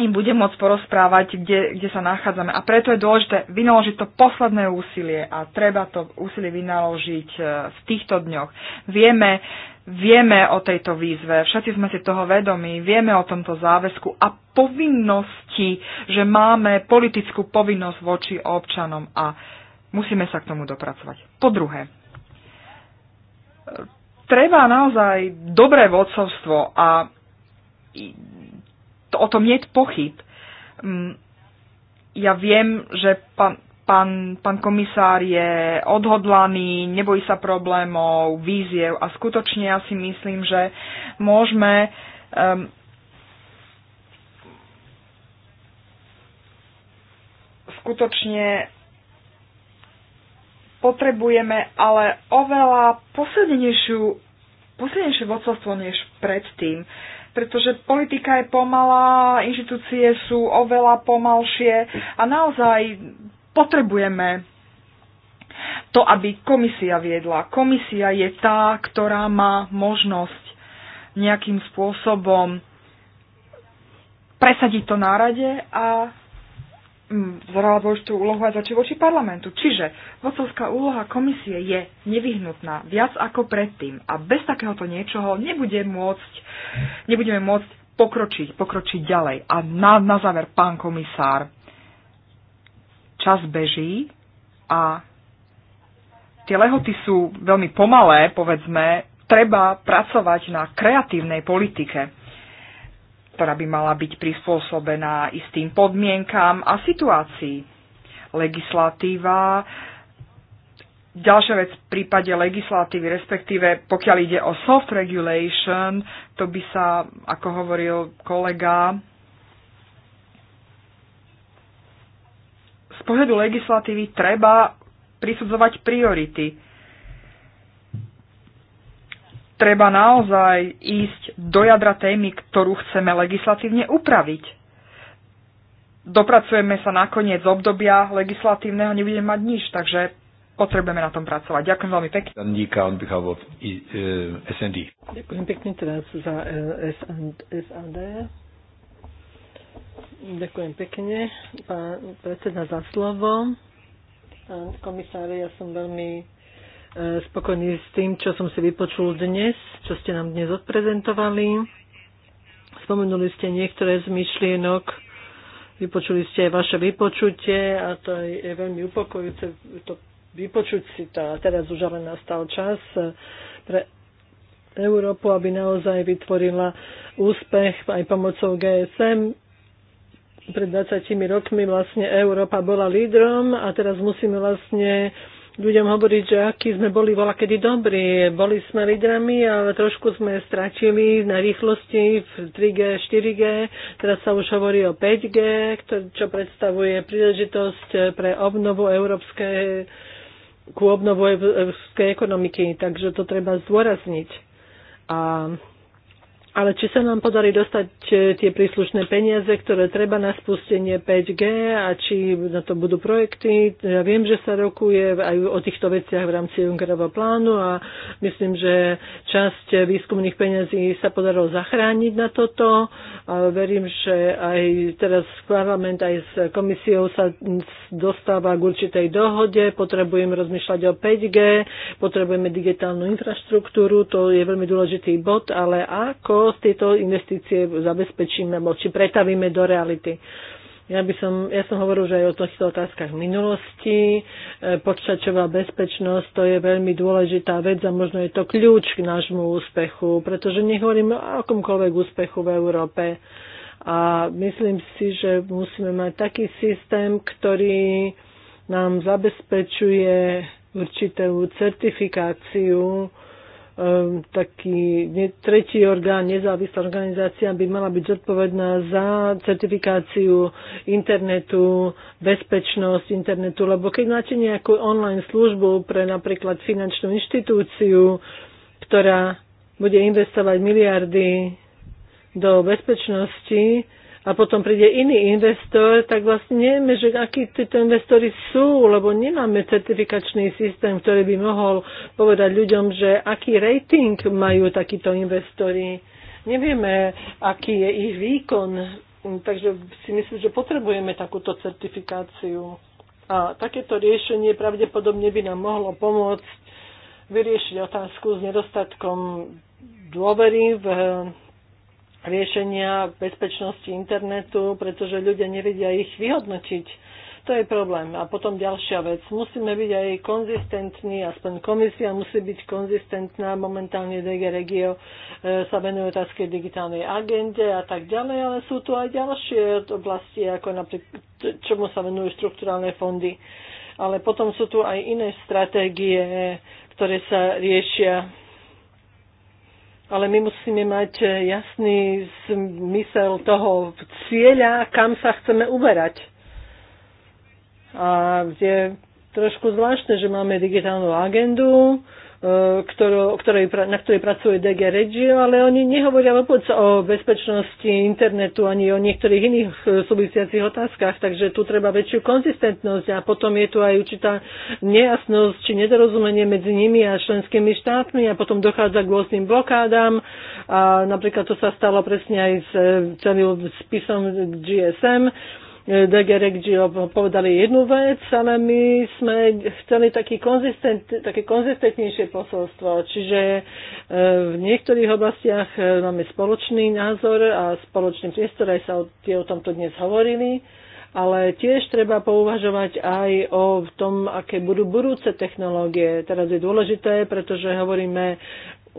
im budem môcť porozprávať, kde, kde sa nachádzame. A preto je dôležité vynaložiť to posledné úsilie a treba to úsilie vynaložiť e, v týchto dňoch. Vieme, vieme o tejto výzve, všetci sme si toho vedomí, vieme o tomto záväzku a povinnosti, že máme politickú povinnosť voči občanom a musíme sa k tomu dopracovať. Po druhé, e, treba naozaj dobré vodcovstvo a to, o tom nie je pochyb. Mm, ja viem, že pán, pán, pán komisár je odhodlaný, nebojí sa problémov, víziev a skutočne ja si myslím, že môžeme um, skutočne potrebujeme ale oveľa posilnenejšiu posilnejšie vodcovstvo než predtým pretože politika je pomalá, inštitúcie sú oveľa pomalšie a naozaj potrebujeme to, aby komisia viedla. Komisia je tá, ktorá má možnosť nejakým spôsobom presadiť to nárade. a Mm, zhrala dôležitú úlohu aj zoči voči parlamentu. Čiže vodcovská úloha komisie je nevyhnutná viac ako predtým a bez takéhoto niečoho nebude môcť, nebudeme môcť pokročiť, pokročiť ďalej. A na, na záver, pán komisár, čas beží a tie lehoty sú veľmi pomalé, povedzme, treba pracovať na kreatívnej politike ktorá by mala byť prispôsobená istým podmienkam a situácii. Legislatíva, ďalšia vec v prípade legislatívy, respektíve pokiaľ ide o soft regulation, to by sa, ako hovoril kolega, z pohľadu legislatívy treba prisudzovať priority treba naozaj ísť do jadra témy, ktorú chceme legislatívne upraviť. Dopracujeme sa nakoniec obdobia legislatívneho, nebudeme mať nič, takže potrebujeme na tom pracovať. Ďakujem veľmi pekne. Eh, Ďakujem pekne teraz za eh, SND. Ďakujem pekne, pán predseda, za slovo. Pán komisár, ja som veľmi E, spokojný s tým, čo som si vypočul dnes, čo ste nám dnes odprezentovali. Spomenuli ste niektoré z myšlienok, vypočuli ste aj vaše vypočutie a to je veľmi upokojujúce to vypočuť si to. A teraz už ale nastal čas e, pre Európu, aby naozaj vytvorila úspech aj pomocou GSM pred 20 rokmi vlastne Európa bola lídrom a teraz musíme vlastne ľuďom hovoriť, že akí sme boli voľa kedy dobrí. Boli sme lídrami, ale trošku sme stratili na rýchlosti v 3G, 4G. Teraz sa už hovorí o 5G, čo predstavuje príležitosť pre obnovu európskej ku obnovu európskej ekonomiky. Takže to treba zdôrazniť. A ale či sa nám podarí dostať e, tie príslušné peniaze, ktoré treba na spustenie 5G a či na to budú projekty. Ja viem, že sa rokuje aj o týchto veciach v rámci Junckerova plánu a myslím, že časť výskumných peniazí sa podarilo zachrániť na toto. A verím, že aj teraz parlament aj s komisiou sa dostáva k určitej dohode. Potrebujeme rozmýšľať o 5G, potrebujeme digitálnu infraštruktúru, to je veľmi dôležitý bod, ale ako z tieto investície zabezpečíme alebo či pretavíme do reality. Ja, by som, ja som hovoril že aj o týchto otázkach v minulosti. E, Počtačová bezpečnosť to je veľmi dôležitá vec a možno je to kľúč k nášmu úspechu, pretože nehovoríme o akomkoľvek úspechu v Európe. A myslím si, že musíme mať taký systém, ktorý nám zabezpečuje určitú certifikáciu Ehm, taký tretí orgán, nezávislá organizácia by mala byť zodpovedná za certifikáciu internetu, bezpečnosť internetu, lebo keď máte nejakú online službu pre napríklad finančnú inštitúciu, ktorá bude investovať miliardy do bezpečnosti, a potom príde iný investor, tak vlastne nevieme, že akí títo investori sú, lebo nemáme certifikačný systém, ktorý by mohol povedať ľuďom, že aký rating majú takíto investori. Nevieme, aký je ich výkon. Takže si myslím, že potrebujeme takúto certifikáciu. A takéto riešenie pravdepodobne by nám mohlo pomôcť vyriešiť otázku s nedostatkom dôvery v riešenia bezpečnosti internetu, pretože ľudia nevedia ich vyhodnotiť. To je problém. A potom ďalšia vec. Musíme byť aj konzistentní, aspoň komisia musí byť konzistentná. Momentálne DG Regio e, sa venuje otázke digitálnej agende a tak ďalej, ale sú tu aj ďalšie oblasti, ako napríklad čomu sa venujú štruktúrálne fondy. Ale potom sú tu aj iné stratégie, ktoré sa riešia ale my musíme mať eh, jasný zmysel toho cieľa, kam sa chceme uberať. A je trošku zvláštne, že máme digitálnu agendu, E, ktorú, ktorej, na ktorej pracuje DG Regio, ale oni nehovoria vôbec o bezpečnosti internetu ani o niektorých iných e, súvisiacich otázkach, takže tu treba väčšiu konzistentnosť a potom je tu aj určitá nejasnosť či nedorozumenie medzi nimi a členskými štátmi a potom dochádza k rôznym blokádám a napríklad to sa stalo presne aj s e, celým spisom GSM, DG Regio povedali jednu vec, ale my sme chceli taký konzistent, také konzistentnejšie posolstvo. Čiže e, v niektorých oblastiach e, máme spoločný názor a spoločný priestor, aj sa o, tie o tomto dnes hovorili, ale tiež treba pouvažovať aj o tom, aké budú budúce technológie. Teraz je dôležité, pretože hovoríme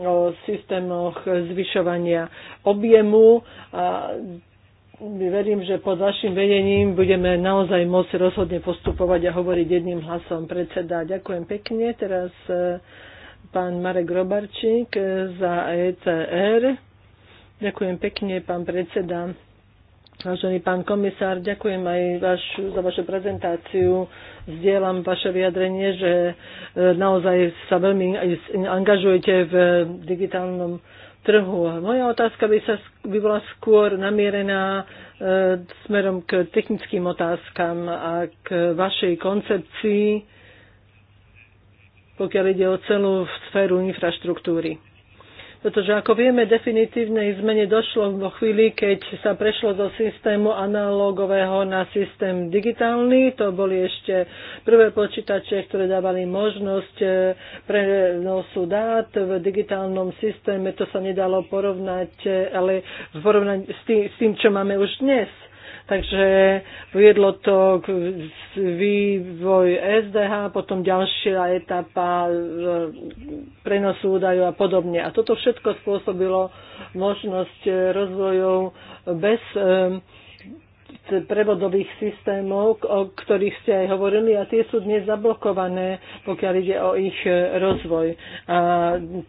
o systémoch zvyšovania objemu a verím, že pod vašim vedením budeme naozaj môcť rozhodne postupovať a hovoriť jedným hlasom predseda. Ďakujem pekne. Teraz e, pán Marek Robarčík e, za ECR. Ďakujem pekne, pán predseda. Vážený pán komisár, ďakujem aj vašu, za vašu prezentáciu. Zdieľam vaše vyjadrenie, že e, naozaj sa veľmi angažujete v digitálnom trhu. Moja otázka by, sa, by bola skôr namierená e, smerom k technickým otázkam a k vašej koncepcii, pokiaľ ide o celú sféru infraštruktúry. Pretože ako vieme, definitívnej zmene došlo vo chvíli, keď sa prešlo zo systému analógového na systém digitálny. To boli ešte prvé počítače, ktoré dávali možnosť e, prenosu dát v digitálnom systéme. To sa nedalo porovnať, e, ale porovnať s tým, s tým čo máme už dnes. Takže viedlo to k vývoj SDH, potom ďalšia etapa e, prenosu údajov a podobne. A toto všetko spôsobilo možnosť rozvojov bez e, prevodových systémov, o ktorých ste aj hovorili a tie sú dnes zablokované, pokiaľ ide o ich rozvoj. A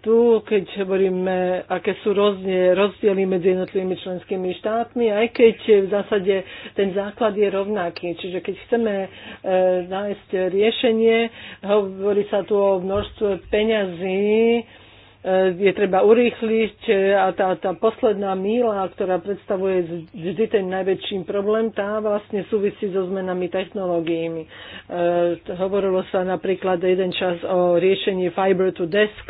tu, keď hovoríme, aké sú rozdiely medzi jednotlivými členskými štátmi, aj keď v zásade ten základ je rovnaký. Čiže keď chceme e, nájsť riešenie, hovorí sa tu o množstve peňazí, Eh, je treba urýchliť eh, a tá, tá posledná míla, ktorá predstavuje vždy ten najväčší problém, tá vlastne súvisí so zmenami technológiami. E, eh, hovorilo sa napríklad jeden čas o riešení fiber to desk,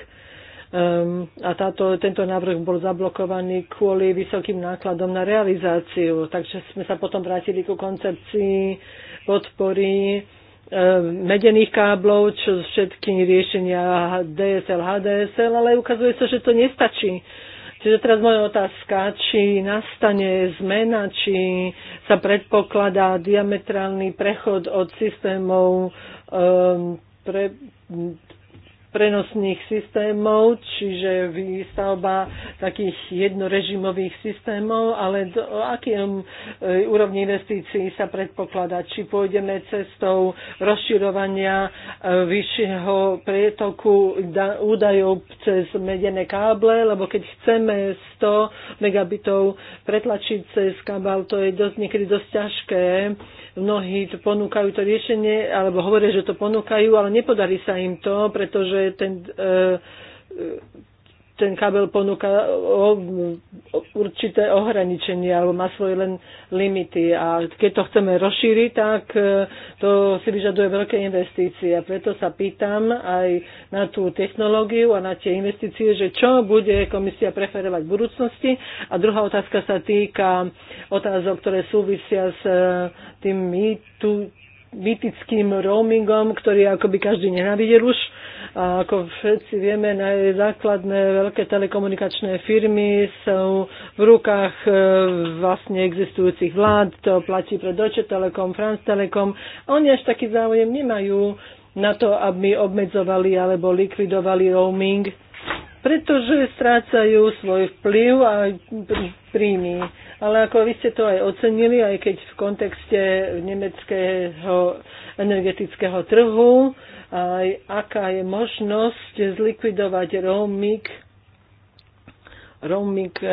Um, a táto, tento návrh bol zablokovaný kvôli vysokým nákladom na realizáciu. Takže sme sa potom vrátili ku koncepcii podpory Ehm, medených káblov, čo všetky riešenia DSL, HDSL, ale ukazuje sa, že to nestačí. Čiže teraz moja otázka, či nastane zmena, či sa predpokladá diametrálny prechod od systémov um, pre, prenosných systémov, čiže výstavba takých jednorežimových systémov, ale do akým e, úrovni investícií sa predpokladá, či pôjdeme cestou rozširovania e, vyššieho prietoku údajov cez medené káble, lebo keď chceme 100 megabitov pretlačiť cez kabel, to je dosť, niekedy dosť ťažké mnohí to ponúkajú to riešenie, alebo hovoria, že to ponúkajú, ale nepodarí sa im to, pretože ten, e, e ten kabel ponúka o, o, určité ohraničenie alebo má svoje len limity. A keď to chceme rozšíriť, tak e, to si vyžaduje veľké investície. A preto sa pýtam aj na tú technológiu a na tie investície, že čo bude komisia preferovať v budúcnosti. A druhá otázka sa týka otázok, ktoré súvisia s e, tým tu mýtickým roamingom, ktorý akoby každý nenávidel už. A ako všetci vieme, základné veľké telekomunikačné firmy sú v rukách e, vlastne existujúcich vlád. To platí pre Deutsche Telekom, France Telekom. Oni až taký záujem nemajú na to, aby obmedzovali alebo likvidovali roaming, pretože strácajú svoj vplyv a príjmy. Ale ako vy ste to aj ocenili, aj keď v kontekste nemeckého energetického trhu, aj aká je možnosť zlikvidovať roaming, roaming e,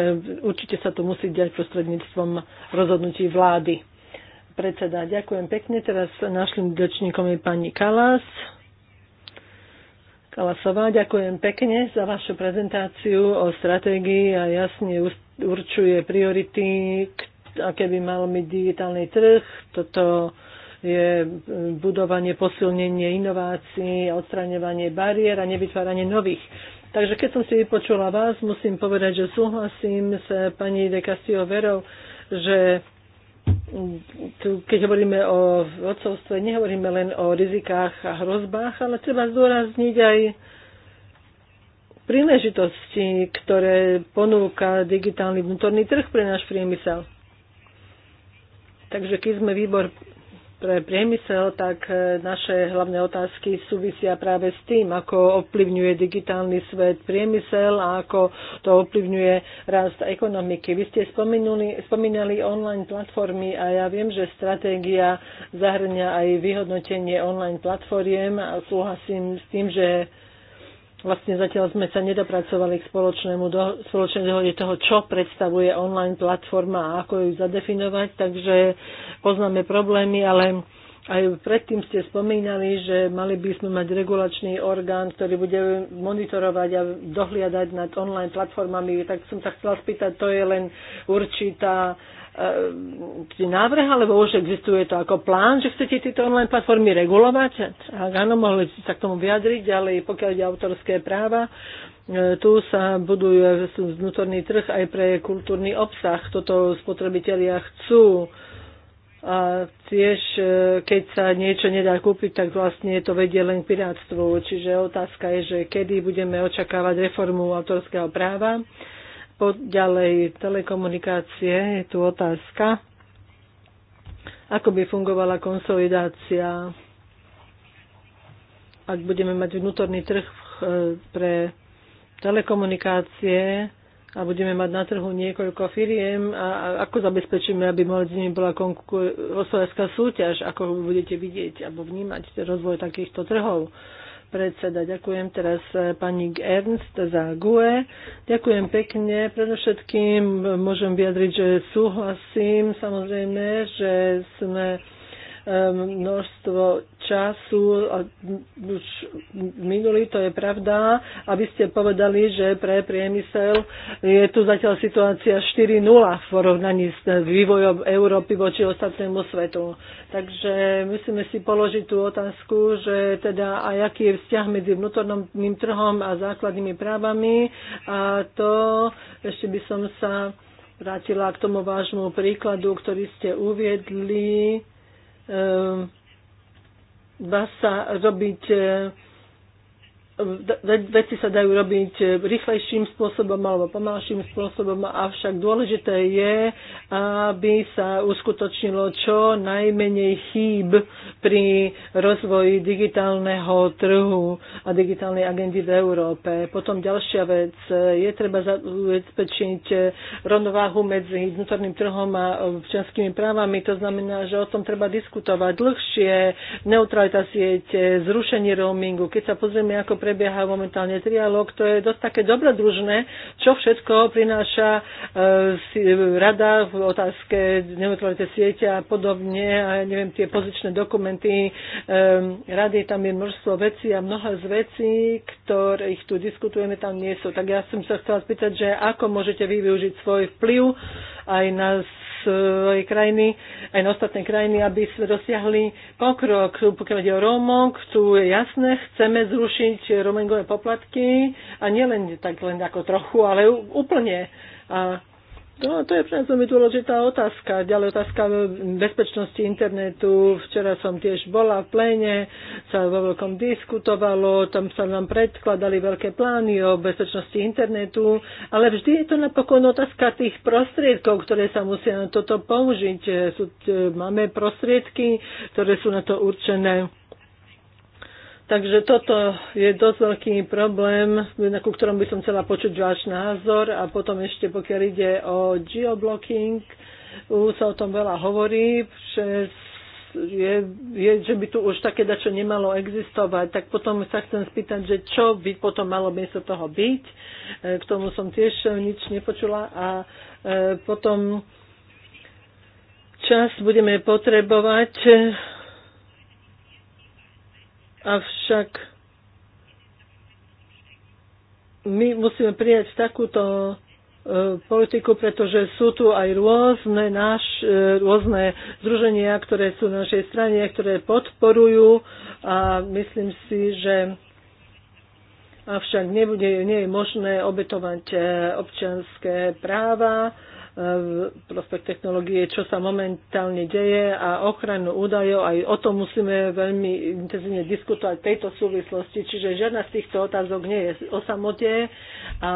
určite sa to musí diať prostredníctvom rozhodnutí vlády predseda. Ďakujem pekne. Teraz našim dočníkom je pani Kalas. Kalasová, ďakujem pekne za vašu prezentáciu o stratégii a jasne určuje priority, aké by mal byť digitálny trh. Toto je budovanie, posilnenie inovácií, odstraňovanie bariér a nevytváranie nových. Takže keď som si vypočula vás, musím povedať, že súhlasím s pani de Castillo Verov, že tu, keď hovoríme o odcovstve, nehovoríme len o rizikách a hrozbách, ale treba zdôrazniť aj príležitosti, ktoré ponúka digitálny vnútorný trh pre náš priemysel. Takže keď sme výbor pre priemysel, tak e, naše hlavné otázky súvisia práve s tým, ako ovplyvňuje digitálny svet priemysel a ako to ovplyvňuje rast ekonomiky. Vy ste spomínali online platformy a ja viem, že stratégia zahrňa aj vyhodnotenie online platformiem a súhlasím s tým, že vlastne zatiaľ sme sa nedopracovali k spoločnému do, spoločnej dohode toho, čo predstavuje online platforma a ako ju zadefinovať, takže poznáme problémy, ale aj predtým ste spomínali, že mali by sme mať regulačný orgán, ktorý bude monitorovať a dohliadať nad online platformami. Tak som sa chcela spýtať, to je len určitá E, návrh, alebo už existuje to ako plán, že chcete tieto online platformy regulovať? Ak áno, mohli ste sa k tomu vyjadriť, ale pokiaľ ide autorské práva, e, tu sa buduje vnútorný trh aj pre kultúrny obsah. Toto spotrebitelia chcú. A tiež, e, keď sa niečo nedá kúpiť, tak vlastne to vedie len k pirátstvu. Čiže otázka je, že kedy budeme očakávať reformu autorského práva Ďalej telekomunikácie, je tu otázka, ako by fungovala konsolidácia, ak budeme mať vnútorný trh eh, pre telekomunikácie a budeme mať na trhu niekoľko firiem a ako zabezpečíme, aby s nimi bola hospodárska súťaž, ako budete vidieť alebo vnímať rozvoj takýchto trhov predseda. Ďakujem teraz eh, pani Ernst za GUE. Ďakujem pekne. Predovšetkým môžem vyjadriť, že súhlasím samozrejme, že sme množstvo času, už minulý to je pravda, aby ste povedali, že pre priemysel je tu zatiaľ situácia 4.0 v porovnaní s vývojom Európy voči ostatnému svetu. Takže musíme si položiť tú otázku, že teda a aký je vzťah medzi vnútorným trhom a základnými právami a to ešte by som sa vrátila k tomu vášmu príkladu, ktorý ste uviedli Ehm, dá sa robiť eh, veci sa dajú robiť eh, rýchlejším spôsobom alebo pomalším spôsobom, avšak dôležité je, aby sa uskutočnilo čo najmenej chýb pri rozvoji digitálneho trhu a digitálnej agendy v Európe. Potom ďalšia vec, eh, je treba zabezpečiť eh, rovnováhu medzi vnútorným trhom a občianskými právami, to znamená, že o tom treba diskutovať dlhšie, neutralita siete, zrušenie roamingu. Keď sa pozrieme, ako prebieha momentálne trialog, to je dosť také dobrodružné, čo všetko prináša e, e, rada v otázke neutrality siete a podobne a ja neviem, tie pozičné dokumenty e, rady, tam je množstvo vecí a mnoha z vecí, ktorých tu diskutujeme, tam nie sú. Tak ja som sa chcela spýtať, že ako môžete vy využiť svoj vplyv aj na svoje krajiny, aj na ostatné krajiny, aby sme dosiahli pokrok. Pokiaľ ide o Rómok, tu je jasné, chceme zrušiť roamingové poplatky a nielen tak len ako trochu, ale úplne. A No, to je pre nás veľmi dôležitá otázka. Ďalej otázka bezpečnosti internetu. Včera som tiež bola v pléne, sa vo veľkom diskutovalo, tam sa nám predkladali veľké plány o bezpečnosti internetu, ale vždy je to napokon otázka tých prostriedkov, ktoré sa musia na toto použiť. Sú, e, máme prostriedky, ktoré sú na to určené Takže toto je dosť veľký problém, na ku ktorom by som chcela počuť váš názor a potom ešte pokiaľ ide o geoblocking, už sa o tom veľa hovorí, že je, je, že by tu už také dačo nemalo existovať, tak potom sa chcem spýtať, že čo by potom malo miesto toho byť. E, k tomu som tiež nič nepočula a e, potom čas budeme potrebovať Avšak my musíme prijať takúto e, politiku, pretože sú tu aj rôzne, náš, e, rôzne združenia, ktoré sú na našej strane, ktoré podporujú a myslím si, že avšak nebude, nie je možné obetovať e, občianské práva E, v prospech technológie, čo sa momentálne deje a ochranu údajov. Aj o tom musíme veľmi intenzívne diskutovať v tejto súvislosti. Čiže žiadna z týchto otázok nie je o samote a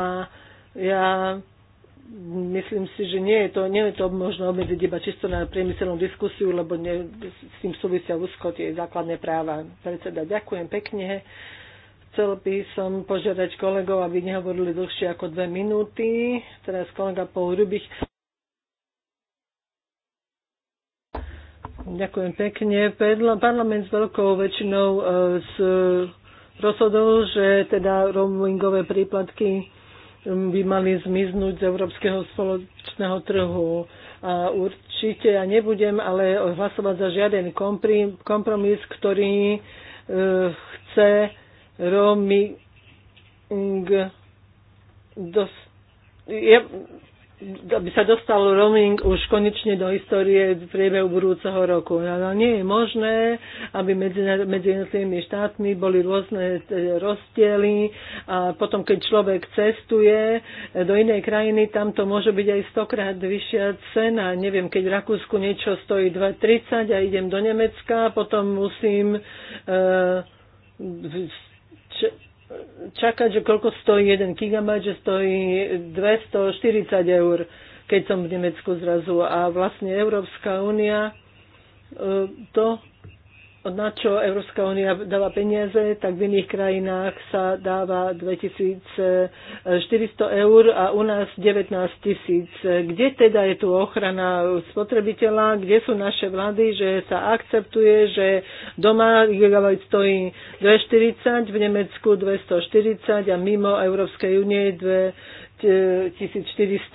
ja myslím si, že nie je to, nie je to možno obmedziť iba čisto na priemyselnú diskusiu, lebo ne, s tým súvisia úzko tie základné práva. Predseda, ďakujem pekne. Chcel by som požiadať kolegov, aby nehovorili dlhšie ako dve minúty. Teraz kolega Pohrubich. Ďakujem pekne. Parlament s veľkou väčšinou z e, rozhodol, že teda roamingové príplatky by mali zmiznúť z európskeho spoločného trhu. A určite ja nebudem ale hlasovať za žiaden kompromis, ktorý e, chce roaming dos, je, aby sa dostal roaming už konečne do histórie v priebehu budúceho roku. No, no, nie je možné, aby medzi, medzi jednotlivými štátmi boli rôzne e, rozdiely a potom, keď človek cestuje do inej krajiny, tam to môže byť aj stokrát vyššia cena. Neviem, keď v Rakúsku niečo stojí 2,30 a idem do Nemecka, potom musím e, čakať, že koľko stojí 1 gigabajt, že stojí 240 eur, keď som v Nemecku zrazu. A vlastne Európska únia e, to na čo Európska únia dáva peniaze, tak v iných krajinách sa dáva 2400 eur a u nás 19 tisíc. Kde teda je tu ochrana spotrebiteľa? Kde sú naše vlády, že sa akceptuje, že doma gigabajt stojí 240, v Nemecku 240 a mimo Európskej únie 2400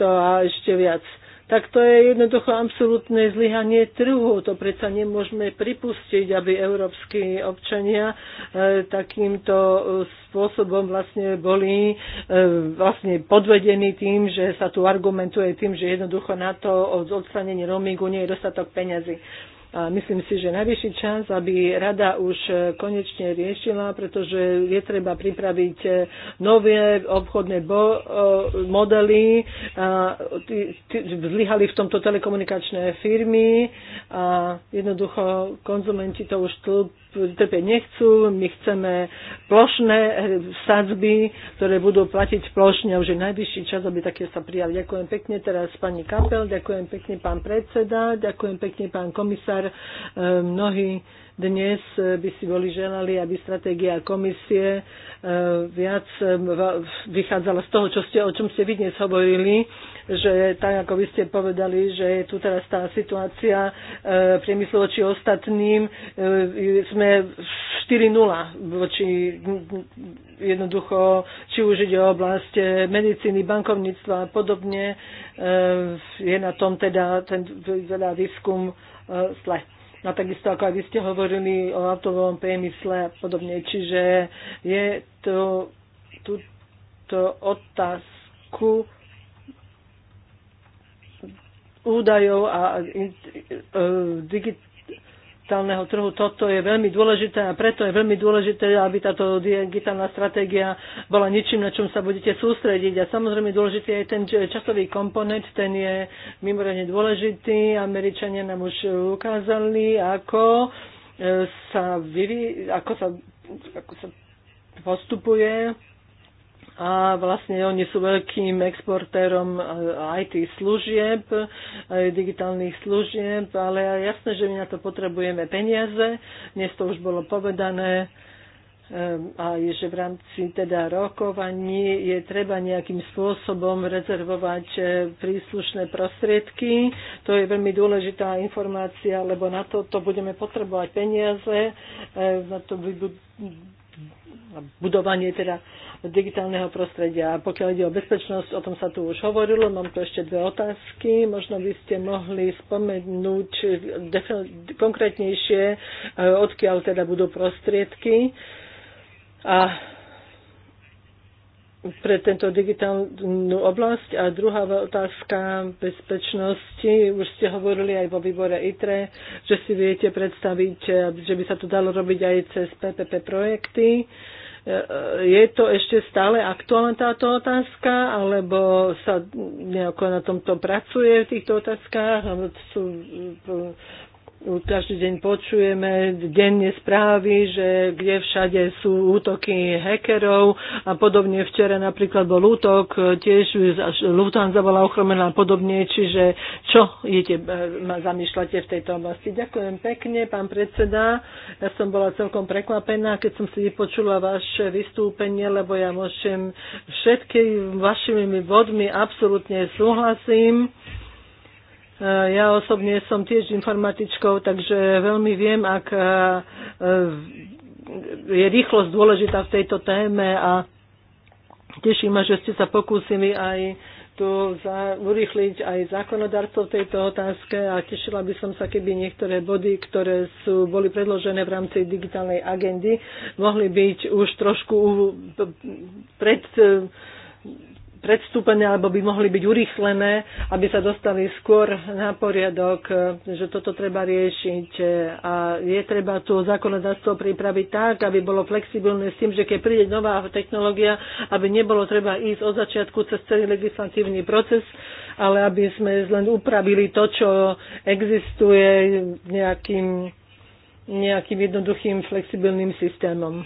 a ešte viac tak to je jednoducho absolútne zlyhanie trhu. To predsa nemôžeme pripustiť, aby európsky občania e, takýmto e, spôsobom vlastne boli e, vlastne podvedení tým, že sa tu argumentuje tým, že jednoducho na to odstranenie roamingu nie je dostatok peňazí. A myslím si, že najvyšší čas, aby rada už e, konečne riešila, pretože je treba pripraviť e, nové obchodné bo- e, modely. A v tomto telekomunikačné firmy a jednoducho konzumenti to už tlp trpeť nechcú. My chceme plošné eh, sadzby, ktoré budú platiť plošne. Už je najvyšší čas, aby také sa prijali. Ďakujem pekne teraz pani Kapel, ďakujem pekne pán predseda, ďakujem pekne pán komisár. Eh, mnohí dnes eh, by si boli želali, aby stratégia komisie eh, viac eh, vychádzala z toho, čo ste, o čom ste vy dnes hovorili, že tak, ako vy ste povedali, že je tu teraz tá situácia priemyslu voči ostatným, sme 4-0 voči jednoducho, či už ide o oblasť medicíny, bankovníctva a podobne, je na tom teda ten veľa výskum zle. No a takisto ako aj vy ste hovorili o autovom priemysle a podobne. Čiže je to túto otázku údajov a e, e, digitálnych digitálneho trhu. Toto je veľmi dôležité a preto je veľmi dôležité, aby táto digitálna stratégia bola ničím, na čom sa budete sústrediť. A samozrejme dôležitý je ten časový komponent, ten je mimoriadne dôležitý. Američania nám už ukázali, ako e, sa, vyví, ako sa, ako sa postupuje a vlastne oni sú veľkým exportérom IT e, služieb, digitálnych služieb, ale jasné, že my na to potrebujeme peniaze, dnes to už bolo povedané, a je, že v rámci teda rokovaní je treba nejakým spôsobom rezervovať e, príslušné prostriedky. To je veľmi dôležitá informácia, lebo na to, to budeme potrebovať peniaze, e, na to budovanie teda digitálneho prostredia. a Pokiaľ ide o bezpečnosť, o tom sa tu už hovorilo. Mám tu ešte dve otázky. Možno by ste mohli spomenúť konkrétnejšie, e, odkiaľ teda budú prostriedky. A pre tento digitálnu oblasť. A druhá otázka bezpečnosti. Už ste hovorili aj vo výbore ITRE, že si viete predstaviť, e, že by sa to dalo robiť aj cez PPP projekty. Uh, je to ešte stále aktuálna táto otázka, alebo sa nejako na tomto pracuje v týchto otázkach, sú každý deň počujeme denne správy, že kde všade sú útoky hackerov a podobne. Včera napríklad bol útok, tiež Lufthansa bola ochromená a podobne, čiže čo idete, e, zamýšľate v tejto oblasti. Ďakujem pekne, pán predseda. Ja som bola celkom prekvapená, keď som si vypočula vaše vystúpenie, lebo ja môžem všetkými vašimi vodmi absolútne súhlasím Eh, ja osobne som tiež informatičkou, takže veľmi viem, ak eh, je rýchlosť dôležitá v tejto téme a teší ma, že ste sa pokúsili aj tu za, urýchliť aj zákonodarcov tejto otázke a tešila by som sa, keby niektoré body, ktoré sú, boli predložené v rámci digitálnej agendy, mohli byť už trošku pred eh, predstúpené alebo by mohli byť urýchlené, aby sa dostali skôr na poriadok, že toto treba riešiť. A je treba tu zákonodárstvo pripraviť tak, aby bolo flexibilné s tým, že keď príde nová technológia, aby nebolo treba ísť od začiatku cez celý legislatívny proces, ale aby sme len upravili to, čo existuje nejakým, nejakým jednoduchým flexibilným systémom.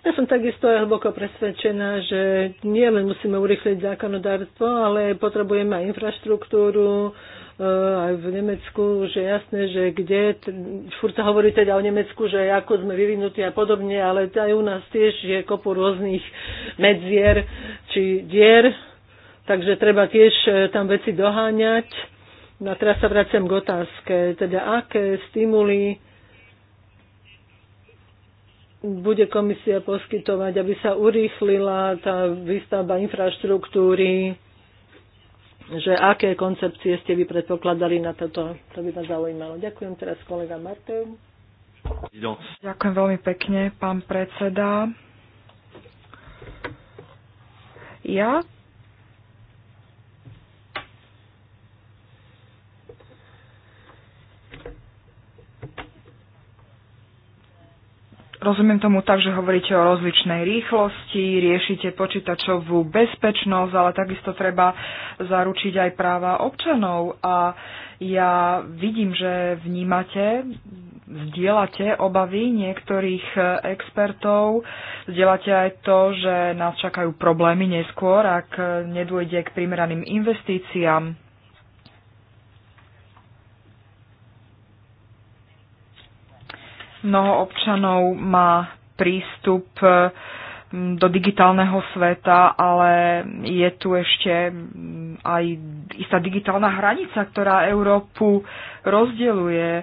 Ja som takisto hlboko presvedčená, že nie len musíme urychliť zákonodárstvo, ale potrebujeme aj infraštruktúru, eh, aj v Nemecku, že jasné, že kde, furt sa hovorí teda o Nemecku, že ako sme vyvinutí a podobne, ale aj u nás tiež je kopu rôznych medzier či dier, takže treba tiež eh, tam veci doháňať. No a teraz sa vraciam k otázke, teda aké stimuly bude komisia poskytovať, aby sa urýchlila tá výstavba infraštruktúry, že aké koncepcie ste vy predpokladali na toto, to by ma zaujímalo. Ďakujem teraz kolega Martin. Ďakujem veľmi pekne, pán predseda. Ja Rozumiem tomu tak, že hovoríte o rozličnej rýchlosti, riešite počítačovú bezpečnosť, ale takisto treba zaručiť aj práva občanov. A ja vidím, že vnímate, zdieľate obavy niektorých expertov, zdieľate aj to, že nás čakajú problémy neskôr, ak nedôjde k primeraným investíciám Mnoho občanov má prístup do digitálneho sveta, ale je tu ešte aj istá digitálna hranica, ktorá Európu rozdeluje. E,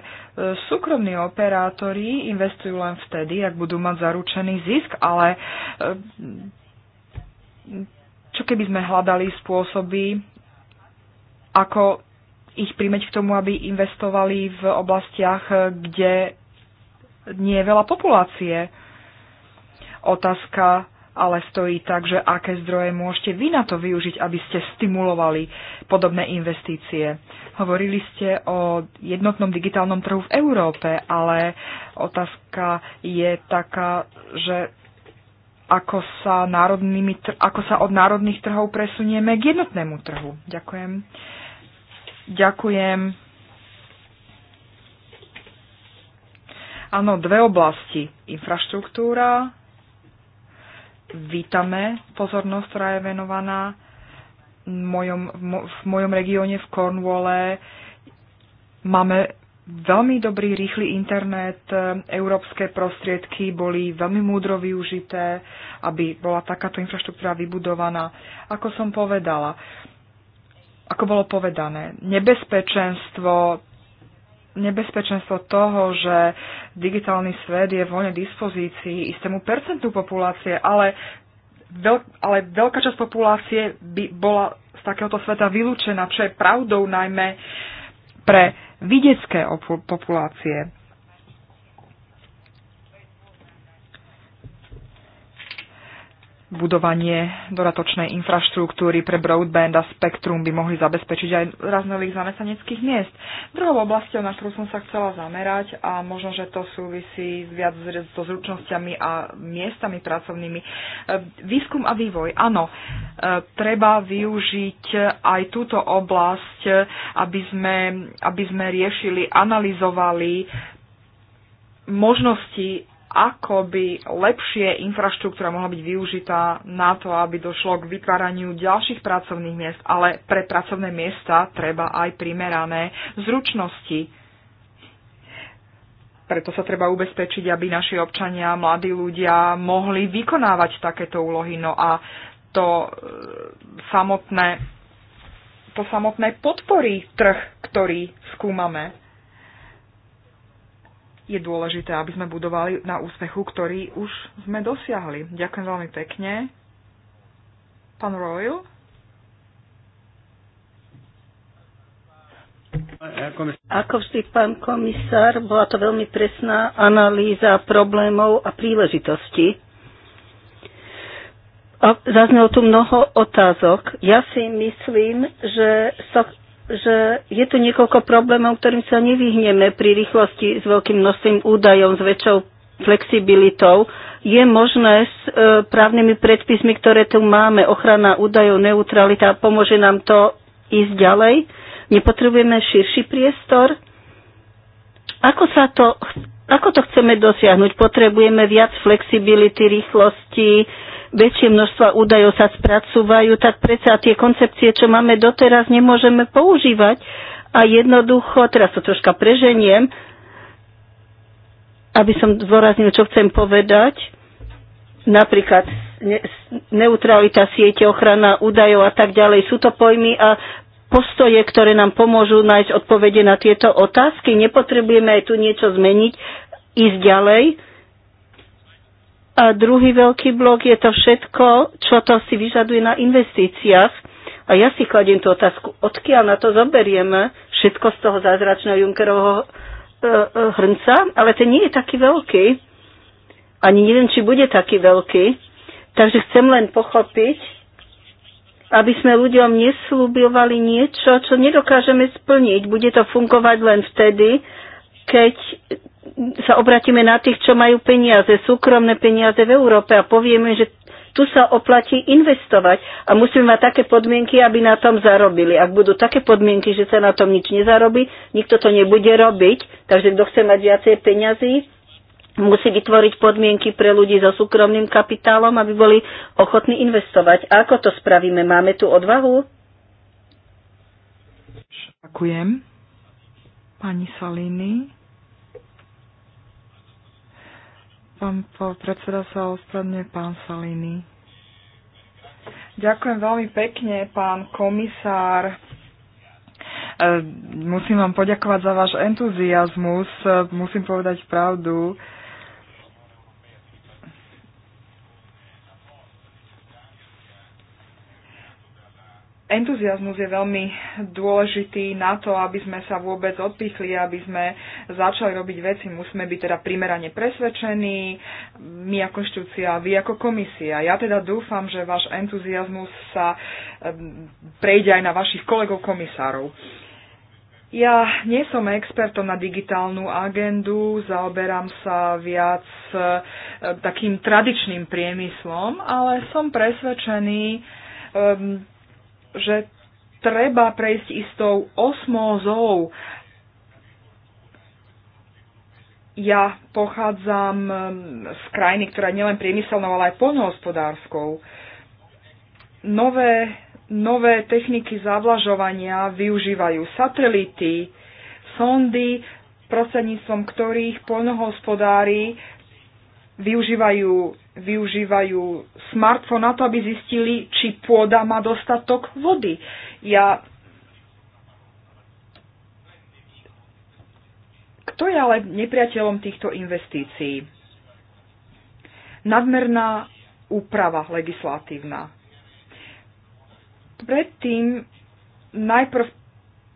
súkromní operátori investujú len vtedy, ak budú mať zaručený zisk, ale e, čo keby sme hľadali spôsoby, ako ich primeť k tomu, aby investovali v oblastiach, kde nie je veľa populácie. Otázka ale stojí tak, že aké zdroje môžete vy na to využiť, aby ste stimulovali podobné investície. Hovorili ste o jednotnom digitálnom trhu v Európe, ale otázka je taká, že ako sa, národnými, ako sa od národných trhov presunieme k jednotnému trhu. Ďakujem. Ďakujem Áno, dve oblasti. Infraštruktúra. Vítame pozornosť, ktorá je venovaná v mojom, v mojom regióne v Cornwalle. Máme veľmi dobrý, rýchly internet, európske prostriedky boli veľmi múdro využité, aby bola takáto infraštruktúra vybudovaná. Ako som povedala, ako bolo povedané, nebezpečenstvo nebezpečenstvo toho, že digitálny svet je voľne dispozícii istému percentu populácie, ale, veľk, ale veľká časť populácie by bola z takéhoto sveta vylúčená, čo je pravdou najmä pre vidiecké populácie. budovanie doratočnej infraštruktúry pre broadband a spektrum by mohli zabezpečiť aj raz nových zamestnaneckých miest. Druhou oblasťou, na ktorú som sa chcela zamerať a možno, že to súvisí viac so zručnosťami a miestami pracovnými, e, výskum a vývoj. Áno, e, treba využiť aj túto oblasť, e, aby sme, aby sme riešili, analyzovali možnosti ako by lepšie infraštruktúra mohla byť využitá na to, aby došlo k vytváraniu ďalších pracovných miest, ale pre pracovné miesta treba aj primerané zručnosti. Preto sa treba ubezpečiť, aby naši občania, mladí ľudia mohli vykonávať takéto úlohy. No a to e, samotné, to samotné podporí trh, ktorý skúmame je dôležité, aby sme budovali na úspechu, ktorý už sme dosiahli. Ďakujem veľmi pekne. Pán Royal? Ako vždy, pán komisár, bola to veľmi presná analýza problémov a príležitostí. A zaznelo tu mnoho otázok. Ja si myslím, že že je tu niekoľko problémov, ktorým sa nevyhneme pri rýchlosti s veľkým množstvím údajov, s väčšou flexibilitou. Je možné s e, právnymi predpismi, ktoré tu máme, ochrana údajov, neutralita, pomôže nám to ísť ďalej? Nepotrebujeme širší priestor? Ako, sa to, ako to chceme dosiahnuť? Potrebujeme viac flexibility, rýchlosti, väčšie množstva údajov sa spracúvajú, tak predsa tie koncepcie, čo máme doteraz, nemôžeme používať. A jednoducho, teraz to troška preženiem, aby som zvoraznil, čo chcem povedať, napríklad neutralita siete, ochrana údajov a tak ďalej, sú to pojmy a postoje, ktoré nám pomôžu nájsť odpovede na tieto otázky. Nepotrebujeme aj tu niečo zmeniť, ísť ďalej a druhý veľký blok je to všetko, čo to si vyžaduje na investíciách. A ja si kladiem tú otázku, odkiaľ na to zoberieme všetko z toho zázračného Junkerovho e, e, hrnca, ale ten nie je taký veľký. Ani neviem, či bude taký veľký. Takže chcem len pochopiť, aby sme ľuďom neslúbovali niečo, čo nedokážeme splniť. Bude to fungovať len vtedy, keď sa obratíme na tých, čo majú peniaze, súkromné peniaze v Európe a povieme, že tu sa oplatí investovať a musíme mať také podmienky, aby na tom zarobili. Ak budú také podmienky, že sa na tom nič nezarobí, nikto to nebude robiť, takže kto chce mať viacej peňazí, musí vytvoriť podmienky pre ľudí so súkromným kapitálom, aby boli ochotní investovať. A ako to spravíme? Máme tu odvahu? Ďakujem. Pani Salini. Pán predseda sa ospravedlňuje pán Salini. Ďakujem veľmi pekne, pán komisár. E, musím vám poďakovať za váš entuziasmus. E, musím povedať pravdu. entuziasmus je veľmi dôležitý na to, aby sme sa vôbec odpichli, aby sme začali robiť veci. Musíme byť teda primerane presvedčení, my ako štúcia, vy ako komisia. Ja teda dúfam, že váš entuziasmus sa prejde aj na vašich kolegov komisárov. Ja nie som expertom na digitálnu agendu, zaoberám sa viac takým tradičným priemyslom, ale som presvedčený, že treba prejsť istou osmózou. Ja pochádzam um, z krajiny, ktorá je nielen priemyselnou, ale aj poľnohospodárskou. Nové, nové techniky zavlažovania využívajú satelity, sondy, prostredníctvom ktorých poľnohospodári využívajú využívajú smartfón na to, aby zistili, či pôda má dostatok vody. Ja Kto je ale nepriateľom týchto investícií? Nadmerná úprava legislatívna. Predtým najprv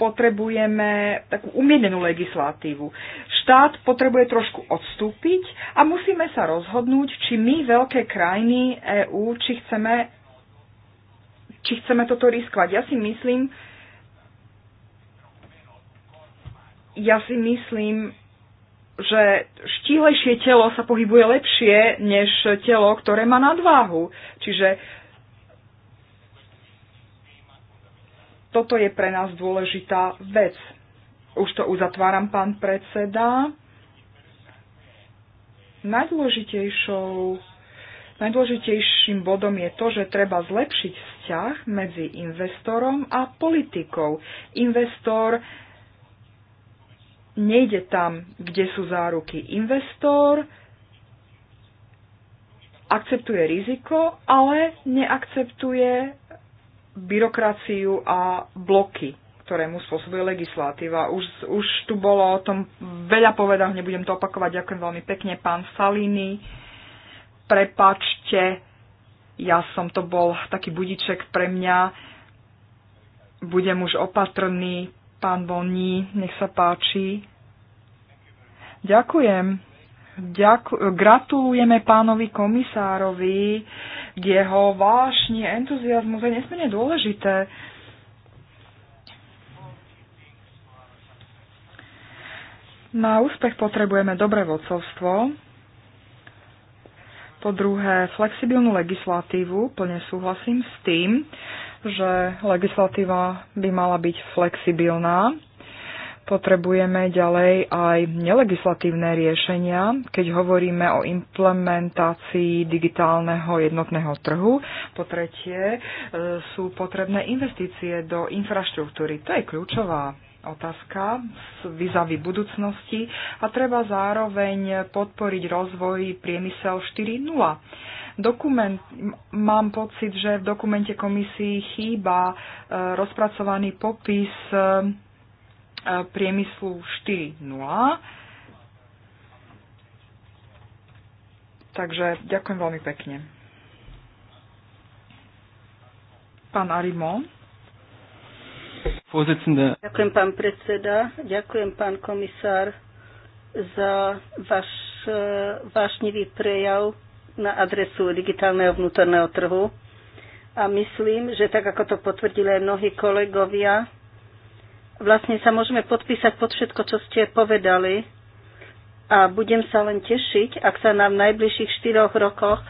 potrebujeme takú umienenú legislatívu. Štát potrebuje trošku odstúpiť a musíme sa rozhodnúť, či my, veľké krajiny EÚ, či chceme, či chceme toto riskovať. Ja si myslím, ja si myslím, že štílejšie telo sa pohybuje lepšie než telo, ktoré má nadváhu. Čiže toto je pre nás dôležitá vec. Už to uzatváram, pán predseda. Najdôležitejšou, najdôležitejším bodom je to, že treba zlepšiť vzťah medzi investorom a politikou. Investor nejde tam, kde sú záruky. Investor akceptuje riziko, ale neakceptuje byrokraciu a bloky, ktoré mu spôsobuje legislatíva. Už, už tu bolo o tom veľa povedaných, nebudem to opakovať. Ďakujem veľmi pekne, pán Salini. Prepačte, ja som to bol taký budiček pre mňa. Budem už opatrný, pán Boní, nech sa páči. Ďakujem. Ďaku- gratulujeme pánovi komisárovi k jeho vášni, entuziasmu, to je nesmierne dôležité. Na úspech potrebujeme dobré vodcovstvo, po druhé flexibilnú legislatívu, plne súhlasím s tým, že legislatíva by mala byť flexibilná, potrebujeme ďalej aj nelegislatívne riešenia. Keď hovoríme o implementácii digitálneho jednotného trhu, po tretie e, sú potrebné investície do infraštruktúry. To je kľúčová otázka vyzavi budúcnosti a treba zároveň podporiť rozvoj priemysel 4.0 dokument, mám pocit, že v dokumente komisii chýba e, rozpracovaný popis e, priemyslu 4.0. Takže ďakujem veľmi pekne. Pán Arimo. Ďakujem, pán predseda. Ďakujem, pán komisár, za váš e, vášnivý prejav na adresu digitálneho vnútorného trhu. A myslím, že tak ako to potvrdili aj mnohí kolegovia, vlastne sa môžeme podpísať pod všetko, čo ste povedali. A budem sa len tešiť, ak sa nám v najbližších štyroch rokoch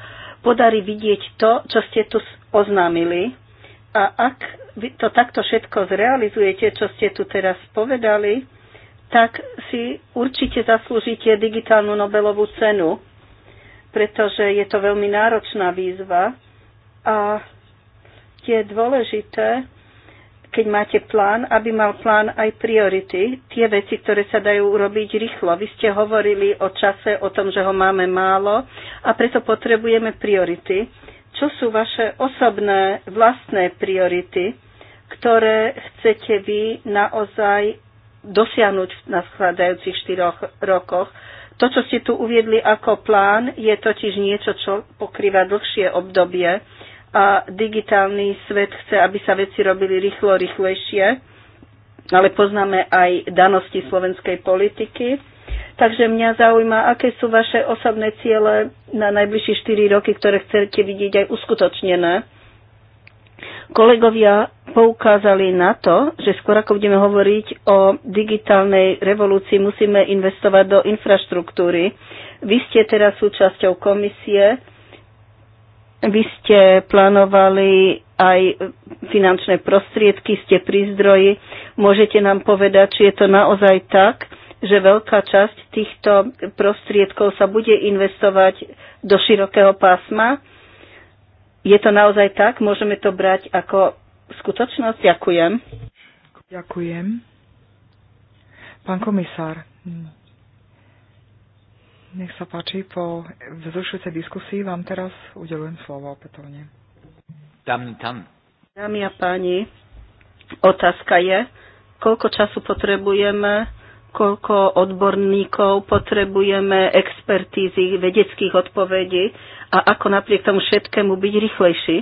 podarí vidieť to, čo ste tu oznámili. A ak vy to takto všetko zrealizujete, čo ste tu teraz povedali, tak si určite zaslúžite digitálnu Nobelovú cenu, pretože je to veľmi náročná výzva a je dôležité, keď máte plán, aby mal plán aj priority, tie veci, ktoré sa dajú urobiť rýchlo. Vy ste hovorili o čase, o tom, že ho máme málo a preto potrebujeme priority. Čo sú vaše osobné vlastné priority, ktoré chcete vy naozaj dosiahnuť v nasledajúcich štyroch rokoch? To, čo ste tu uviedli ako plán, je totiž niečo, čo pokrýva dlhšie obdobie a digitálny svet chce, aby sa veci robili rýchlo, rýchlejšie, ale poznáme aj danosti slovenskej politiky. Takže mňa zaujíma, aké sú vaše osobné ciele na najbližšie 4 roky, ktoré chcete vidieť aj uskutočnené. Kolegovia poukázali na to, že skôr ako budeme hovoriť o digitálnej revolúcii, musíme investovať do infraštruktúry. Vy ste teraz súčasťou komisie, vy ste plánovali aj finančné prostriedky, ste pri zdroji. Môžete nám povedať, či je to naozaj tak, že veľká časť týchto prostriedkov sa bude investovať do širokého pásma? Je to naozaj tak? Môžeme to brať ako skutočnosť? Ďakujem. Ďakujem. Pán komisár, nech sa páči, po vzrušujúcej diskusii vám teraz udelujem slovo opätovne. Tam, tam. Dámy a páni, otázka je, koľko času potrebujeme, koľko odborníkov potrebujeme, expertízy, vedeckých odpovedí a ako napriek tomu všetkému byť rýchlejší.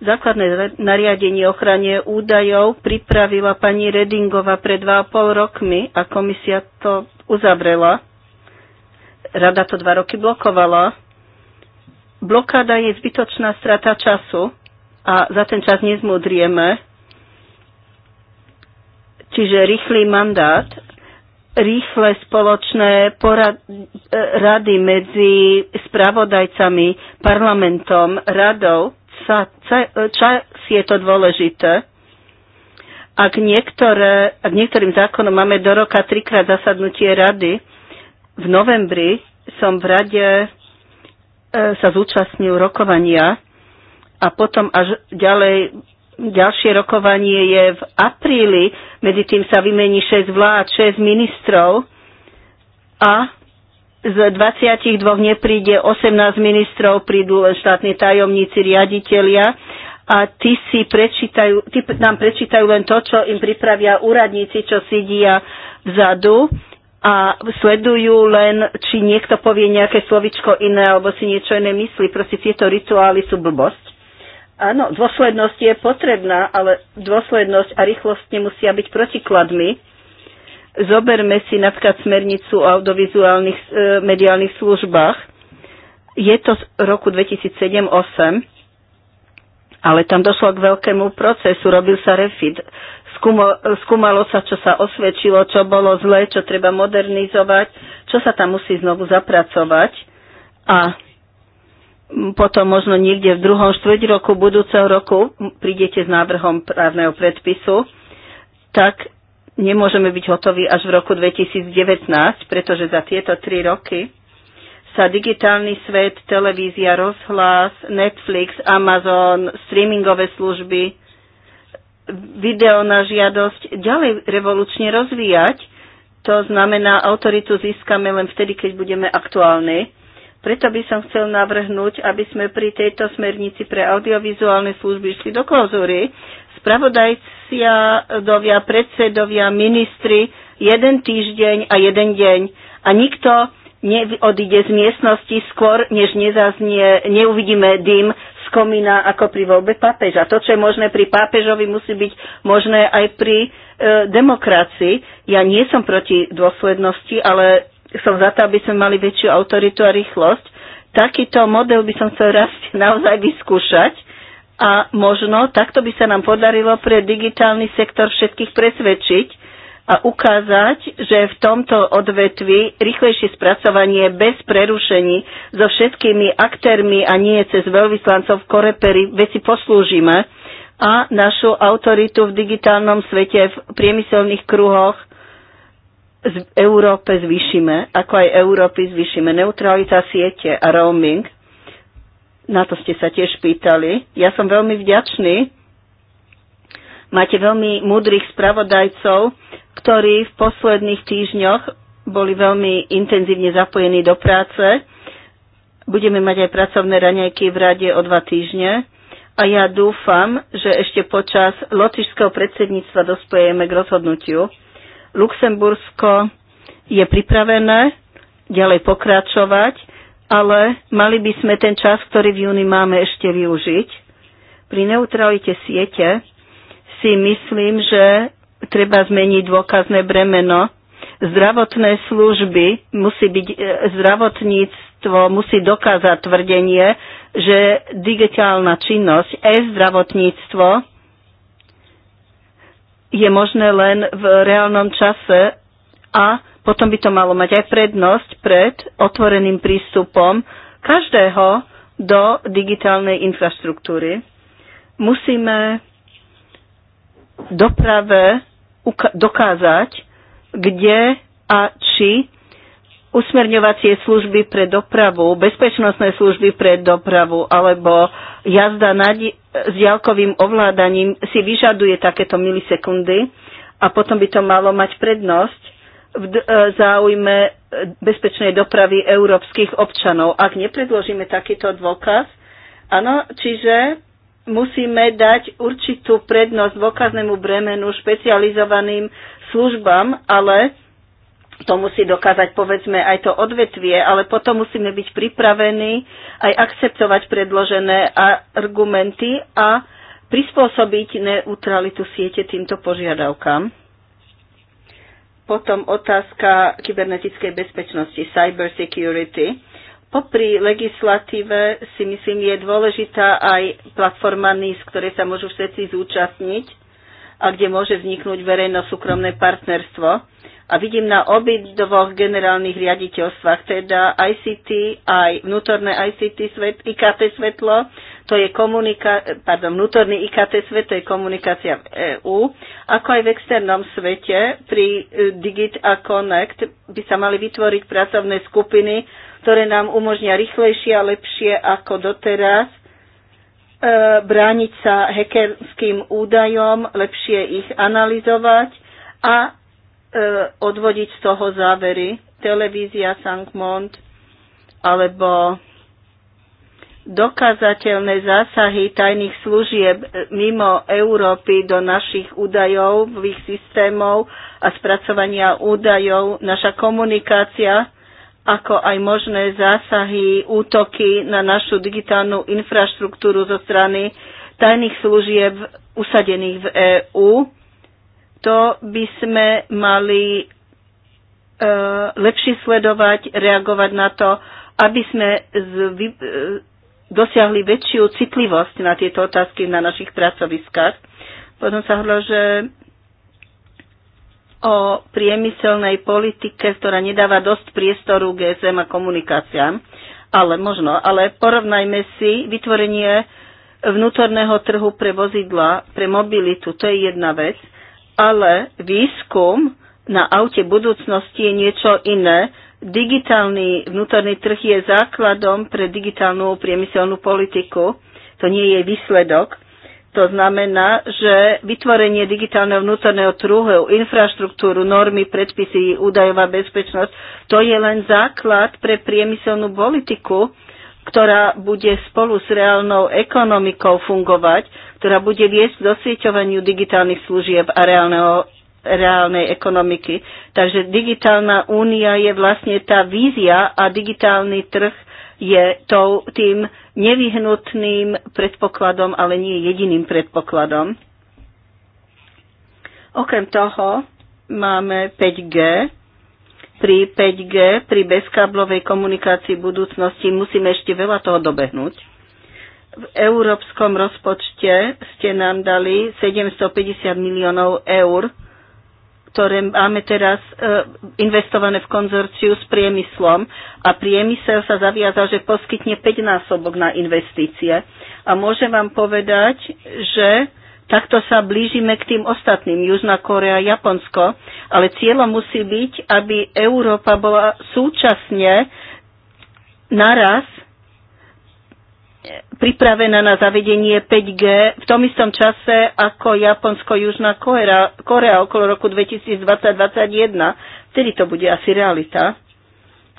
Základné nariadenie ochrane údajov pripravila pani Redingova pred 2,5 rokmi a komisia to uzavrela rada to dva roky blokovala. Blokáda je zbytočná strata času a za ten čas nezmudrieme. Čiže rýchly mandát, rýchle spoločné porad, e, rady medzi spravodajcami, parlamentom, radou, sa, ca, čas je to dôležité. Ak, niektoré, ak niektorým zákonom máme do roka trikrát zasadnutie rady, v novembri som v rade e, sa zúčastnil rokovania a potom až ďalej ďalšie rokovanie je v apríli, medzi tým sa vymení 6 vlád, 6 ministrov a z 22 nepríde 18 ministrov, prídu len štátni tajomníci, riaditeľia a tí, si prečítajú, tí nám prečítajú len to, čo im pripravia úradníci, čo sedia vzadu a sledujú len, či niekto povie nejaké slovičko iné alebo si niečo iné myslí. Proste tieto rituály sú blbosť. Áno, dôslednosť je potrebná, ale dôslednosť a rýchlosť nemusia byť protikladmi. Zoberme si napríklad smernicu o audiovizuálnych e, mediálnych službách. Je to z roku 2007-2008, ale tam došlo k veľkému procesu, robil sa refit skúmalo, skúmalo sa, čo sa osvedčilo, čo bolo zlé, čo treba modernizovať, čo sa tam musí znovu zapracovať a potom možno niekde v druhom štvrť roku budúceho roku prídete s návrhom právneho predpisu, tak nemôžeme byť hotoví až v roku 2019, pretože za tieto tri roky sa digitálny svet, televízia, rozhlas, Netflix, Amazon, streamingové služby, video na žiadosť ďalej revolučne rozvíjať. To znamená, autoritu získame len vtedy, keď budeme aktuálni. Preto by som chcel navrhnúť, aby sme pri tejto smernici pre audiovizuálne služby šli do klauzúry. Spravodajcia, predsedovia, ministri, jeden týždeň a jeden deň. A nikto neodíde z miestnosti skôr, než neuvidíme dym komína ako pri voľbe pápeža. To, čo je možné pri pápežovi, musí byť možné aj pri e, demokracii. Ja nie som proti dôslednosti, ale som za to, aby sme mali väčšiu autoritu a rýchlosť. Takýto model by som chcel raz <laughs> naozaj vyskúšať a možno takto by sa nám podarilo pre digitálny sektor všetkých presvedčiť, a ukázať, že v tomto odvetvi rýchlejšie spracovanie bez prerušení so všetkými aktérmi a nie cez veľvyslancov v veci poslúžime a našu autoritu v digitálnom svete, v priemyselných kruhoch z Európe zvýšime, ako aj Európy zvýšime. Neutralita siete a roaming, na to ste sa tiež pýtali. Ja som veľmi vďačný. Máte veľmi múdrych spravodajcov, ktorí v posledných týždňoch boli veľmi intenzívne zapojení do práce. Budeme mať aj pracovné raňajky v rade o dva týždne a ja dúfam, že ešte počas lotišského predsedníctva dospojeme k rozhodnutiu. Luxembursko je pripravené ďalej pokračovať, ale mali by sme ten čas, ktorý v júni máme ešte využiť. Pri neutralite siete si myslím, že treba zmeniť dôkazné bremeno. Zdravotné služby musí byť, e, zdravotníctvo musí dokázať tvrdenie, že digitálna činnosť, e-zdravotníctvo je možné len v reálnom čase a potom by to malo mať aj prednosť pred otvoreným prístupom každého do digitálnej infraštruktúry. Musíme doprave dokázať, kde a či usmerňovacie služby pre dopravu, bezpečnostné služby pre dopravu alebo jazda nad, s diaľkovým ovládaním si vyžaduje takéto milisekundy a potom by to malo mať prednosť v d- e, záujme e, bezpečnej dopravy európskych občanov. Ak nepredložíme takýto dôkaz, áno, čiže musíme dať určitú prednosť dôkaznému bremenu špecializovaným službám, ale to musí dokázať povedzme aj to odvetvie, ale potom musíme byť pripravení aj akceptovať predložené argumenty a prispôsobiť neutralitu siete týmto požiadavkám. Potom otázka kybernetickej bezpečnosti, cyber security. Popri legislatíve si myslím je dôležitá aj platforma NIS, ktoré sa môžu všetci zúčastniť a kde môže vzniknúť verejno-súkromné partnerstvo. A vidím na obi dvoch generálnych riaditeľstvách, teda ICT, aj vnútorné ICT svet, IKT svetlo, to je komunika- pardon, vnútorný IKT svet, to je komunikácia v EÚ, ako aj v externom svete pri eh, Digit a Connect by sa mali vytvoriť pracovné skupiny, ktoré nám umožnia rýchlejšie a lepšie ako doteraz e, brániť sa hackerským údajom, lepšie ich analyzovať a e, odvodiť z toho závery. Televízia Sankmont alebo dokázateľné zásahy tajných služieb mimo Európy do našich údajov, v ich systémov a spracovania údajov, naša komunikácia ako aj možné zásahy, útoky na našu digitálnu infraštruktúru zo strany tajných služieb usadených v EÚ. To by sme mali e, lepšie sledovať, reagovať na to, aby sme vy, e, dosiahli väčšiu citlivosť na tieto otázky na našich pracoviskách. Potom sa hovorilo, že o priemyselnej politike, ktorá nedáva dosť priestoru GSM a komunikáciám. Ale možno, ale porovnajme si vytvorenie vnútorného trhu pre vozidla, pre mobilitu, to je jedna vec, ale výskum na aute budúcnosti je niečo iné. Digitálny vnútorný trh je základom pre digitálnu priemyselnú politiku. To nie je výsledok. To znamená, že vytvorenie digitálneho vnútorného trhu, infraštruktúru, normy, predpisy, údajová bezpečnosť, to je len základ pre priemyselnú politiku, ktorá bude spolu s reálnou ekonomikou fungovať, ktorá bude viesť k dosieťovaniu digitálnych služieb a reálneho, reálnej ekonomiky. Takže digitálna únia je vlastne tá vízia a digitálny trh je tou, tým nevyhnutným predpokladom, ale nie jediným predpokladom. Okrem toho máme 5G. Pri 5G, pri bezkáblovej komunikácii budúcnosti musíme ešte veľa toho dobehnúť v európskom rozpočte ste nám dali 750 miliónov eur ktoré máme teraz e, investované v konzorciu s priemyslom a priemysel sa zaviazal, že poskytne 5 násobok na investície. A môžem vám povedať, že takto sa blížime k tým ostatným, Južná Korea, Japonsko, ale cieľom musí byť, aby Európa bola súčasne naraz pripravená na zavedenie 5G v tom istom čase ako Japonsko, Južná Korea, Korea okolo roku 2020-2021. Vtedy to bude asi realita.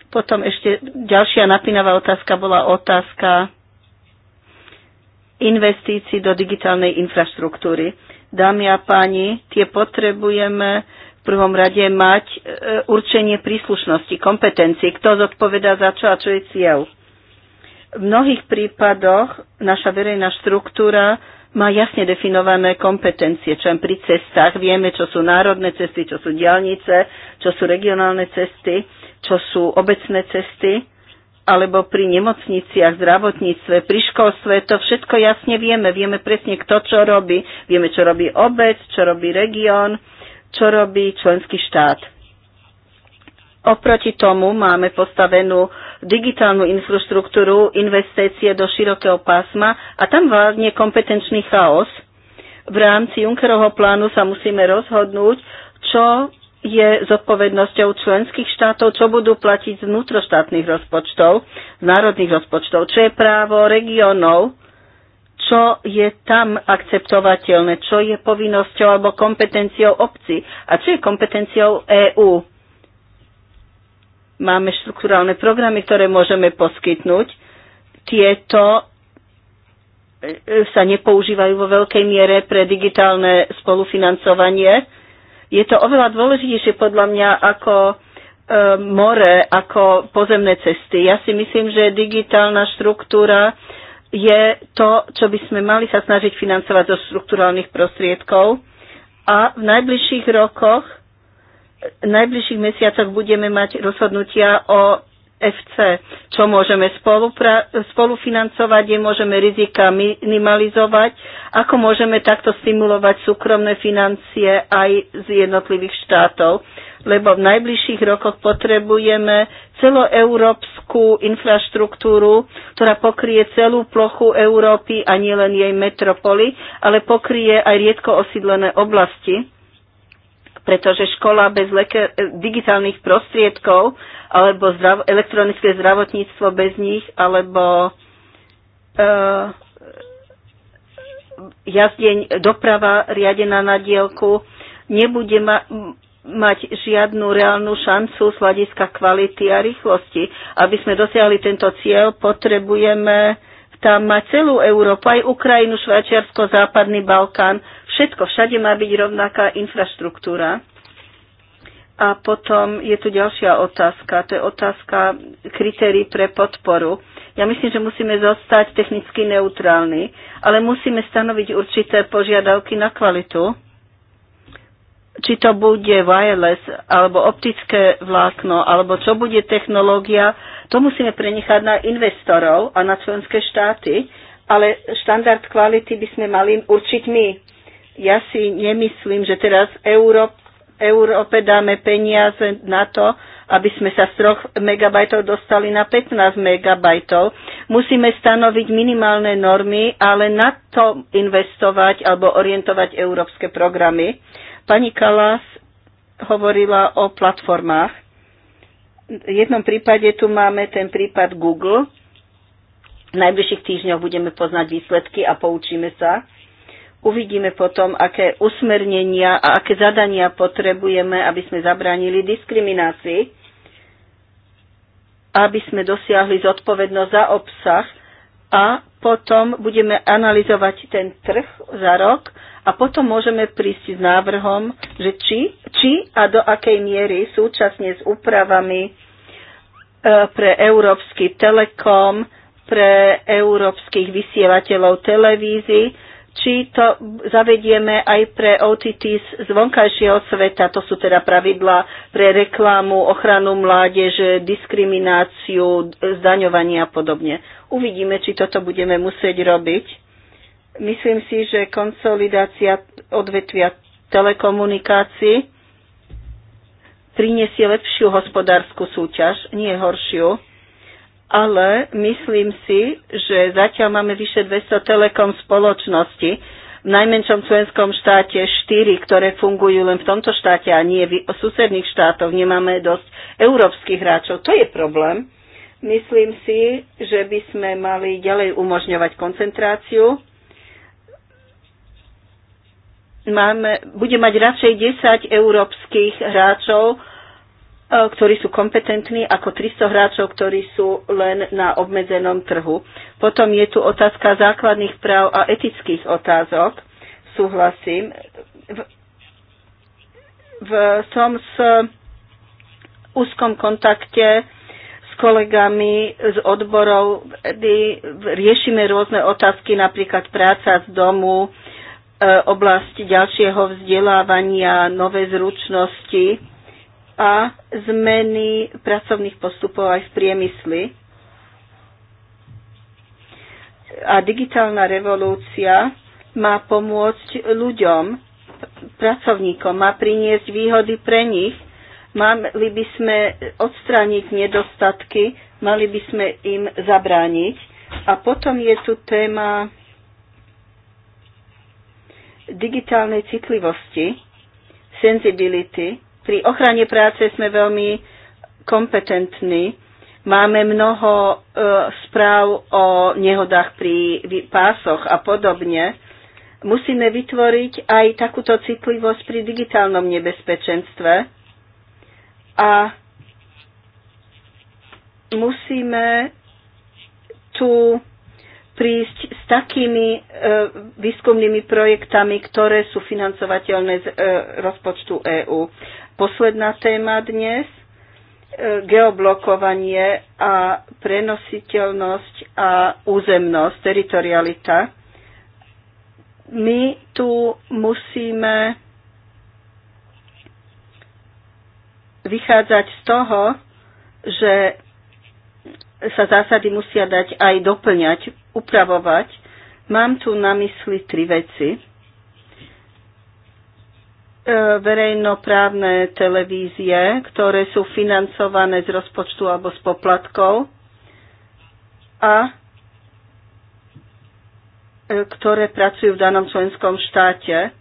Potom ešte ďalšia napínavá otázka bola otázka investícií do digitálnej infraštruktúry. Dámy a páni, tie potrebujeme v prvom rade mať e, určenie príslušnosti, kompetencií, kto zodpovedá za čo a čo je cieľ. V mnohých prípadoch naša verejná štruktúra má jasne definované kompetencie, čo pri cestách vieme, čo sú národné cesty, čo sú diálnice, čo sú regionálne cesty, čo sú obecné cesty, alebo pri nemocniciach, zdravotníctve, pri školstve, to všetko jasne vieme. Vieme presne, kto čo robí. Vieme, čo robí obec, čo robí región, čo robí členský štát. Oproti tomu máme postavenú digitálnu infraštruktúru, investície do širokého pásma a tam vládne kompetenčný chaos. V rámci Junckerovho plánu sa musíme rozhodnúť, čo je zodpovednosťou členských štátov, čo budú platiť z vnútroštátnych rozpočtov, z národných rozpočtov, čo je právo regiónov, čo je tam akceptovateľné, čo je povinnosťou alebo kompetenciou obci a čo je kompetenciou EÚ. Máme štruktúralne programy, ktoré môžeme poskytnúť. Tieto e, e, sa nepoužívajú vo veľkej miere pre digitálne spolufinancovanie. Je to oveľa dôležitejšie podľa mňa ako e, more, ako pozemné cesty. Ja si myslím, že digitálna štruktúra je to, čo by sme mali sa snažiť financovať zo štruktúrálnych prostriedkov. A v najbližších rokoch v najbližších mesiacoch budeme mať rozhodnutia o FC, čo môžeme spolufinancovať, kde môžeme rizika minimalizovať, ako môžeme takto stimulovať súkromné financie aj z jednotlivých štátov, lebo v najbližších rokoch potrebujeme celoeurópsku infraštruktúru, ktorá pokrie celú plochu Európy a nielen jej metropoly, ale pokrie aj riedko osídlené oblasti pretože škola bez e, digitálnych prostriedkov alebo zdrav- elektronické zdravotníctvo bez nich alebo uh, jazdeň, doprava riadená na dielku nebude ma- mať žiadnu reálnu šancu z hľadiska kvality a rýchlosti. Aby sme dosiahli tento cieľ, potrebujeme tam mať celú Európu, aj Ukrajinu, Švajčiarsko, Západný Balkán, Všetko, všade má byť rovnaká infraštruktúra. A potom je tu ďalšia otázka, to je otázka kritérií pre podporu. Ja myslím, že musíme zostať technicky neutrálni, ale musíme stanoviť určité požiadavky na kvalitu. Či to bude wireless, alebo optické vlákno, alebo čo bude technológia, to musíme prenechať na investorov a na členské štáty, ale štandard kvality by sme mali určiť my ja si nemyslím, že teraz Európa Európe dáme peniaze na to, aby sme sa z 3 megabajtov dostali na 15 megabajtov. Musíme stanoviť minimálne normy, ale na to investovať alebo orientovať európske programy. Pani Kalas hovorila o platformách. V jednom prípade tu máme ten prípad Google. V najbližších týždňoch budeme poznať výsledky a poučíme sa uvidíme potom, aké usmernenia a aké zadania potrebujeme, aby sme zabránili diskriminácii, aby sme dosiahli zodpovednosť za obsah a potom budeme analyzovať ten trh za rok a potom môžeme prísť s návrhom, že či, či a do akej miery súčasne s úpravami e, pre európsky telekom, pre európskych vysielateľov televízií, či to zavedieme aj pre OTT z vonkajšieho sveta, to sú teda pravidla pre reklamu, ochranu mládeže, diskrimináciu, zdaňovanie a podobne. Uvidíme, či toto budeme musieť robiť. Myslím si, že konsolidácia odvetvia telekomunikácií priniesie lepšiu hospodárskú súťaž, nie horšiu ale myslím si, že zatiaľ máme vyše 200 telekom spoločnosti, v najmenšom členskom štáte 4, ktoré fungujú len v tomto štáte a nie v susedných štátoch, nemáme dosť európskych hráčov. To je problém. Myslím si, že by sme mali ďalej umožňovať koncentráciu. Máme, bude mať radšej 10 európskych hráčov, E, ktorí sú kompetentní, ako 300 hráčov, ktorí sú len na obmedzenom trhu. Potom je tu otázka základných práv a etických otázok. Súhlasím. V, v, som s úzkom kontakte s kolegami z odborov, kedy riešime rôzne otázky, napríklad práca z domu, e, oblasti ďalšieho vzdelávania, nové zručnosti a zmeny pracovných postupov aj v priemysli. A digitálna revolúcia má pomôcť ľuďom, pracovníkom, má priniesť výhody pre nich. Mali by sme odstrániť nedostatky, mali by sme im zabrániť. A potom je tu téma digitálnej citlivosti, sensibility, pri ochrane práce sme veľmi kompetentní. Máme mnoho e, správ o nehodách pri pásoch a podobne. Musíme vytvoriť aj takúto citlivosť pri digitálnom nebezpečenstve a musíme tu prísť s takými e, výskumnými projektami, ktoré sú financovateľné z e, rozpočtu EÚ posledná téma dnes, e, geoblokovanie a prenositeľnosť a územnosť, teritorialita. My tu musíme vychádzať z toho, že sa zásady musia dať aj doplňať, upravovať. Mám tu na mysli tri veci E, verejnoprávne televízie, ktoré sú financované z rozpočtu alebo z poplatkov a e, ktoré pracujú v danom členskom štáte.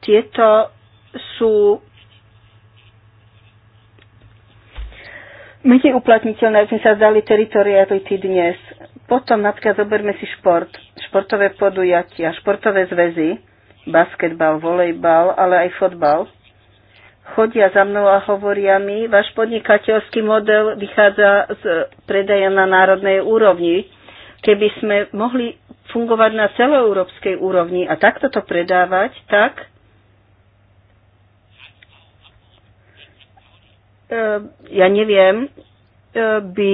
Tieto sú menej uplatniteľné, sme sa zdali teritoriality dnes. Potom napríklad zoberme si šport, športové podujatia, športové zväzy basketbal, volejbal, ale aj fotbal. Chodia za mnou a hovoria mi, váš podnikateľský model vychádza z predaja na národnej úrovni. Keby sme mohli fungovať na celoeurópskej úrovni a takto to predávať, tak eh, ja neviem, eh, by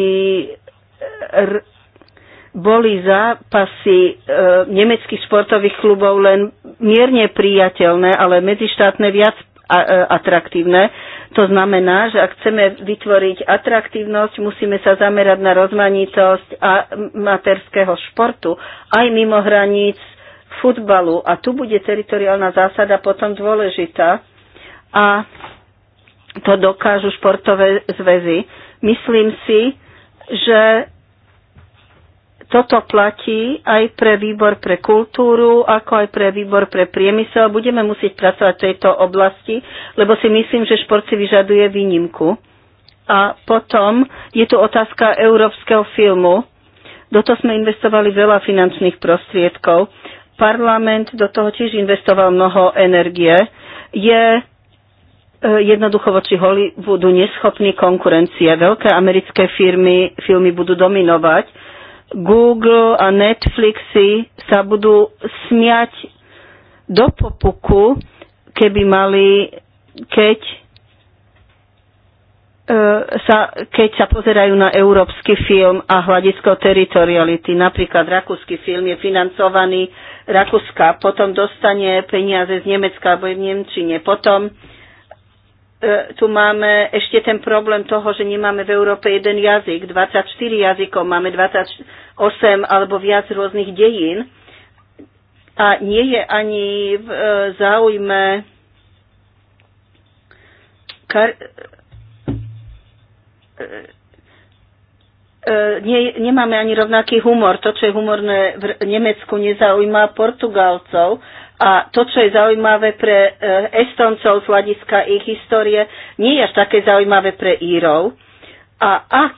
boli zápasy e, nemeckých športových klubov len mierne priateľné, ale medzištátne viac a, e, atraktívne. To znamená, že ak chceme vytvoriť atraktívnosť, musíme sa zamerať na rozmanitosť materského športu aj mimo hraníc futbalu. A tu bude teritoriálna zásada potom dôležitá. A to dokážu športové zväzy. Myslím si, že toto platí aj pre výbor pre kultúru, ako aj pre výbor pre priemysel. Budeme musieť pracovať v tejto oblasti, lebo si myslím, že šport si vyžaduje výnimku. A potom je tu otázka európskeho filmu. Do toho sme investovali veľa finančných prostriedkov. Parlament do toho tiež investoval mnoho energie. Je e, jednoducho voči Hollywoodu neschopní konkurencie. Veľké americké firmy filmy budú dominovať Google a Netflixy sa budú smiať do popuku, keby mali, keď e, sa, keď sa pozerajú na európsky film a hľadisko teritoriality. Napríklad rakúsky film je financovaný Rakúska, potom dostane peniaze z Nemecka alebo v Nemčine, potom E, tu máme ešte ten problém toho, že nemáme v Európe jeden jazyk, 24 jazykov, máme 28 alebo viac rôznych dejín a nie je ani v e, záujme kar- e, nie, nemáme ani rovnaký humor. To, čo je humorné v Nemecku, nezaujíma Portugalcov a to, čo je zaujímavé pre eh, Estoncov z hľadiska ich histórie, nie je až také zaujímavé pre Írov. A ak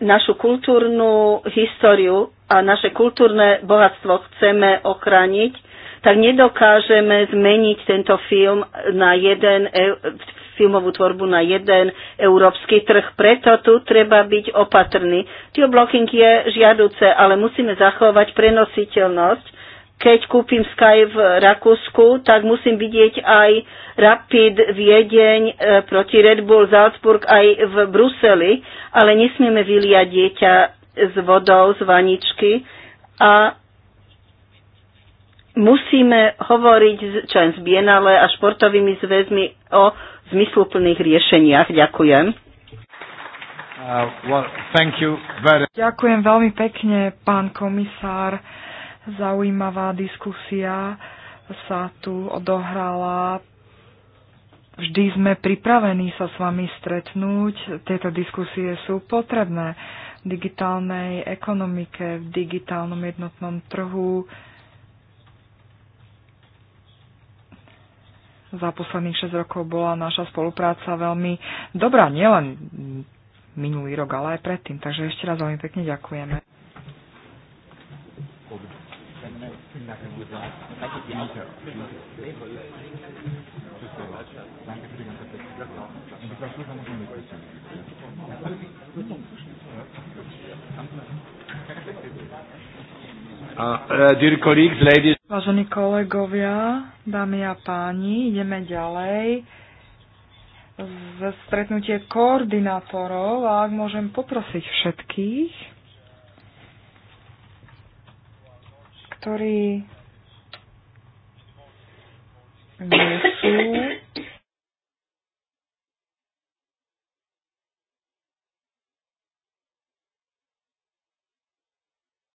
našu kultúrnu históriu a naše kultúrne bohatstvo chceme ochrániť, tak nedokážeme zmeniť tento film na jeden e, filmovú tvorbu na jeden európsky trh. Preto tu treba byť opatrný. Tio blocking je žiaduce, ale musíme zachovať prenositeľnosť keď kúpim Sky v Rakúsku, tak musím vidieť aj Rapid Viedeň e, proti Red Bull Salzburg aj v Bruseli, ale nesmieme vyliať dieťa s vodou z vaničky a musíme hovoriť čo s Bienale a športovými zväzmi o zmysluplných riešeniach. Ďakujem. Uh, well, very... Ďakujem veľmi pekne, pán komisár. Zaujímavá diskusia sa tu odohrala. Vždy sme pripravení sa s vami stretnúť. Tieto diskusie sú potrebné v digitálnej ekonomike, v digitálnom jednotnom trhu. Za posledných 6 rokov bola naša spolupráca veľmi dobrá, nielen minulý rok, ale aj predtým. Takže ešte raz veľmi pekne ďakujeme. Nothing Vážení kolegovia, dámy a páni, ideme ďalej stretnutie koordinátorov a ak môžem poprosiť všetkých, ktorí nie sú